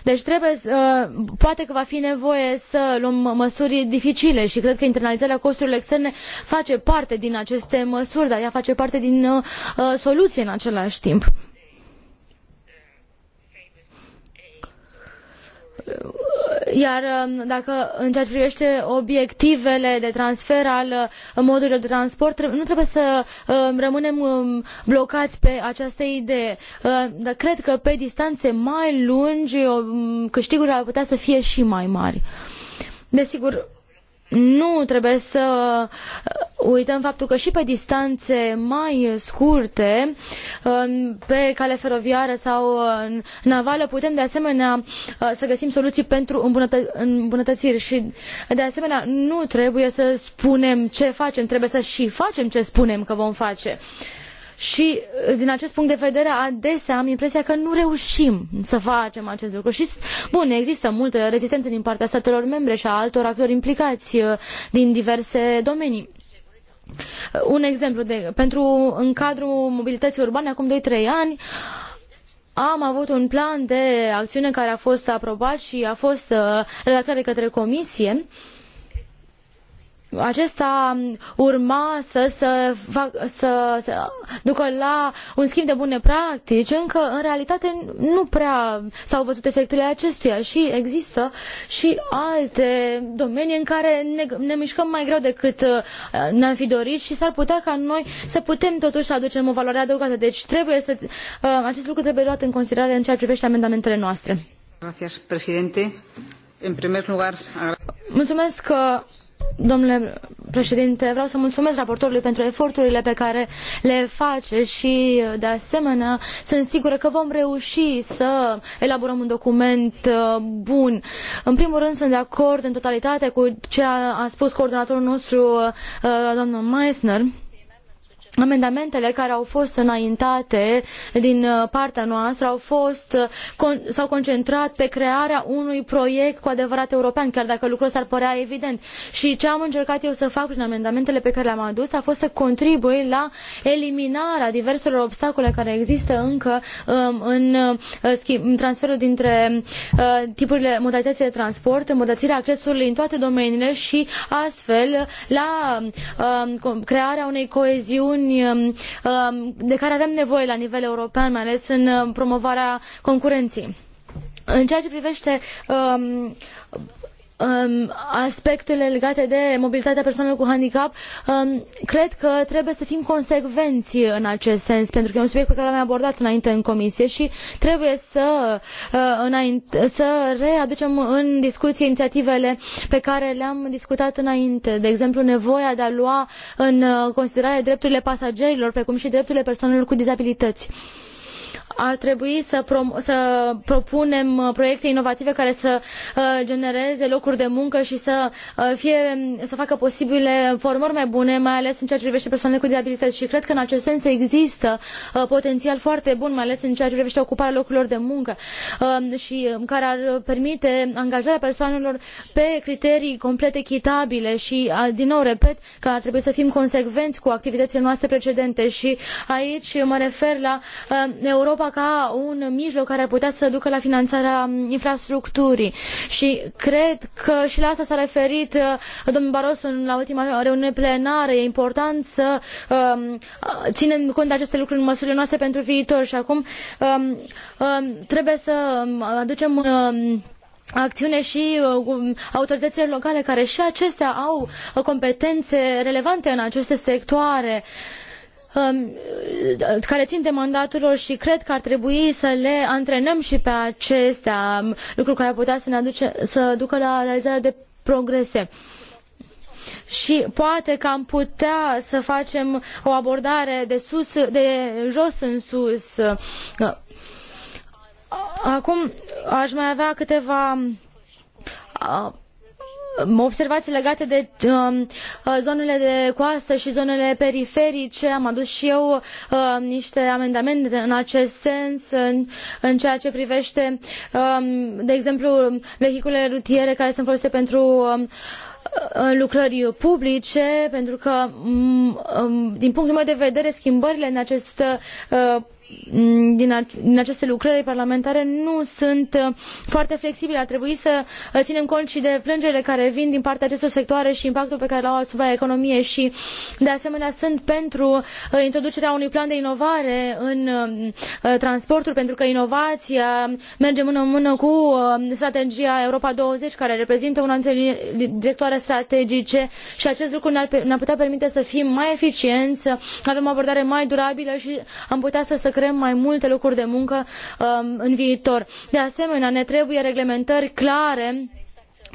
Deci trebuie, uh, poate că va fi nevoie să luăm măsuri dificile și cred că internalizarea costurilor externe face parte din aceste măsuri, dar ea face parte din soluție în același timp. iar um, dacă în ceea ce privește obiectivele de transfer al uh, modurilor de transport, nu trebuie să um, rămânem um, blocați pe această idee. Uh, dar cred că pe distanțe mai lungi câștigurile ar putea să fie și mai mari. Desigur, nu trebuie să uh, uităm faptul că și pe distanțe mai scurte, um, pe cale feroviară sau navală, putem de asemenea uh, să găsim soluții pentru îmbunătă- îmbunătățiri și de asemenea nu trebuie să spunem ce facem, trebuie să și facem ce spunem că vom face. Și uh, din acest punct de vedere, adesea am impresia că nu reușim să facem acest lucru. Și, bun, există multă rezistență din partea statelor membre și a altor actori implicați uh, din diverse domenii. Uh, un exemplu, de, pentru în cadrul mobilității urbane, acum 2-3 ani, am avut un plan de acțiune care a fost aprobat și a fost redactat de către comisie uh, acesta urma să, să, fac, să, să, ducă la un schimb de bune practici, încă în realitate nu prea s-au văzut efectele acestuia și există și alte domenii în care ne, ne mișcăm mai greu decât uh, ne-am fi dorit și s-ar putea ca noi să putem totuși să aducem o valoare adăugată. Deci trebuie să, uh, acest lucru trebuie luat în considerare în ceea ce privește amendamentele noastre. Gracias, Mulțumesc că Domnule președinte, vreau să mulțumesc raportorului pentru eforturile pe care le face și, de asemenea, sunt sigură că vom reuși să elaborăm un document uh, bun. În primul rând, sunt de acord în totalitate cu ce a spus coordonatorul nostru, uh, uh, domnul Meissner amendamentele care au fost înaintate din uh, partea noastră au fost, uh, s-au concentrat pe crearea unui proiect cu adevărat european, chiar dacă lucrul ăsta ar părea evident. Și ce am încercat eu să fac prin amendamentele pe care le-am adus a fost să contribui la eliminarea diverselor obstacole care există încă um, uh, în transferul dintre tipurile, modalității de transport, îmbunătățirea accesului în toate domeniile și astfel la um, crearea unei coeziuni acțiuni um, um, de care avem nevoie la nivel european, mai ales în um, promovarea concurenței. În ceea ce privește um, Um, aspectele legate de mobilitatea persoanelor cu handicap, um, cred că trebuie să fim consecvenți în acest sens, pentru că e un subiect pe care l-am abordat înainte în comisie și trebuie să, uh, înainte, să readucem în discuție inițiativele pe care le-am discutat înainte, de exemplu nevoia de a lua în uh, considerare drepturile pasagerilor, precum și drepturile persoanelor cu dizabilități ar trebui să, propunem uh, proiecte inovative care să uh, genereze locuri de muncă și să, uh, fie, să facă posibile formări mai bune, mai ales în ceea ce privește persoanele cu dizabilități. Și cred că în acest sens există potențial foarte bun, mai ales în ceea ce privește ocuparea locurilor de muncă um, și um, care ar permite angajarea persoanelor pe criterii complet echitabile și, din nou, repet, că ar trebui să fim consecvenți cu activitățile noastre precedente și aici mă refer la Europa ca un mijloc care ar putea să ducă la finanțarea infrastructurii. Și cred că și la asta s-a referit uh, domnul Barroso la ultima reuniune plenară. E important să um, ținem cont de aceste lucruri în măsurile noastre pentru viitor. Și acum um, um, trebuie să um, aducem um, acțiune și uh, um, autoritățile locale care și acestea au uh, competențe relevante în aceste sectoare. Uh, Um, care țin de mandatul lor și cred că ar trebui să le antrenăm și pe acestea, um, lucru care ar putea să ne aduce, să ducă la realizarea de progrese. Și poate că am putea să facem o abordare de, sus, de jos în sus. Acum aș mai avea câteva uh, observații legate de um, uh, zonele de coastă și zonele periferice. Am adus și eu uh, niște amendamente în acest sens în, în ceea ce privește, um, de exemplu, vehiculele rutiere care sunt folosite pentru um, uh, lucrări publice, pentru că, mm, din punctul meu de vedere, schimbările în acest Mm, din, din aceste lucrări parlamentare nu sunt uh, foarte flexibile. Ar trebui să uh, ținem cont și de plângerile care vin din partea acestor sectoare și impactul pe care l-au asupra economiei și de asemenea sunt pentru uh, introducerea unui plan de inovare în transporturi pentru că inovația merge mână în mână cu strategia Europa 20 care reprezintă una dintre directoare strategice și acest lucru ne-ar, putea permite să fim mai eficienți, să avem o abordare mai durabilă și am putea să, să creăm mai multe locuri de muncă um, în viitor. De asemenea, ne trebuie reglementări clare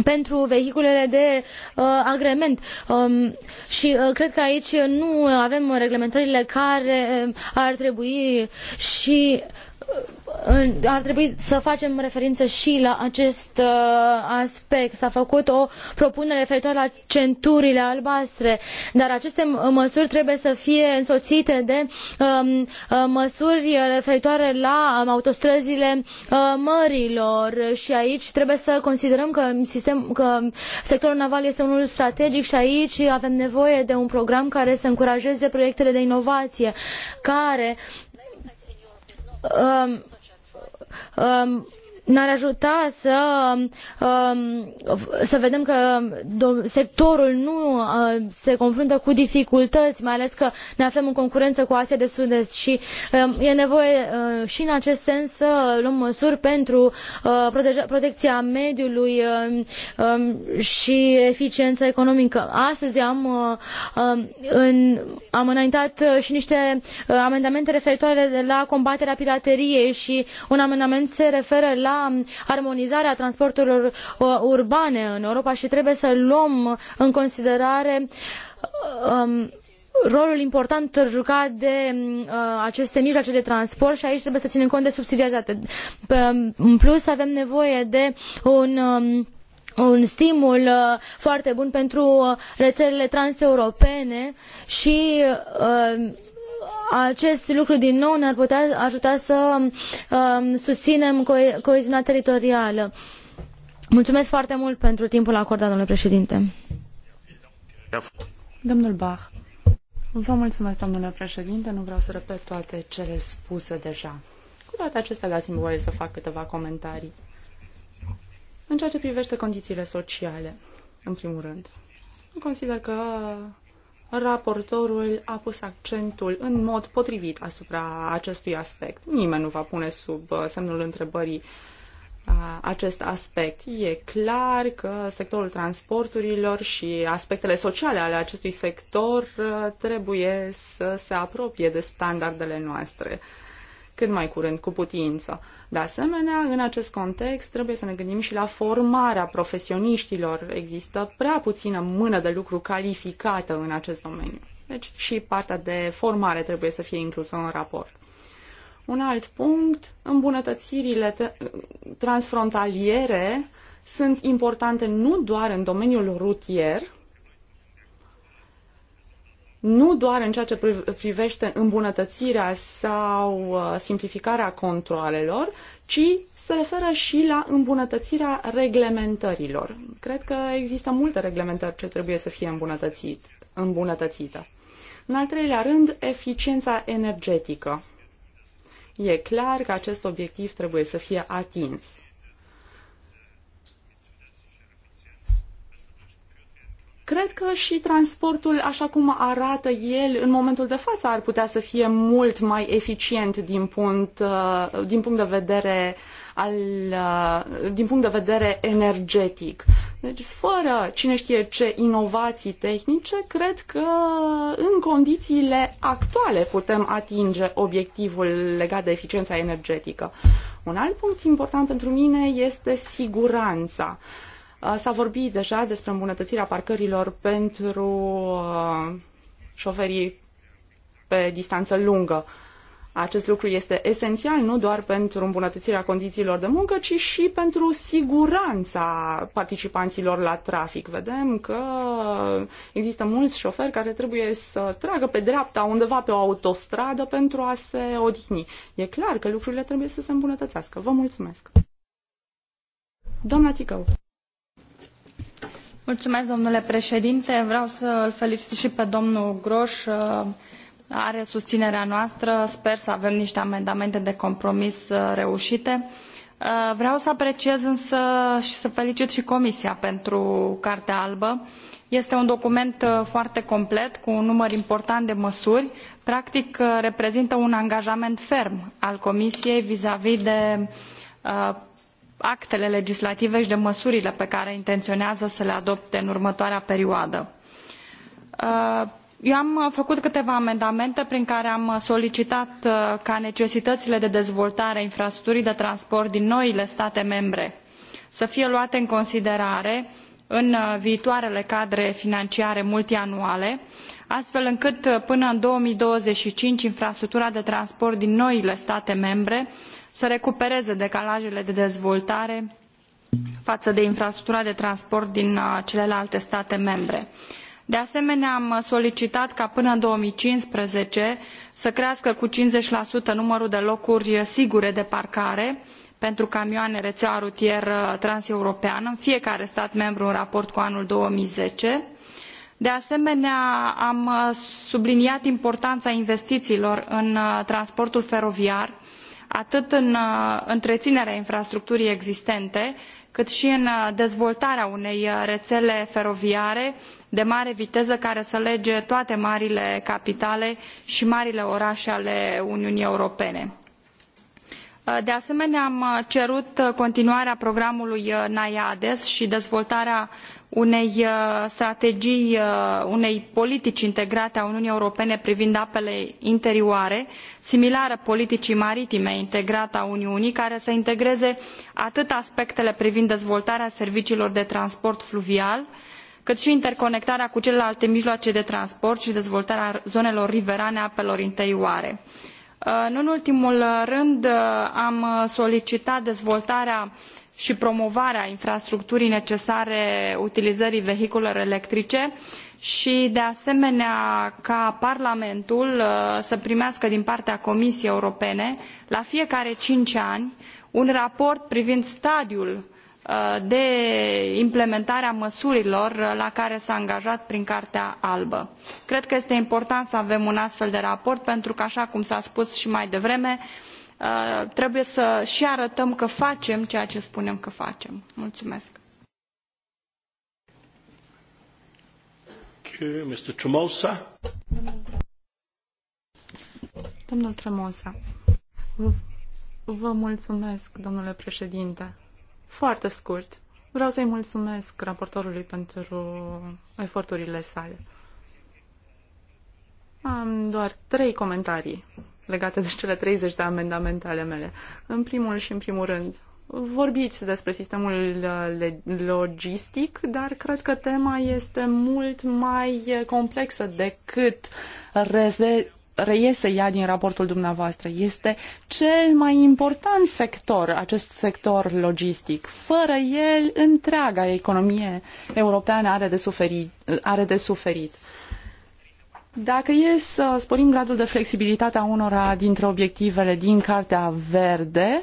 pentru vehiculele de uh, agrement um, și uh, cred că aici nu avem reglementările care uh, ar trebui și ar trebui să facem referință și la acest uh, aspect. S-a făcut o propunere referitoare la centurile albastre, dar aceste măsuri trebuie să fie însoțite de um, uh, măsuri referitoare la um, autostrăzile uh, mărilor și aici trebuie să considerăm că, sistem, că sectorul naval este unul strategic și aici avem nevoie de un program care să încurajeze proiectele de inovație, care um, um, ne-ar ajuta să, um, să vedem că sectorul nu uh, se confruntă cu dificultăți, mai ales că ne aflăm în concurență cu Asia de Sud-Est și um, e nevoie uh, și în acest sens să luăm măsuri pentru uh, protecția mediului um, și eficiența economică. Astăzi am, în, am înaintat și niște amendamente referitoare la combaterea pirateriei și un amendament se referă la la armonizarea transporturilor uh, urbane în Europa și trebuie să luăm în considerare uh, um, rolul important jucat de uh, aceste mijloace de transport și aici trebuie să ținem cont de subsidiaritate. în plus, avem nevoie de un. Um, un stimul uh, foarte bun pentru rețelele transeuropene și acest lucru din nou ne-ar putea ajuta să um, susținem co- coeziunea teritorială. Mulțumesc foarte mult pentru timpul acordat, domnule președinte. Domnul Bach, vă mulțumesc, domnule președinte. Nu vreau să repet toate cele spuse deja. Cu toate acestea, dați-mi voie să fac câteva comentarii. În ceea ce privește condițiile sociale, în primul rând, consider că raportorul a pus accentul în mod potrivit asupra acestui aspect. Nimeni nu va pune sub uh, semnul întrebării uh, acest aspect. E clar că sectorul transporturilor și aspectele sociale ale acestui sector uh, trebuie să se apropie de standardele noastre cât mai curând, cu putință. De asemenea, în acest context, trebuie să ne gândim și la formarea profesioniștilor. Există prea puțină mână de lucru calificată în acest domeniu. Deci și partea de formare trebuie să fie inclusă în raport. Un alt punct, îmbunătățirile transfrontaliere sunt importante nu doar în domeniul rutier, nu doar în ceea ce privește îmbunătățirea sau uh, simplificarea controalelor, ci se referă și la îmbunătățirea reglementărilor. Cred că există multe reglementări ce trebuie să fie îmbunătățit, îmbunătățită. În al treilea rând, eficiența energetică. E clar că acest obiectiv trebuie să fie atins. Cred că și transportul, așa cum arată el în momentul de față, ar putea să fie mult mai eficient din punct, uh, din punct de vedere al, uh, din punct de vedere energetic. Deci, fără cine știe ce inovații tehnice, cred că în condițiile actuale putem atinge obiectivul legat de eficiența energetică. Un alt punct important pentru mine este siguranța. Uh, Uh, s-a vorbit deja despre îmbunătățirea parcărilor pentru uh, șoferii pe distanță lungă. Acest lucru este esențial nu doar pentru îmbunătățirea condițiilor de muncă, ci și pentru siguranța participanților la trafic. Vedem că există mulți șoferi care trebuie să tragă pe dreapta undeva pe o autostradă pentru a se odihni. E clar că lucrurile trebuie să se îmbunătățească. Vă mulțumesc! Doamna Țicău! Mulțumesc, domnule președinte. Vreau să îl felicit și pe domnul grosch uh, Are susinerea noastră. Sper să avem niște amendamente de compromis uh, reușite. Uh, vreau să apreciez însă și să felicit și Comisia pentru Cartea Albă. Este un document foarte complet, cu un număr important de măsuri. Practic, reprezintă un angajament ferm al Comisiei vizavi de actele legislative i de măsurile pe care intenionează să le adopte în următoarea perioadă. Uh, eu am uh, făcut câteva amendamente prin care am uh, solicitat ca necesităile de dezvoltare a infrastructurii de transport din noile state membre să fie luate în considerare în viitoarele cadre financiare multianuale astfel încât până în două mii douăzeci și cinci infrastructura de transport din noile state membre să recupereze decalajele de dezvoltare faă de infrastructura de transport din uh, celelalte state membre. de asemenea am solicitat ca până în două mii cincisprezece să crească cu cincizeci numărul de locuri sigure de parcare pentru camioane reeaua rutieră transeuropeană în fiecare stat membru în raport cu anul două mii zece de asemenea am subliniat importana investiiilor în uh, transportul feroviar atât în uh, întreinerea infrastructurii existente cât i în uh, dezvoltarea unei uh, reele feroviare de mare viteză care să lege toate marile capitale i marile orae ale uniunii europene. de asemenea am cerut continuarea programului naiades i dezvoltarea unei uh, strategii, uh, unei politici integrate a Uniunii Europene privind apele interioare, similară politicii maritime integrate a Uniunii, care să integreze atât aspectele privind dezvoltarea serviciilor de transport fluvial, cât i interconectarea cu celelalte mijloace de transport i dezvoltarea zonelor riverane a apelor interioare. Uh, nu în ultimul rând am solicitat dezvoltarea i promovarea infrastructurii necesare utilizării vehiculelor electrice i de asemenea ca parlamentul uh, să primească din partea comisiei europene la fiecare cinci ani un raport privind stadiul uh, de implementare a măsurilor uh, la care s a angajat prin cartea albă. cred că este important să avem un astfel de raport pentru că aa cum s a spus i mai devreme Uh, trebuie să și arătăm că facem ceea ce spunem că facem. Mulțumesc. Mr. Tremosa. Domnul Tremosa, vă mulțumesc, domnule președinte. Foarte scurt. Vreau să-i mulțumesc raportorului pentru eforturile sale. Am doar trei comentarii legate de cele 30 de amendamente ale mele. În primul și în primul rând, vorbiți despre sistemul uh, logistic, dar cred că tema este mult mai complexă decât reve- reiese ea din raportul dumneavoastră. Este cel mai important sector, acest sector logistic. Fără el, întreaga economie europeană are de suferit. Are de suferit. Dacă e să sporim gradul de flexibilitate a unora dintre obiectivele din Cartea Verde,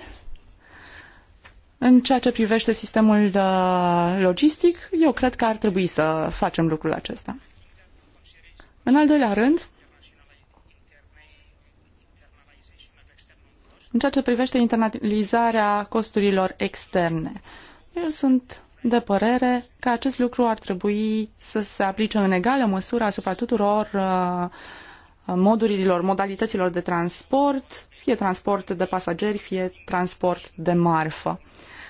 în ceea ce privește sistemul uh, logistic, eu cred că ar trebui să facem lucrul acesta. În al doilea rând, în ceea ce privește internalizarea costurilor externe, eu sunt de părere că acest lucru ar trebui să se aplice în egală măsură asupra tuturor uh, modurilor, modalităților de transport, fie transport de pasageri, fie transport de marfă.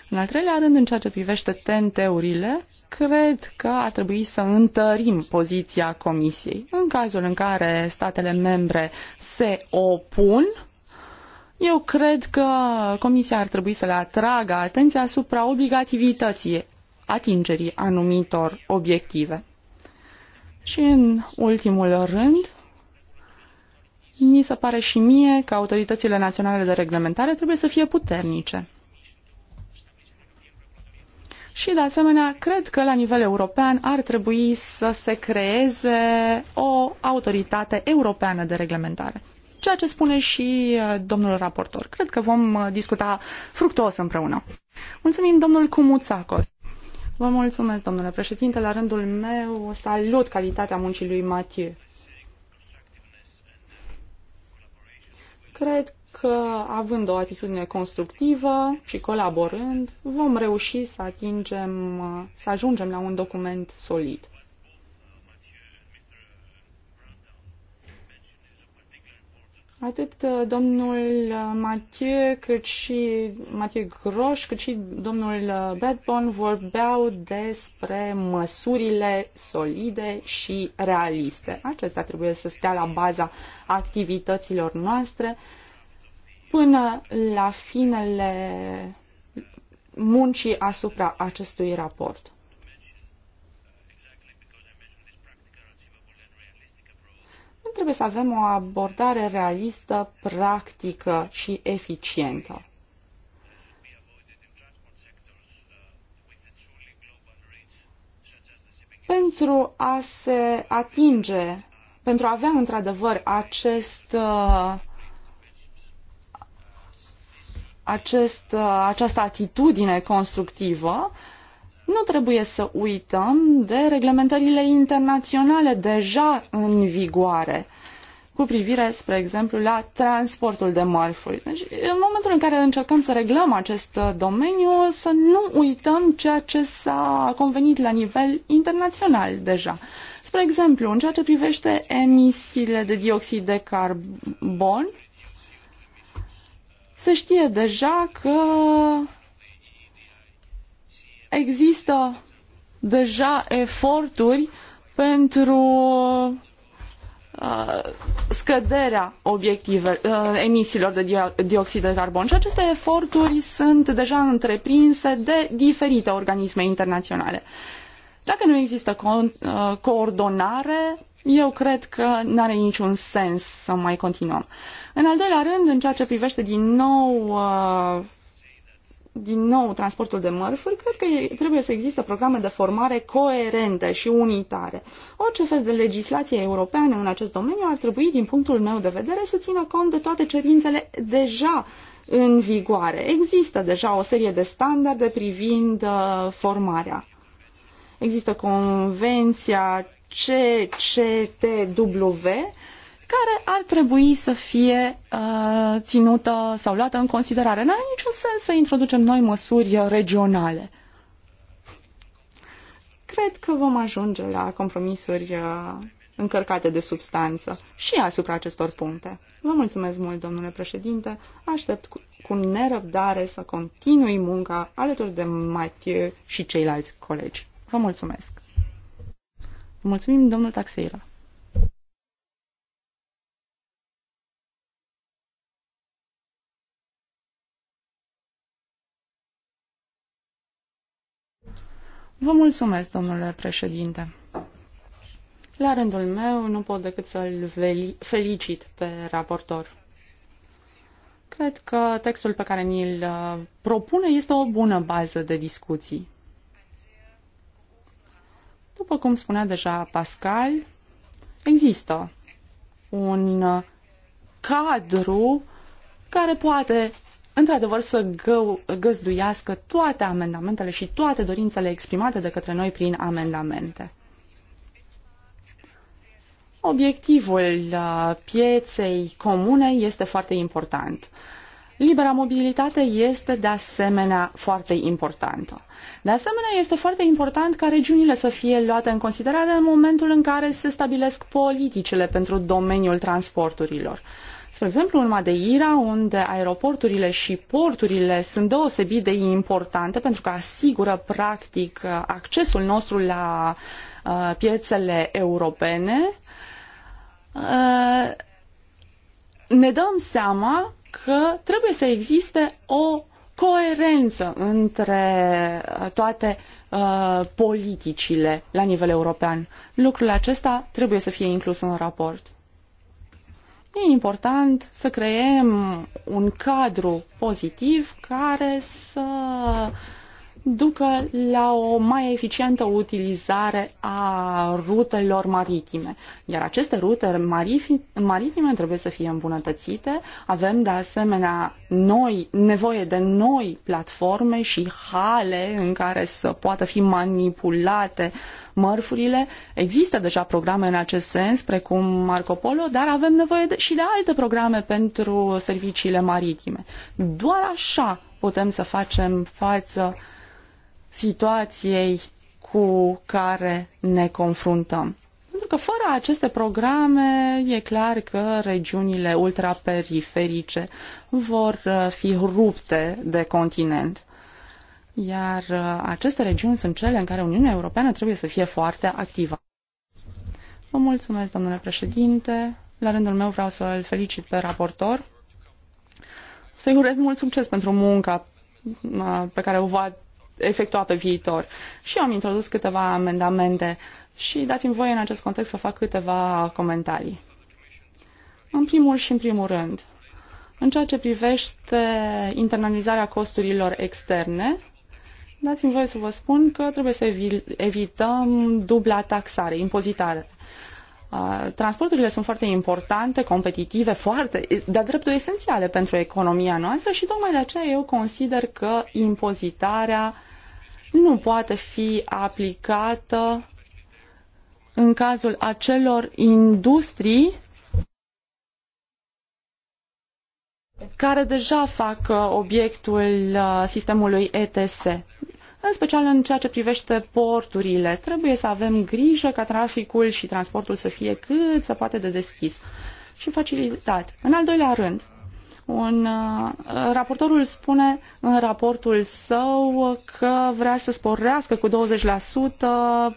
În al treilea rând, în ceea ce privește TNT-urile, cred că ar trebui să întărim poziția Comisiei. În cazul în care statele membre se opun, eu cred că Comisia ar trebui să le atragă atenția asupra obligativității atingerii anumitor obiective. Și în ultimul rând, mi se pare și mie că autoritățile naționale de reglementare trebuie să fie puternice. Și, de asemenea, cred că la nivel european ar trebui să se creeze o autoritate europeană de reglementare. Ceea ce spune și uh, domnul raportor. Cred că vom uh, discuta fructuos împreună. Mulțumim, domnul Kumutsakos. Vă mulțumesc, domnule președinte. La rândul meu salut calitatea muncii lui Mathieu. Cred că, având o atitudine constructivă și colaborând, vom reuși să atingem, să ajungem la un document solid. Atât uh, domnul uh, Mathieu, cât și Mathieu Groș, cât și domnul uh, Bedbon vorbeau despre măsurile solide și realiste. Acestea trebuie să stea la baza activităților noastre până la finele muncii asupra acestui raport. trebuie să avem o abordare realistă, practică și eficientă. Pentru a se atinge, pentru a avea într-adevăr acest uh, acest, uh, această atitudine constructivă, nu trebuie să uităm de reglementările internaționale deja în vigoare cu privire, spre exemplu, la transportul de mărfuri. Deci, în momentul în care încercăm să reglăm acest domeniu, să nu uităm ceea ce s-a convenit la nivel internațional deja. Spre exemplu, în ceea ce privește emisiile de dioxid de carbon, se știe deja că Există deja eforturi pentru uh, scăderea obiective, uh, emisiilor de dioxid de carbon și aceste eforturi sunt deja întreprinse de diferite organisme internaționale. Dacă nu există co- uh, coordonare, eu cred că nu are niciun sens să mai continuăm. În al doilea rând, în ceea ce privește din nou din nou transportul de mărfuri, cred că trebuie să existe programe de formare coerente și unitare. Orice fel de legislație europeană în acest domeniu ar trebui, din punctul meu de vedere, să țină cont de toate cerințele deja în vigoare. Există deja o serie de standarde privind uh, formarea. Există convenția CCTW, care ar trebui să fie uh, ținută sau luată în considerare. N-are niciun sens să introducem noi măsuri regionale. Cred că vom ajunge la compromisuri uh, încărcate de substanță și asupra acestor puncte. Vă mulțumesc mult, domnule președinte. Aștept cu, cu nerăbdare să continui munca alături de Mathieu și ceilalți colegi. Vă mulțumesc. Mulțumim, domnul Taxeira. Vă mulțumesc, domnule președinte. La rândul meu, nu pot decât să-l felicit pe raportor. Cred că textul pe care ni-l uh, propune este o bună bază de discuții. După cum spunea deja Pascal, există un uh, cadru care poate într-adevăr să găzduiască toate amendamentele și toate dorințele exprimate de către noi prin amendamente. Obiectivul uh, pieței comune este foarte important. Libera mobilitate este de asemenea foarte importantă. De asemenea, este foarte important ca regiunile să fie luate în considerare în momentul în care se stabilesc politicile pentru domeniul transporturilor. Spre exemplu, în Madeira, unde aeroporturile și porturile sunt deosebit de importante pentru că asigură practic accesul nostru la uh, piețele europene, uh, ne dăm seama că trebuie să existe o coerență între uh, toate uh, politicile la nivel european. Lucrul acesta trebuie să fie inclus în raport. E important să creăm un cadru pozitiv care să uh, ducă la o mai eficientă utilizare a rutelor maritime. Iar aceste rute maritime trebuie să fie îmbunătățite. Avem de asemenea noi, nevoie de noi platforme și hale în care să poată fi manipulate mărfurile. Există deja programe în acest sens, precum Marco Polo, dar avem nevoie de, și de alte programe pentru serviciile maritime. Doar așa putem să facem față uh, situației cu care ne confruntăm. Pentru că fără aceste programe e clar că regiunile ultraperiferice vor uh, fi rupte de continent. Iar uh, aceste regiuni sunt cele în care Uniunea Europeană trebuie să fie foarte activă. Vă mulțumesc, domnule președinte. La rândul meu vreau să îl felicit pe raportor. Să-i urez mult succes pentru munca uh, pe care o va efectua pe viitor. Și am introdus câteva amendamente și dați-mi voie în acest context să fac câteva comentarii. În primul și în primul rând, în ceea ce privește internalizarea costurilor externe, dați-mi voie să vă spun că trebuie să evităm dubla taxare, impozitare. Transporturile sunt foarte importante, competitive, foarte, dar dreptul esențiale pentru economia noastră și tocmai de aceea eu consider că impozitarea nu poate fi aplicată în cazul acelor industrii care deja fac uh, obiectul uh, sistemului ETS. În special în ceea ce privește porturile, trebuie să avem grijă ca traficul și transportul să fie cât se poate de deschis și facilitat. În al doilea rând, un, uh, raportorul spune în raportul său că vrea să sporească cu 20%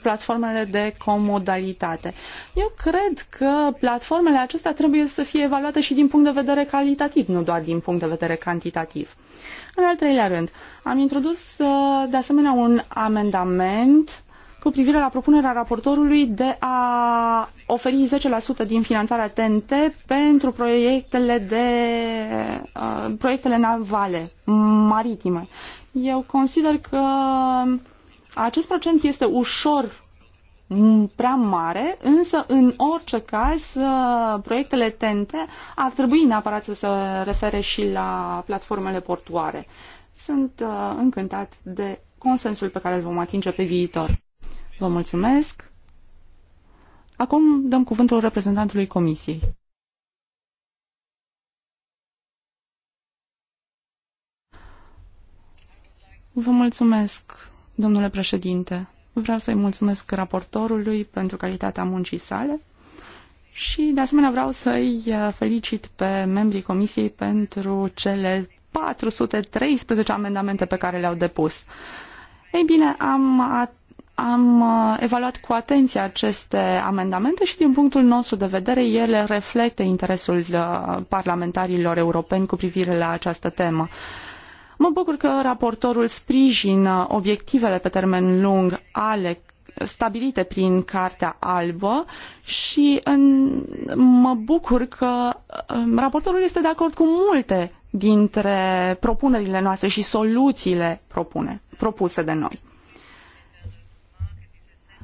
platformele de comodalitate. Eu cred că platformele acestea trebuie să fie evaluate și din punct de vedere calitativ, nu doar din punct de vedere cantitativ. În al treilea rând, am introdus uh, de asemenea un amendament cu privire la propunerea raportorului de a oferi 10% din finanțarea TNT pentru proiectele, de, uh, proiectele navale, maritime. Eu consider că acest procent este ușor mm, prea mare, însă în orice caz uh, proiectele TNT ar trebui neapărat să se refere și la platformele portoare. Sunt uh, încântat de consensul pe care îl vom atinge pe viitor. Vă mulțumesc. Acum dăm cuvântul reprezentantului Comisiei. Vă mulțumesc, domnule președinte. Vreau să-i mulțumesc raportorului pentru calitatea muncii sale și, de asemenea, vreau să-i uh, felicit pe membrii Comisiei pentru cele 413 amendamente pe care le-au depus. Ei bine, am at- am uh, evaluat cu atenție aceste amendamente și din punctul nostru de vedere ele reflectă interesul uh, parlamentarilor europeni cu privire la această temă. Mă bucur că raportorul sprijină obiectivele pe termen lung ale stabilite prin Cartea Albă și în, mă bucur că um, raportorul este de acord cu multe dintre propunerile noastre și soluțiile propune, propuse de noi.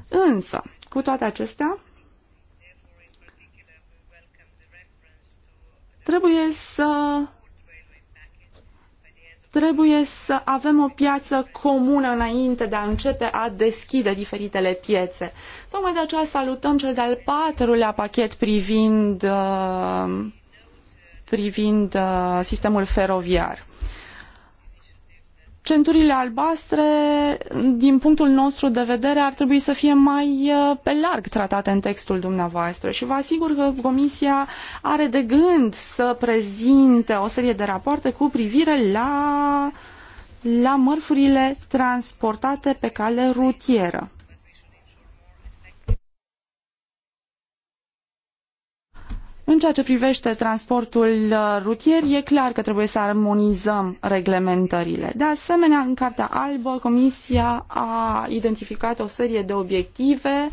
Însă, cu toate acestea, trebuie să trebuie să avem o piață comună înainte de a începe a deschide diferitele piețe. Tocmai de aceea salutăm cel de-al patrulea pachet privind, uh, privind uh, sistemul feroviar centurile albastre, din punctul nostru de vedere, ar trebui să fie mai uh, pe larg tratate în textul dumneavoastră și vă asigur că Comisia are de gând să prezinte o serie de rapoarte cu privire la, la mărfurile transportate pe cale rutieră. În ceea ce privește transportul uh, rutier, e clar că trebuie să armonizăm reglementările. De asemenea, în Cartea Albă, Comisia a identificat o serie de obiective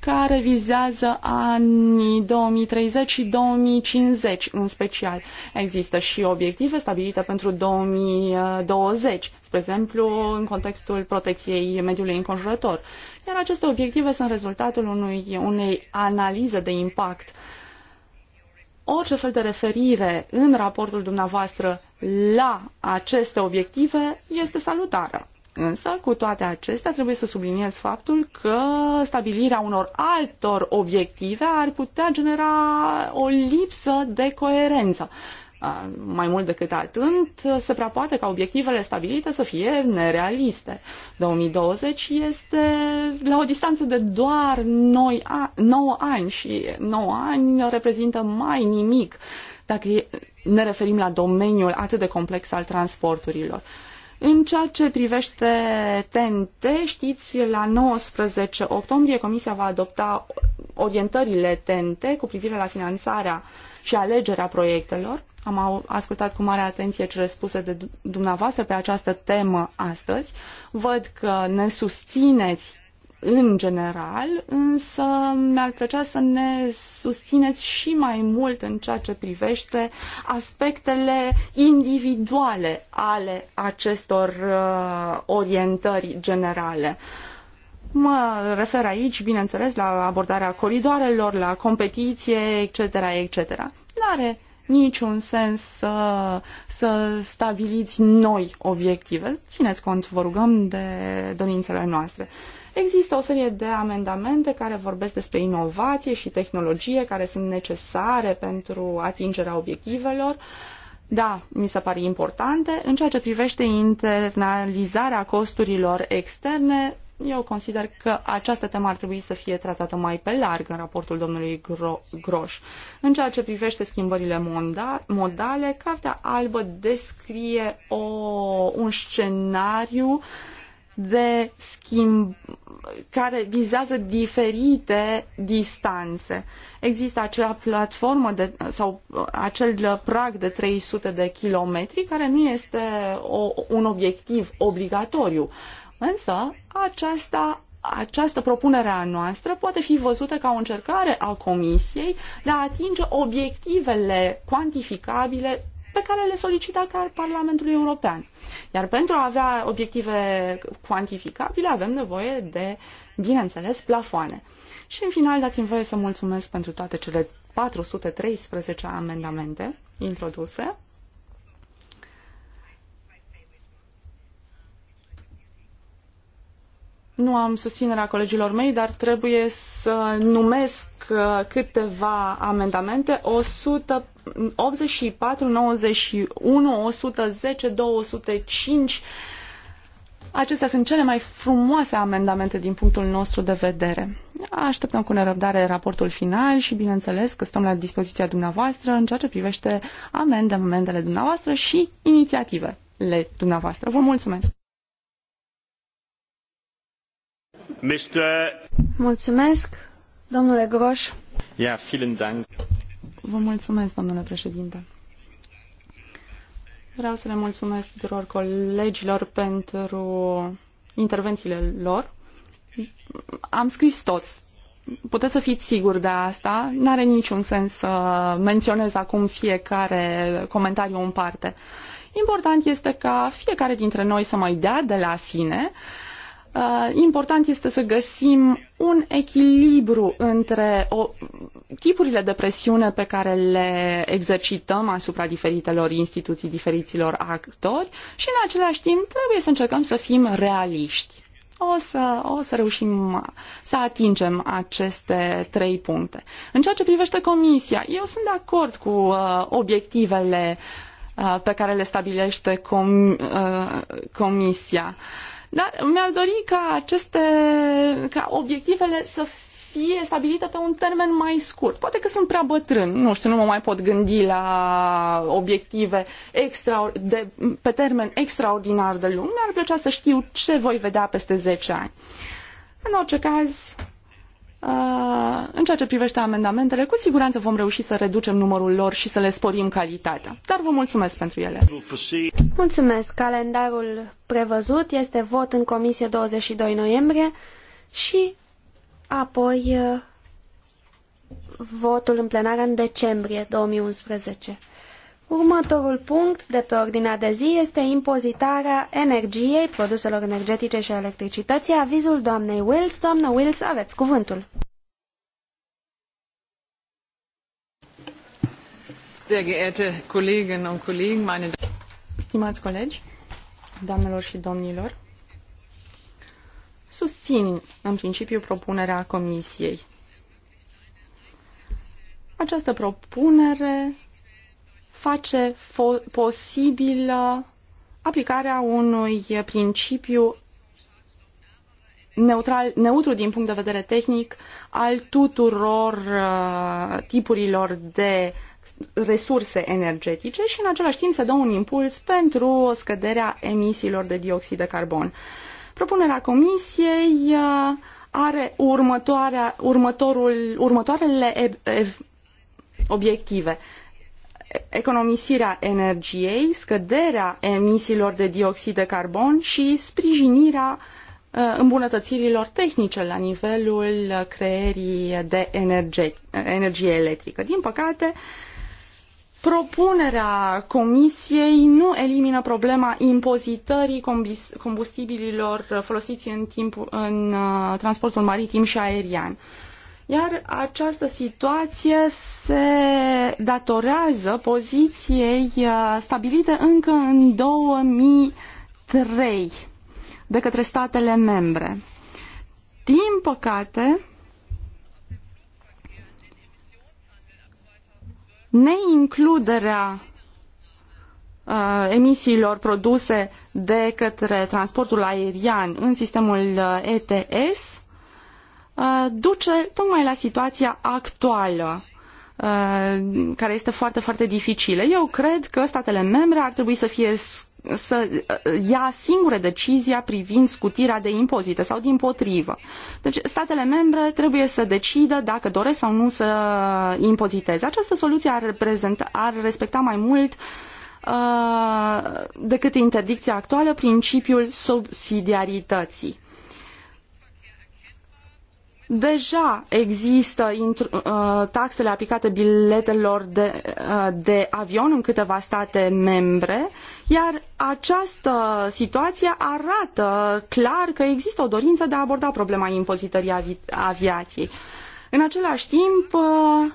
care vizează anii 2030 și 2050 în special. Există și obiective stabilite pentru 2020, spre exemplu în contextul protecției mediului înconjurător. Iar aceste obiective sunt rezultatul unui, unei analize de impact orice fel de referire în raportul dumneavoastră la aceste obiective este salutară. Însă, cu toate acestea, trebuie să subliniez faptul că stabilirea unor altor obiective ar putea genera o lipsă de coerență. Mai mult decât atât, se prea poate ca obiectivele stabilite să fie nerealiste. 2020 este la o distanță de doar 9 ani și 9 ani reprezintă mai nimic dacă ne referim la domeniul atât de complex al transporturilor. În ceea ce privește TNT, știți, la 19 octombrie Comisia va adopta orientările TNT cu privire la finanțarea și alegerea proiectelor. Am ascultat cu mare atenție cele spuse de dumneavoastră pe această temă astăzi. Văd că ne susțineți în general, însă mi-ar plăcea să ne susțineți și mai mult în ceea ce privește aspectele individuale ale acestor uh, orientări generale. Mă refer aici, bineînțeles, la abordarea coridoarelor, la competiție, etc., etc. are niciun sens să, să stabiliți noi obiective. Țineți cont, vă rugăm, de dorințele noastre. Există o serie de amendamente care vorbesc despre inovație și tehnologie care sunt necesare pentru atingerea obiectivelor. Da, mi se pare importante. În ceea ce privește internalizarea costurilor externe, eu consider că această temă ar trebui să fie tratată mai pe larg în raportul domnului Gro- Groș. În ceea ce privește schimbările modale, Cartea Albă descrie o, un scenariu de schimb care vizează diferite distanțe. Există acea platformă de, sau acel prag de 300 de kilometri care nu este o, un obiectiv obligatoriu Însă, aceasta această propunere a noastră poate fi văzută ca o încercare a Comisiei de a atinge obiectivele cuantificabile pe care le solicită chiar Parlamentul European. Iar pentru a avea obiective cuantificabile avem nevoie de, bineînțeles, plafoane. Și în final dați-mi voie să mulțumesc pentru toate cele 413 amendamente introduse. Nu am susținerea colegilor mei, dar trebuie să numesc uh, câteva amendamente. 184, 91, 110, 205. Acestea sunt cele mai frumoase amendamente din punctul nostru de vedere. Așteptăm cu nerăbdare raportul final și, bineînțeles, că stăm la dispoziția dumneavoastră în ceea ce privește amendamentele dumneavoastră și inițiativele dumneavoastră. Vă mulțumesc! Mulțumesc, domnule Groș. Vă mulțumesc, domnule președinte. Vreau să le mulțumesc tuturor colegilor pentru intervențiile lor. Am scris toți. Puteți să fiți siguri de asta. N-are niciun sens să menționez acum fiecare comentariu în parte. Important este ca fiecare dintre noi să mai dea de la sine uh, Uh, important este să găsim un echilibru între o, tipurile de presiune pe care le exercităm asupra diferitelor instituții, diferiților actori și în același timp trebuie să încercăm să fim realiști. O să, o să reușim să atingem aceste trei puncte. În ceea ce privește comisia, eu sunt de acord cu uh, obiectivele uh, pe care le stabilește com, uh, comisia. Uh, dar mi-ar dori ca aceste, ca obiectivele să fie stabilite pe un termen mai scurt. Poate că sunt prea bătrân, nu știu, nu mă mai pot gândi la obiective extra, de, pe termen extraordinar de lung. Mi-ar plăcea să știu ce voi vedea peste 10 ani. În orice caz, Uh, în ceea ce privește amendamentele, cu siguranță vom reuși să reducem numărul lor și să le sporim calitatea. Dar vă mulțumesc pentru ele. Mulțumesc. Calendarul prevăzut este vot în comisie 22 noiembrie și apoi uh, votul în plenară în decembrie 2011. Următorul punct de pe ordinea de zi este impozitarea energiei, produselor energetice și electricității. Avizul doamnei Wills. Doamna Wills, aveți cuvântul. Sehr geehrte Kolleginnen und Kollegen, meine Stimați colegi, doamnelor și domnilor, susțin în principiu propunerea Comisiei. Această propunere face posibilă aplicarea unui principiu neutral, neutru din punct de vedere tehnic al tuturor uh, tipurilor de resurse energetice și în același timp să dă un impuls pentru scăderea emisiilor de dioxid de carbon. Propunerea Comisiei uh, are următoarea, următorul, următoarele e, e, obiective economisirea energiei, scăderea emisiilor de dioxid de carbon și sprijinirea uh, îmbunătățirilor tehnice la nivelul creierii de energie, energie electrică. Din păcate, propunerea Comisiei nu elimină problema impozitării combustibililor folosiți în, în uh, transportul maritim și aerian. Iar această situație se datorează poziției uh, stabilite încă în 2003 de către statele membre. Din păcate, neincluderea uh, emisiilor produse de către transportul aerian în sistemul uh, ETS duce tocmai la situația actuală care este foarte, foarte dificilă. Eu cred că statele membre ar trebui să fie să ia singure decizia privind scutirea de impozite sau din potrivă. Deci statele membre trebuie să decidă dacă doresc sau nu să impoziteze. Această soluție ar, ar respecta mai mult uh, decât interdicția actuală, principiul subsidiarității. Deja există uh, taxele aplicate biletelor de, uh, de avion în câteva state membre, iar această situație arată clar că există o dorință de a aborda problema impozitării avi- aviației. În același timp, uh,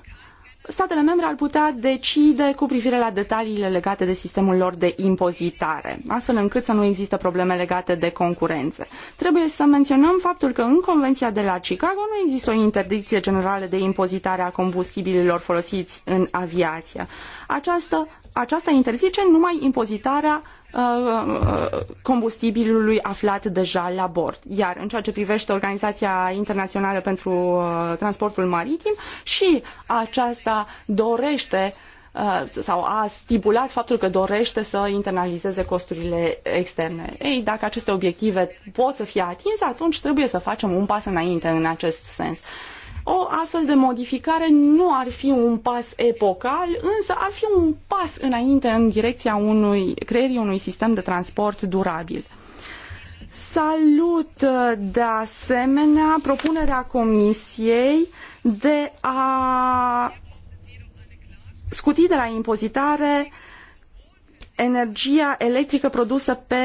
statele membre ar putea decide cu privire la detaliile legate de sistemul lor de impozitare, astfel încât să nu existe probleme legate de concurență. Trebuie să menționăm faptul că în Convenția de la Chicago nu există o interdicție generală de impozitare a combustibililor folosiți în aviație. Această aceasta interzice numai impozitarea uh, uh, combustibilului aflat deja la bord. Iar în ceea ce privește Organizația Internațională pentru uh, Transportul Maritim, și aceasta dorește sau a stipulat faptul că dorește să internalizeze costurile externe. Ei, dacă aceste obiective pot să fie atinse, atunci trebuie să facem un pas înainte în acest sens. Uh, o astfel de modificare nu ar fi un pas epocal, însă ar fi un pas înainte în direcția unui, creierii unui sistem de transport durabil. Salut de asemenea propunerea Comisiei de a scuti de la impozitare uh, energia electrică produsă pe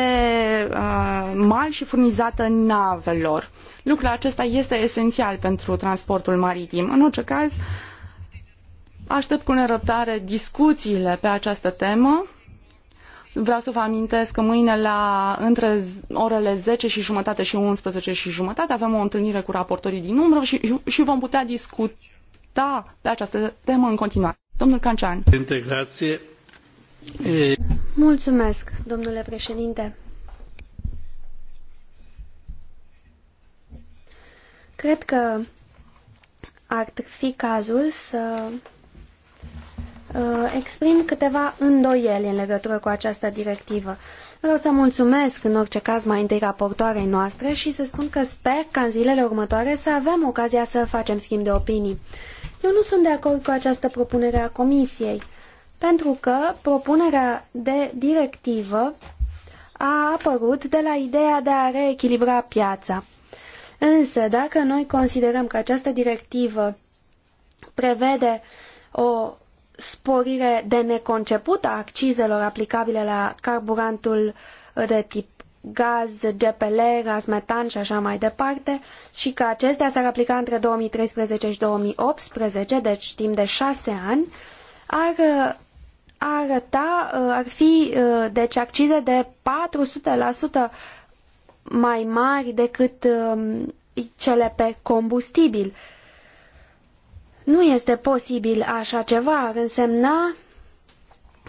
uh, mal și furnizată navelor. Lucrul acesta este esențial pentru transportul maritim. În orice caz, aștept cu nerăbdare discuțiile pe această temă. Vreau să vă amintesc că mâine la între orele 10 și jumătate și 11 și jumătate avem o întâlnire cu raportorii din umbră și, și vom putea discuta pe această temă în continuare. Domnul Cancian. Integrație. E... Mulțumesc, domnule președinte. Cred că ar fi cazul să uh, exprim câteva îndoieli în legătură cu această directivă. Vreau să mulțumesc în orice caz mai întâi raportoarei noastre și să spun că sper ca în zilele următoare să avem ocazia să facem schimb de opinii. Eu nu sunt de acord cu această propunere a Comisiei. Pentru că propunerea de directivă a apărut de la ideea de a reechilibra piața. Însă, dacă noi considerăm că această directivă prevede o sporire de neconceput a accizelor aplicabile la carburantul de tip gaz, GPL, gaz metan și așa mai departe și că acestea s-ar aplica între 2013 și 2018, deci timp de șase ani, ar arăta, uh, ar fi uh, deci accize de 400% mai mari decât um, cele pe combustibil. Nu este posibil așa ceva, ar însemna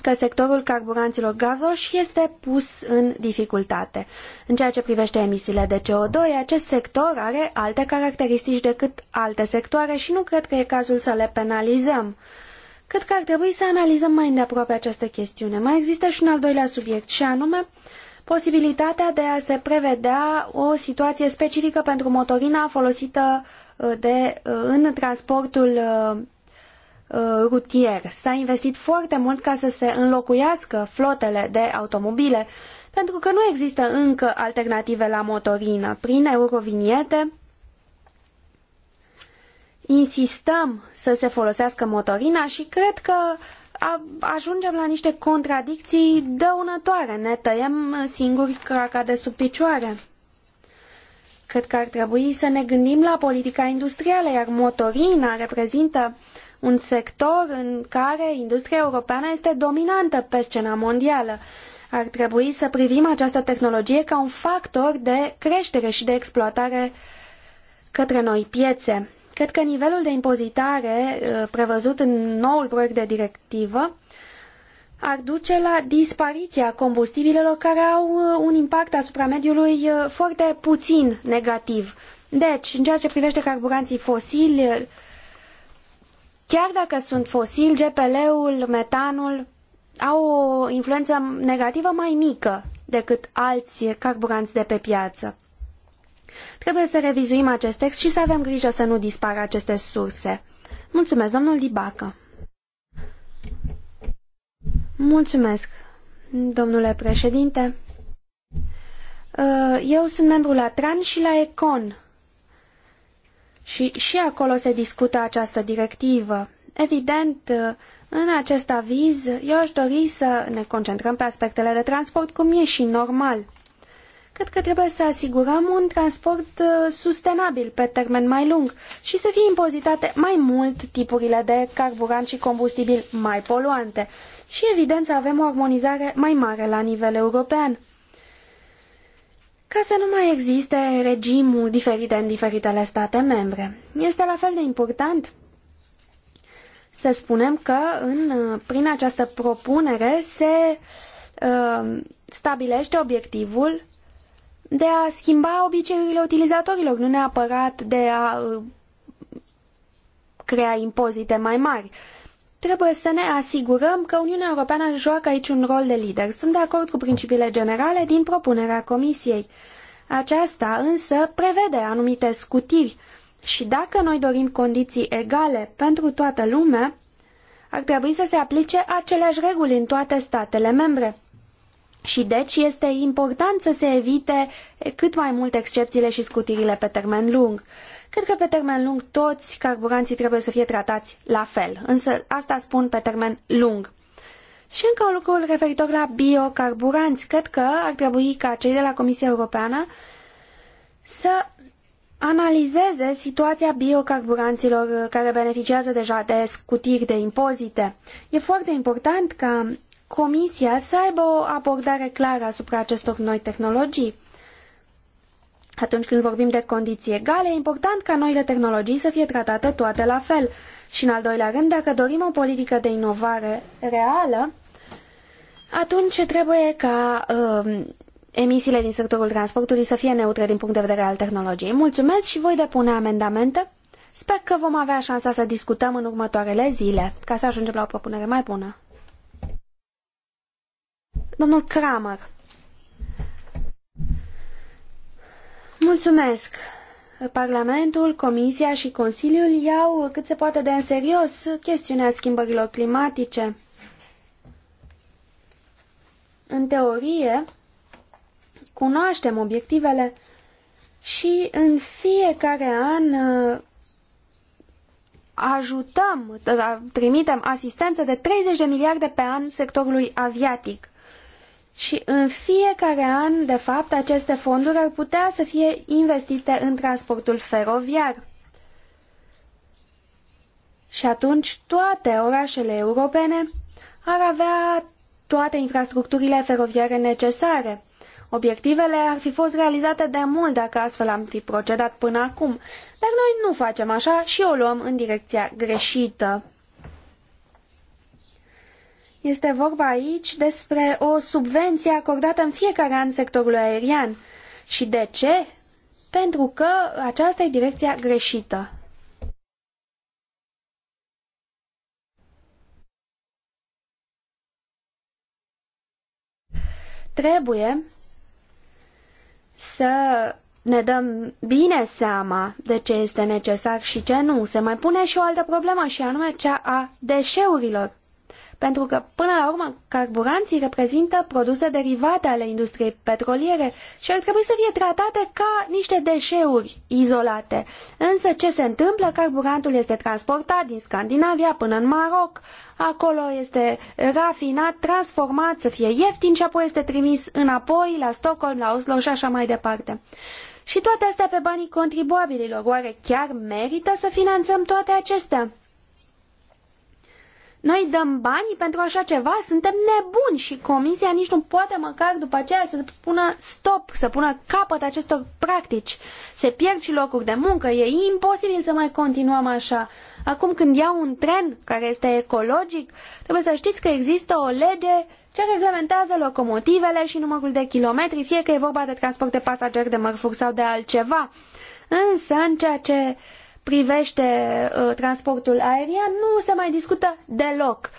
că sectorul carburanților gazoși este pus în dificultate. În ceea ce privește emisiile de CO2, acest sector are alte caracteristici decât alte sectoare și nu cred că e cazul să le penalizăm. Cred că ar trebui să analizăm mai îndeaproape această chestiune. Mai există și un al doilea subiect, și anume posibilitatea de a se prevedea o situație specifică pentru motorina folosită uh, de, uh, în transportul uh, rutier. S-a investit foarte mult ca să se înlocuiască flotele de automobile, pentru că nu există încă alternative la motorină. Prin euroviniete, insistăm să se folosească motorina și cred că ajungem la niște contradicții dăunătoare. Ne tăiem singuri craca de sub picioare. Cred că ar trebui să ne gândim la politica industrială, iar motorina reprezintă un sector în care industria europeană este dominantă pe scena mondială. Ar trebui să privim această tehnologie ca un factor de creștere și de exploatare către noi piețe. Cred că nivelul de impozitare uh, prevăzut în noul proiect de directivă ar duce la dispariția combustibilelor care au uh, un impact asupra mediului uh, foarte puțin negativ. Deci, în ceea ce privește carburanții fosili, chiar dacă sunt fosili, GPL-ul, metanul au o influență negativă mai mică decât alți carburanți de pe piață. Trebuie să revizuim acest text și să avem grijă să nu dispară aceste surse. Mulțumesc, domnul Dibacă. Mulțumesc, domnule președinte. Uh, eu sunt membru la TRAN și la ECON. Și, și acolo se discută această directivă. Evident, uh, în acest aviz, eu aș dori să ne concentrăm pe aspectele de transport, cum e și normal. Cred că trebuie să asigurăm un transport uh, sustenabil pe termen mai lung și să fie impozitate mai mult tipurile de carburant și combustibil mai poluante și evident să avem o armonizare mai mare la nivel european. Ca să nu mai existe regimuri diferite în diferitele state membre. Este la fel de important să spunem că în, uh, prin această propunere se uh, stabilește obiectivul de a schimba obiceiurile utilizatorilor, nu neapărat de a uh, crea impozite mai mari. Trebuie să ne asigurăm că Uniunea Europeană joacă aici un rol de lider. Sunt de acord cu principiile generale din propunerea Comisiei. Aceasta însă prevede anumite scutiri și dacă noi dorim condiții egale pentru toată lumea, ar trebui să se aplice aceleași reguli în toate statele membre. Și deci este important să se evite cât mai mult excepțiile și scutirile pe termen lung. Cred că pe termen lung toți carburanții trebuie să fie tratați la fel, însă asta spun pe termen lung. Și încă un lucru referitor la biocarburanți. Cred că ar trebui ca cei de la Comisia Europeană să analizeze situația biocarburanților care beneficiază deja de scutiri de impozite. E foarte important ca Comisia să aibă o abordare clară asupra acestor noi tehnologii. Atunci când vorbim de condiții egale, e important ca noile tehnologii să fie tratate toate la fel. Și în al doilea rând, dacă dorim o politică de inovare reală, atunci trebuie ca uh, emisiile din sectorul transportului să fie neutre din punct de vedere al tehnologiei. Mulțumesc și voi depune amendamente. Sper că vom avea șansa să discutăm în următoarele zile, ca să ajungem la o propunere mai bună. Domnul Kramer. Mulțumesc. Parlamentul, Comisia și Consiliul iau cât se poate de în serios chestiunea schimbărilor climatice. În teorie, cunoaștem obiectivele și în fiecare an uh, ajutăm, uh, trimitem asistență de 30 de miliarde pe an sectorului aviatic. Și în fiecare an, de fapt, aceste fonduri ar putea să fie investite în transportul feroviar. Și atunci toate orașele europene ar avea toate infrastructurile feroviare necesare. Obiectivele ar fi fost realizate de mult dacă astfel am fi procedat până acum, dar noi nu facem așa și o luăm în direcția greșită. Este vorba aici despre o subvenție acordată în fiecare an sectorului aerian. Și de ce? Pentru că aceasta e direcția greșită. Trebuie să ne dăm bine seama de ce este necesar și ce nu. Se mai pune și o altă problemă și anume cea a deșeurilor. Pentru că, până la urmă, carburanții reprezintă produse derivate ale industriei petroliere și ar trebui să fie tratate ca niște deșeuri izolate. Însă ce se întâmplă? Carburantul este transportat din Scandinavia până în Maroc, acolo este rafinat, transformat să fie ieftin și apoi este trimis înapoi la Stockholm, la Oslo și așa mai departe. Și toate astea pe banii contribuabililor. Oare chiar merită să finanțăm toate acestea? Noi dăm banii pentru așa ceva, suntem nebuni și comisia nici nu poate măcar după aceea să spună stop, să pună capăt acestor practici. Se pierd și locuri de muncă, e imposibil să mai continuăm așa. Acum când iau un tren care este ecologic, trebuie să știți că există o lege ce reglementează locomotivele și numărul de kilometri, fie că e vorba de transport de pasageri, de mărfuri sau de altceva. Însă, în ceea ce privește uh, transportul aerian, nu se mai discută deloc.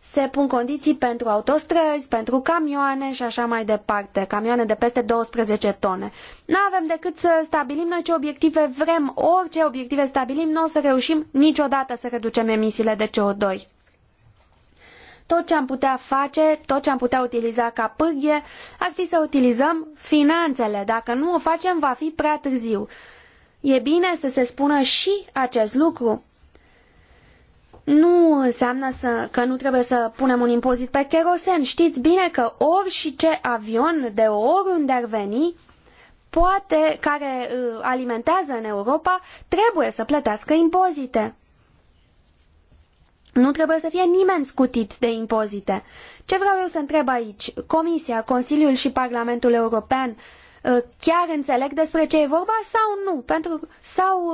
Se pun condiții pentru autostrăzi, pentru camioane și așa mai departe, camioane de peste 12 tone. Nu avem decât să stabilim noi ce obiective vrem, orice obiective stabilim, nu o să reușim niciodată să reducem emisiile de CO2 tot ce am putea face, tot ce am putea utiliza ca pârghie, ar fi să utilizăm finanțele. Dacă nu o facem, va fi prea târziu. E bine să se spună și acest lucru. Nu înseamnă să, că nu trebuie să punem un impozit pe kerosen. Știți bine că ori și ce avion de oriunde ar veni, poate, care uh, alimentează în Europa, trebuie să plătească impozite. Nu trebuie să fie nimeni scutit de impozite. Ce vreau eu să întreb aici? Comisia, Consiliul și Parlamentul European Uh, chiar înțeleg despre ce e vorba sau nu, pentru sau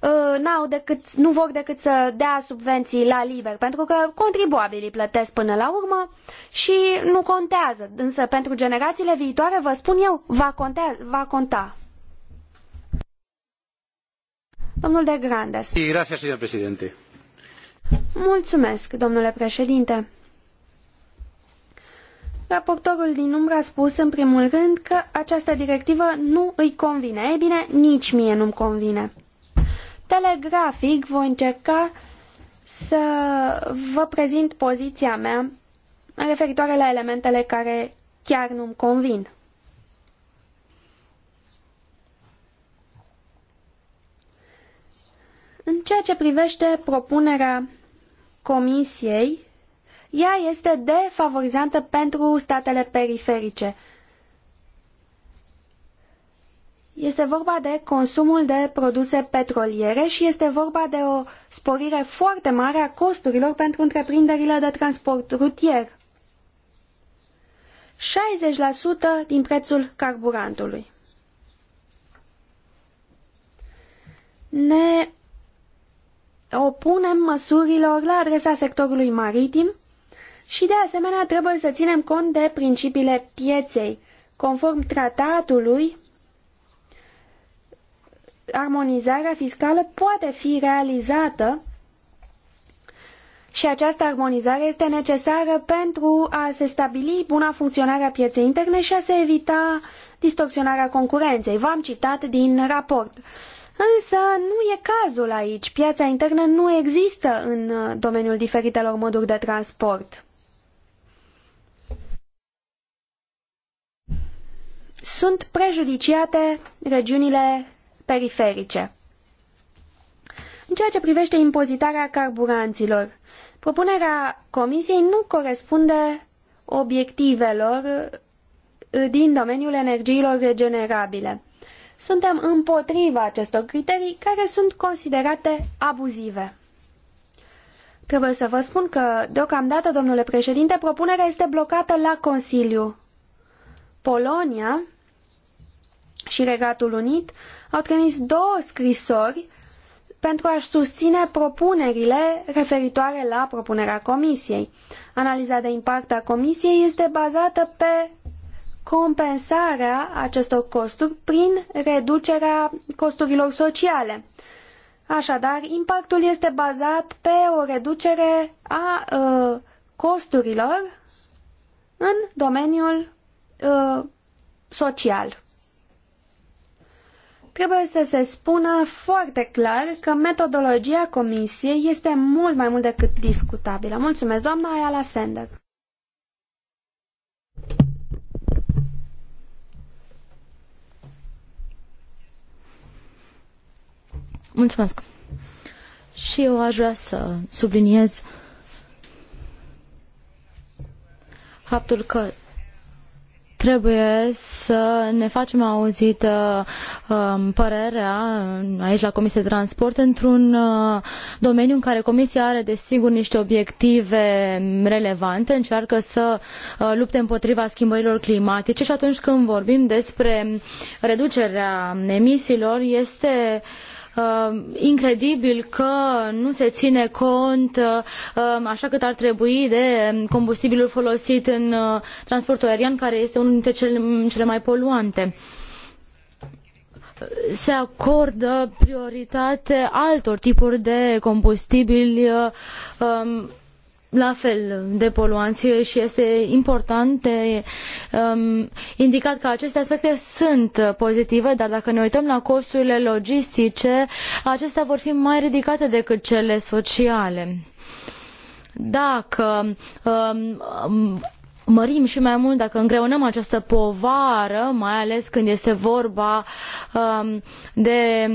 uh, uh, n-au decât, nu vor decât să dea subvenții la liber, pentru că contribuabilii plătesc până la urmă și nu contează. Însă pentru generațiile viitoare, vă spun eu, va, contea, va conta. Domnul de Grandes. Mulțumesc, domnule președinte. Raportorul din umbră a spus în primul rând că această directivă nu îi convine. Ei bine, nici mie nu-mi convine. Telegrafic voi încerca să vă prezint poziția mea referitoare la elementele care chiar nu-mi convin. În ceea ce privește propunerea Comisiei ea este defavorizantă pentru statele periferice. Este vorba de consumul de produse petroliere și este vorba de o sporire foarte mare a costurilor pentru întreprinderile de transport rutier. 60% din prețul carburantului. Ne opunem măsurilor la adresa sectorului maritim și de asemenea trebuie să ținem cont de principiile pieței. Conform tratatului, armonizarea fiscală poate fi realizată și această armonizare este necesară pentru a se stabili buna funcționare a pieței interne și a se evita distorsionarea concurenței. V-am citat din raport. Însă nu e cazul aici. Piața internă nu există în domeniul diferitelor moduri de transport. sunt prejudiciate regiunile periferice. În ceea ce privește impozitarea carburanților, propunerea Comisiei nu corespunde obiectivelor uh, din domeniul energiilor regenerabile. Suntem împotriva acestor criterii care sunt considerate abuzive. Trebuie să vă spun că, deocamdată, domnule președinte, propunerea este blocată la Consiliu. Polonia și Regatul Unit au trimis două scrisori pentru a-și susține propunerile referitoare la propunerea Comisiei. Analiza de impact a Comisiei este bazată pe compensarea acestor costuri prin reducerea costurilor sociale. Așadar, impactul este bazat pe o reducere a uh, costurilor în domeniul uh, social. Trebuie să se spună foarte clar că metodologia comisiei este mult mai mult decât discutabilă. Mulțumesc, doamna Ayala Sender. Mulțumesc. Și eu aș vrea să subliniez faptul că Trebuie să ne facem auzită uh, um, părerea aici la Comisia de Transport într-un uh, domeniu în care Comisia are desigur niște obiective relevante, încearcă să uh, lupte împotriva schimbărilor climatice și atunci când vorbim despre reducerea emisiilor este Uh, incredibil că nu se ține cont uh, așa cât ar trebui de combustibilul folosit în uh, transportul aerian, care este unul dintre cele mai poluante se acordă prioritate altor tipuri de combustibili um, la fel de poluanți și este important de um, indicat că aceste aspecte sunt pozitive, dar dacă ne uităm la costurile logistice, acestea vor fi mai ridicate decât cele sociale. Dacă um, um mărim și mai mult, dacă îngreunăm această povară, mai ales când este vorba um, de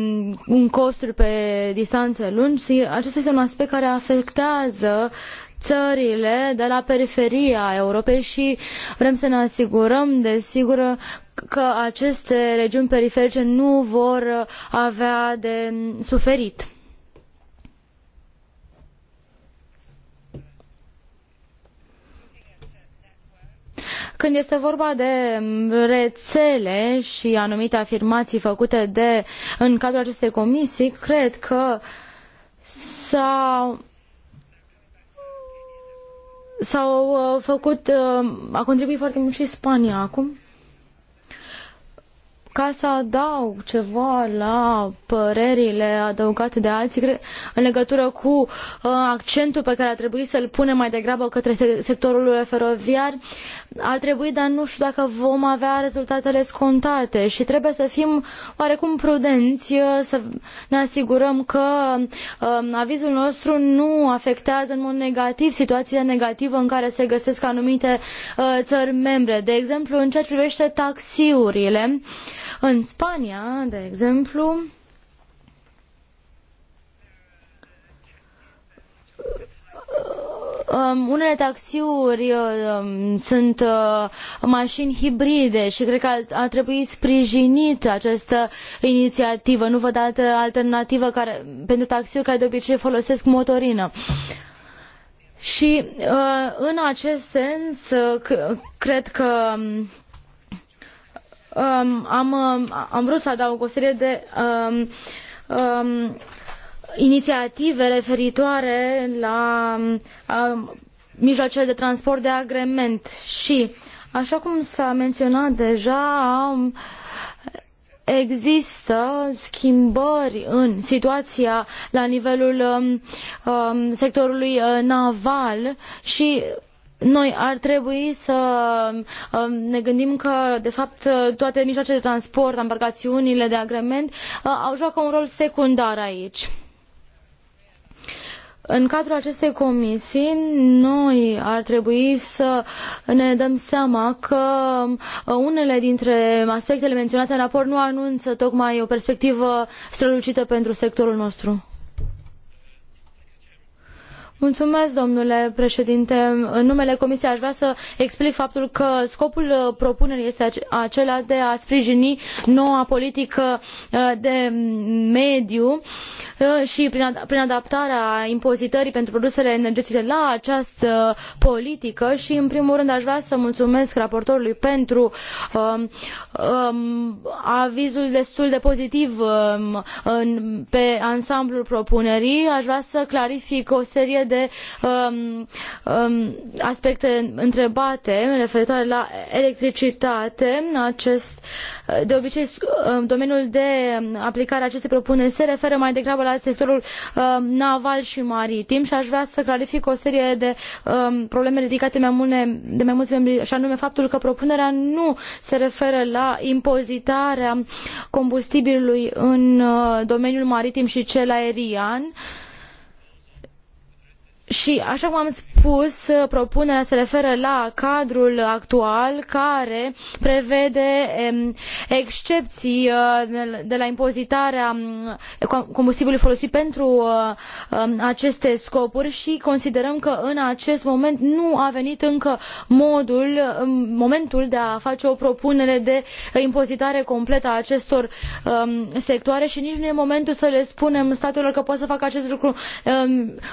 un um, costuri pe distanțe lungi, acesta este un aspect care afectează țările de la periferia Europei și vrem să ne asigurăm, desigur, că aceste regiuni periferice nu vor avea de suferit. Când este vorba de rețele și anumite afirmații făcute de, în cadrul acestei comisii, cred că s-au S-au uh, făcut, uh, a contribuit foarte mult și Spania acum ca să adaug ceva la părerile adăugate de alții în legătură cu uh, accentul pe care ar trebui să-l punem mai degrabă către sectorul feroviar, ar trebui, dar nu știu dacă vom avea rezultatele scontate și trebuie să fim oarecum prudenți, uh, să ne asigurăm că um, avizul nostru nu afectează în mod negativ situația negativă în care se găsesc anumite uh, țări membre. De exemplu, în ceea ce privește taxiurile, în Spania, de exemplu, um, unele taxiuri um, sunt uh, mașini hibride și cred că ar, trebui sprijinită această inițiativă. Nu văd altă alternativă care, pentru taxiuri care de obicei folosesc motorină. Și uh, în acest sens, uh, cred că um, um, am, um, am vrut să adaug o serie de um, um, inițiative referitoare la um, mijloacele de transport de agrement și, așa cum s-a menționat deja, um, există schimbări în situația la nivelul um, um sectorului uh, naval și noi ar trebui să um, ne gândim că, de fapt, toate mijloacele de transport, embarcațiunile de agrement, uh, au joacă un rol secundar aici. În cadrul acestei comisii, noi ar trebui să ne dăm seama că uh, unele dintre aspectele menționate în raport nu anunță tocmai o perspectivă strălucită pentru sectorul nostru. Mulțumesc, domnule președinte. În numele Comisiei aș vrea să explic faptul că scopul uh, propunerii este acela de a sprijini noua politică uh, de mediu uh, și prin adaptarea impozitării pentru produsele energetice la această politică și, în primul rând, aș vrea să mulțumesc raportorului pentru um, um, avizul destul de pozitiv um, în, pe ansamblul propunerii. Aș vrea să clarific o serie de um, um, aspecte întrebate referitoare la electricitate. Acest, de obicei, um, domeniul de aplicare a acestei propuneri se referă mai degrabă la sectorul um, naval și maritim și aș vrea să clarific o serie de um, probleme ridicate mai mune, de mai mulți membri, și anume faptul că propunerea nu se referă la impozitarea combustibilului în uh, domeniul maritim și cel aerian, și, așa cum am spus, propunerea se referă la cadrul actual care prevede excepții uh, de la impozitarea mm, combustibilului folosit pentru uh, um, aceste scopuri și considerăm că în acest moment nu a venit încă modul, um, momentul de a face o propunere de impozitare completă a acestor um, sectoare și nici nu e momentul să le spunem statelor că pot să facă acest lucru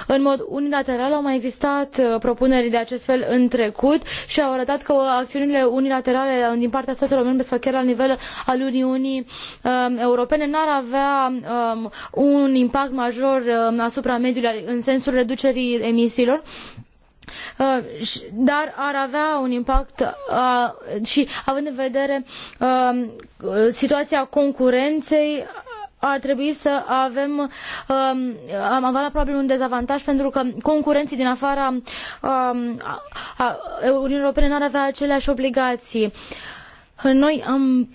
în mod unilateral bilaterale au mai existat uh, propuneri de acest fel în trecut și au arătat că uh, acțiunile unilaterale uh, din partea statelor membre sau chiar la nivel al Uniunii Europene n-ar avea um, un impact major asupra mediului în sensul reducerii emisiilor dar ar avea un impact și având în vedere um, situația concurenței ar trebui să avem, um, am avea probabil un dezavantaj pentru că concurenții din afara um, Uniunii Europene n-ar avea aceleași obligații. Noi am,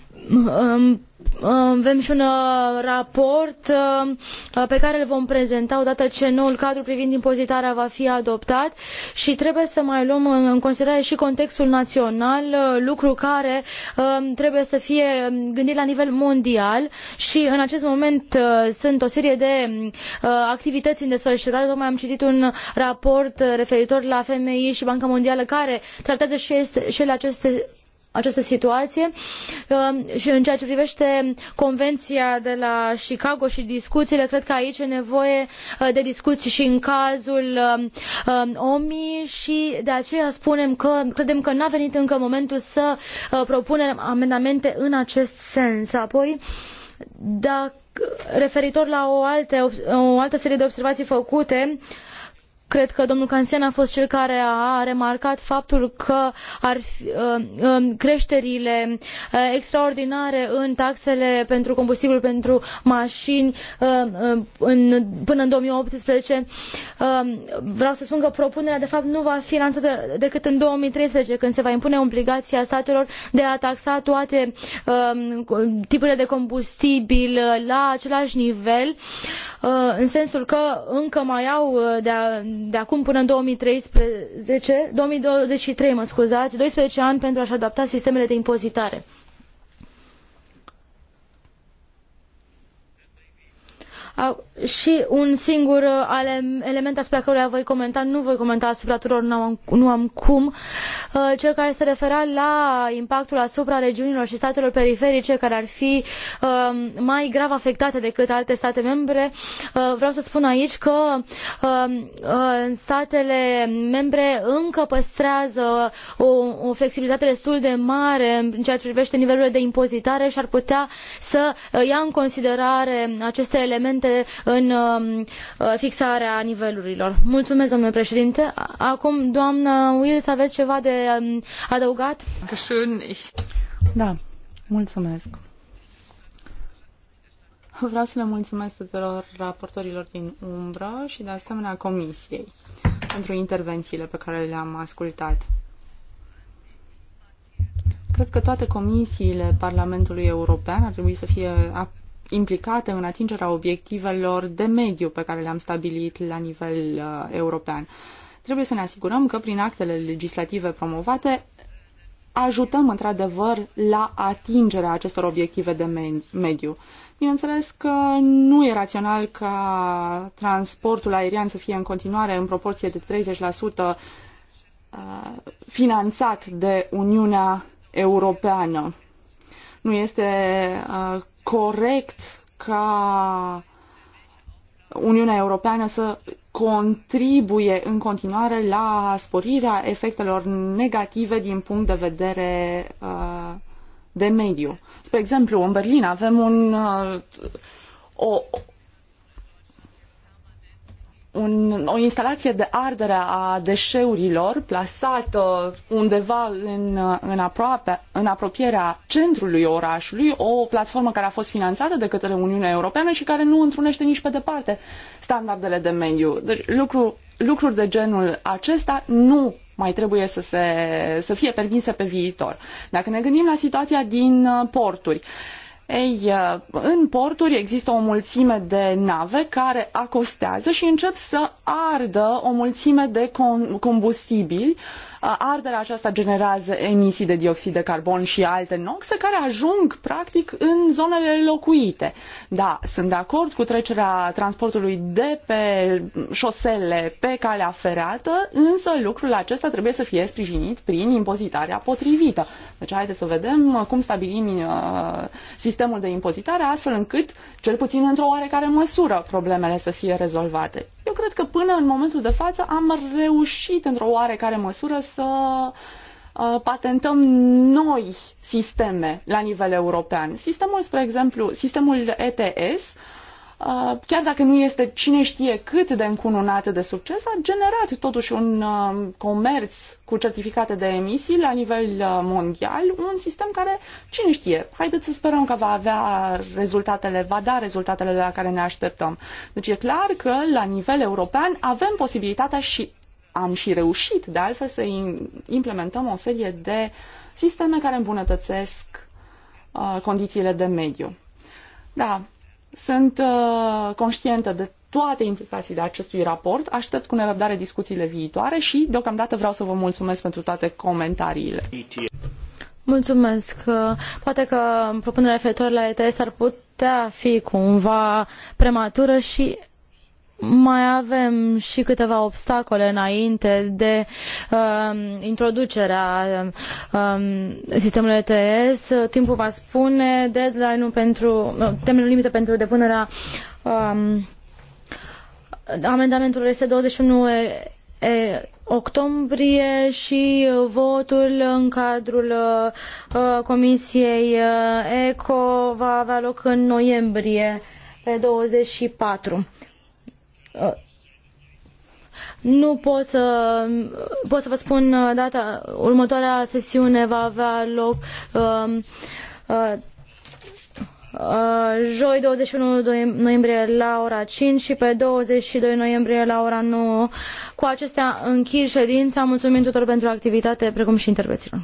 am avem și un uh, raport uh, pe care îl vom prezenta odată ce noul cadru privind impozitarea va fi adoptat și trebuie să mai luăm în considerare și contextul național, uh, lucru care um, trebuie să fie um, gândit la nivel mondial și în acest moment sunt o serie de um, activități în desfășurare. Tocmai am citit un raport referitor la FMI și Banca Mondială care tratează și ele aceste această situație ehm, și în ceea ce privește convenția de la Chicago și discuțiile, cred că aici e nevoie eh, de discuții și în cazul ehm, ehm, OMI și de aceea spunem că credem că n-a venit încă momentul să eh, propunem amendamente în acest sens. Apoi, dacă referitor la o altă, o altă serie de observații făcute, Cred că domnul Cansian a fost cel care a remarcat faptul că ar fi, uh, um, creșterile uh, extraordinare în taxele pentru combustibil pentru mașini uh, în, până în 2018. Um, vreau să spun că propunerea de fapt nu va fi lansată decât în 2013 când se va impune obligația statelor de a taxa toate um, tipurile de combustibil la același nivel în sensul că încă mai au de, de acum până în 2013, 2023, și trei doisprezece ani pentru a i adapta sistemele de impozitare și un singur uh, element asupra căruia voi comenta, nu voi comenta asupra tuturor, nu am, nu am cum, uh, cel care se refera la impactul asupra regiunilor și statelor periferice care ar fi um, mai grav afectate decât alte state membre. Uh, vreau să spun aici că um, statele membre încă păstrează o, o flexibilitate destul de mare în ceea ce privește nivelurile de impozitare și ar putea să ia în considerare aceste elemente eficiente în um, uh, fixarea nivelurilor. Mulțumesc, domnule președinte. Acum, doamnă Wills, aveți ceva de um, adăugat? Da, mulțumesc. Vreau să le mulțumesc tuturor raportorilor din umbră și de asemenea comisiei pentru intervențiile pe care le-am ascultat. Cred că toate comisiile Parlamentului European ar trebui să fie implicate în atingerea obiectivelor de mediu pe care le-am stabilit la nivel uh, european. Trebuie să ne asigurăm că prin actele legislative promovate ajutăm într-adevăr la atingerea acestor obiective de mediu. Bineînțeles că nu e rațional ca transportul aerian să fie în continuare în proporție de 30% uh, finanțat de Uniunea Europeană. Nu este uh, corect ca Uniunea Europeană să contribuie în continuare la sporirea efectelor negative din punct de vedere uh, de mediu. Spre exemplu, în Berlin avem un, uh, o, un, o instalație de ardere a deșeurilor plasată undeva în, în, aproape, în apropierea centrului orașului, o platformă care a fost finanțată de către Uniunea Europeană și care nu întrunește nici pe departe standardele de mediu. Deci lucru, lucruri de genul acesta nu mai trebuie să, se, să fie permise pe viitor. Dacă ne gândim la situația din uh, porturi, uh, ei, uh, în porturi există o mulțime de nave care acostează și încep să ardă o mulțime de combustibili Uh, arderea aceasta generează emisii de dioxid de carbon și alte noxe care ajung practic în zonele locuite. Da, sunt de acord cu trecerea transportului de pe șosele pe calea ferată, însă lucrul acesta trebuie să fie sprijinit prin impozitarea potrivită. Deci haideți să vedem cum stabilim uh, sistemul de impozitare astfel încât, cel puțin într-o oarecare măsură, problemele să fie rezolvate. Eu cred că până în momentul de față am reușit într-o oarecare măsură să uh, patentăm noi sisteme la nivel european. Sistemul, spre exemplu, sistemul ETS Uh, chiar dacă nu este cine știe cât de încununată de succes, a generat totuși un uh, comerț cu certificate de emisii la nivel uh, mondial, un sistem care, cine știe, haideți să sperăm că va avea rezultatele, va da rezultatele la care ne așteptăm. Deci e clar că la nivel european avem posibilitatea și am și reușit, de altfel, să implementăm o serie de sisteme care îmbunătățesc condițiile de mediu. Da, sunt uh, conștientă de toate implicațiile acestui raport, aștept cu nerăbdare discuțiile viitoare și deocamdată vreau să vă mulțumesc pentru toate comentariile. Mulțumesc. Poate că propunerea referitoare la ETS ar putea fi cumva prematură și mai avem și câteva obstacole înainte de uh, introducerea uh, sistemului ETS. Timpul va spune deadline-ul pentru, uh, termenul limită pentru depunerea uh, este 21 e, e, octombrie și votul în cadrul uh, Comisiei uh, ECO va avea loc în noiembrie pe 24 nu pot să, pot să vă spun uh, data. Următoarea sesiune va avea loc uh, uh, uh, joi 21 noiembrie la ora 5 și pe 22 noiembrie la ora 9. Cu acestea închid ședința. Mulțumim tuturor pentru activitate, precum și intervențiilor.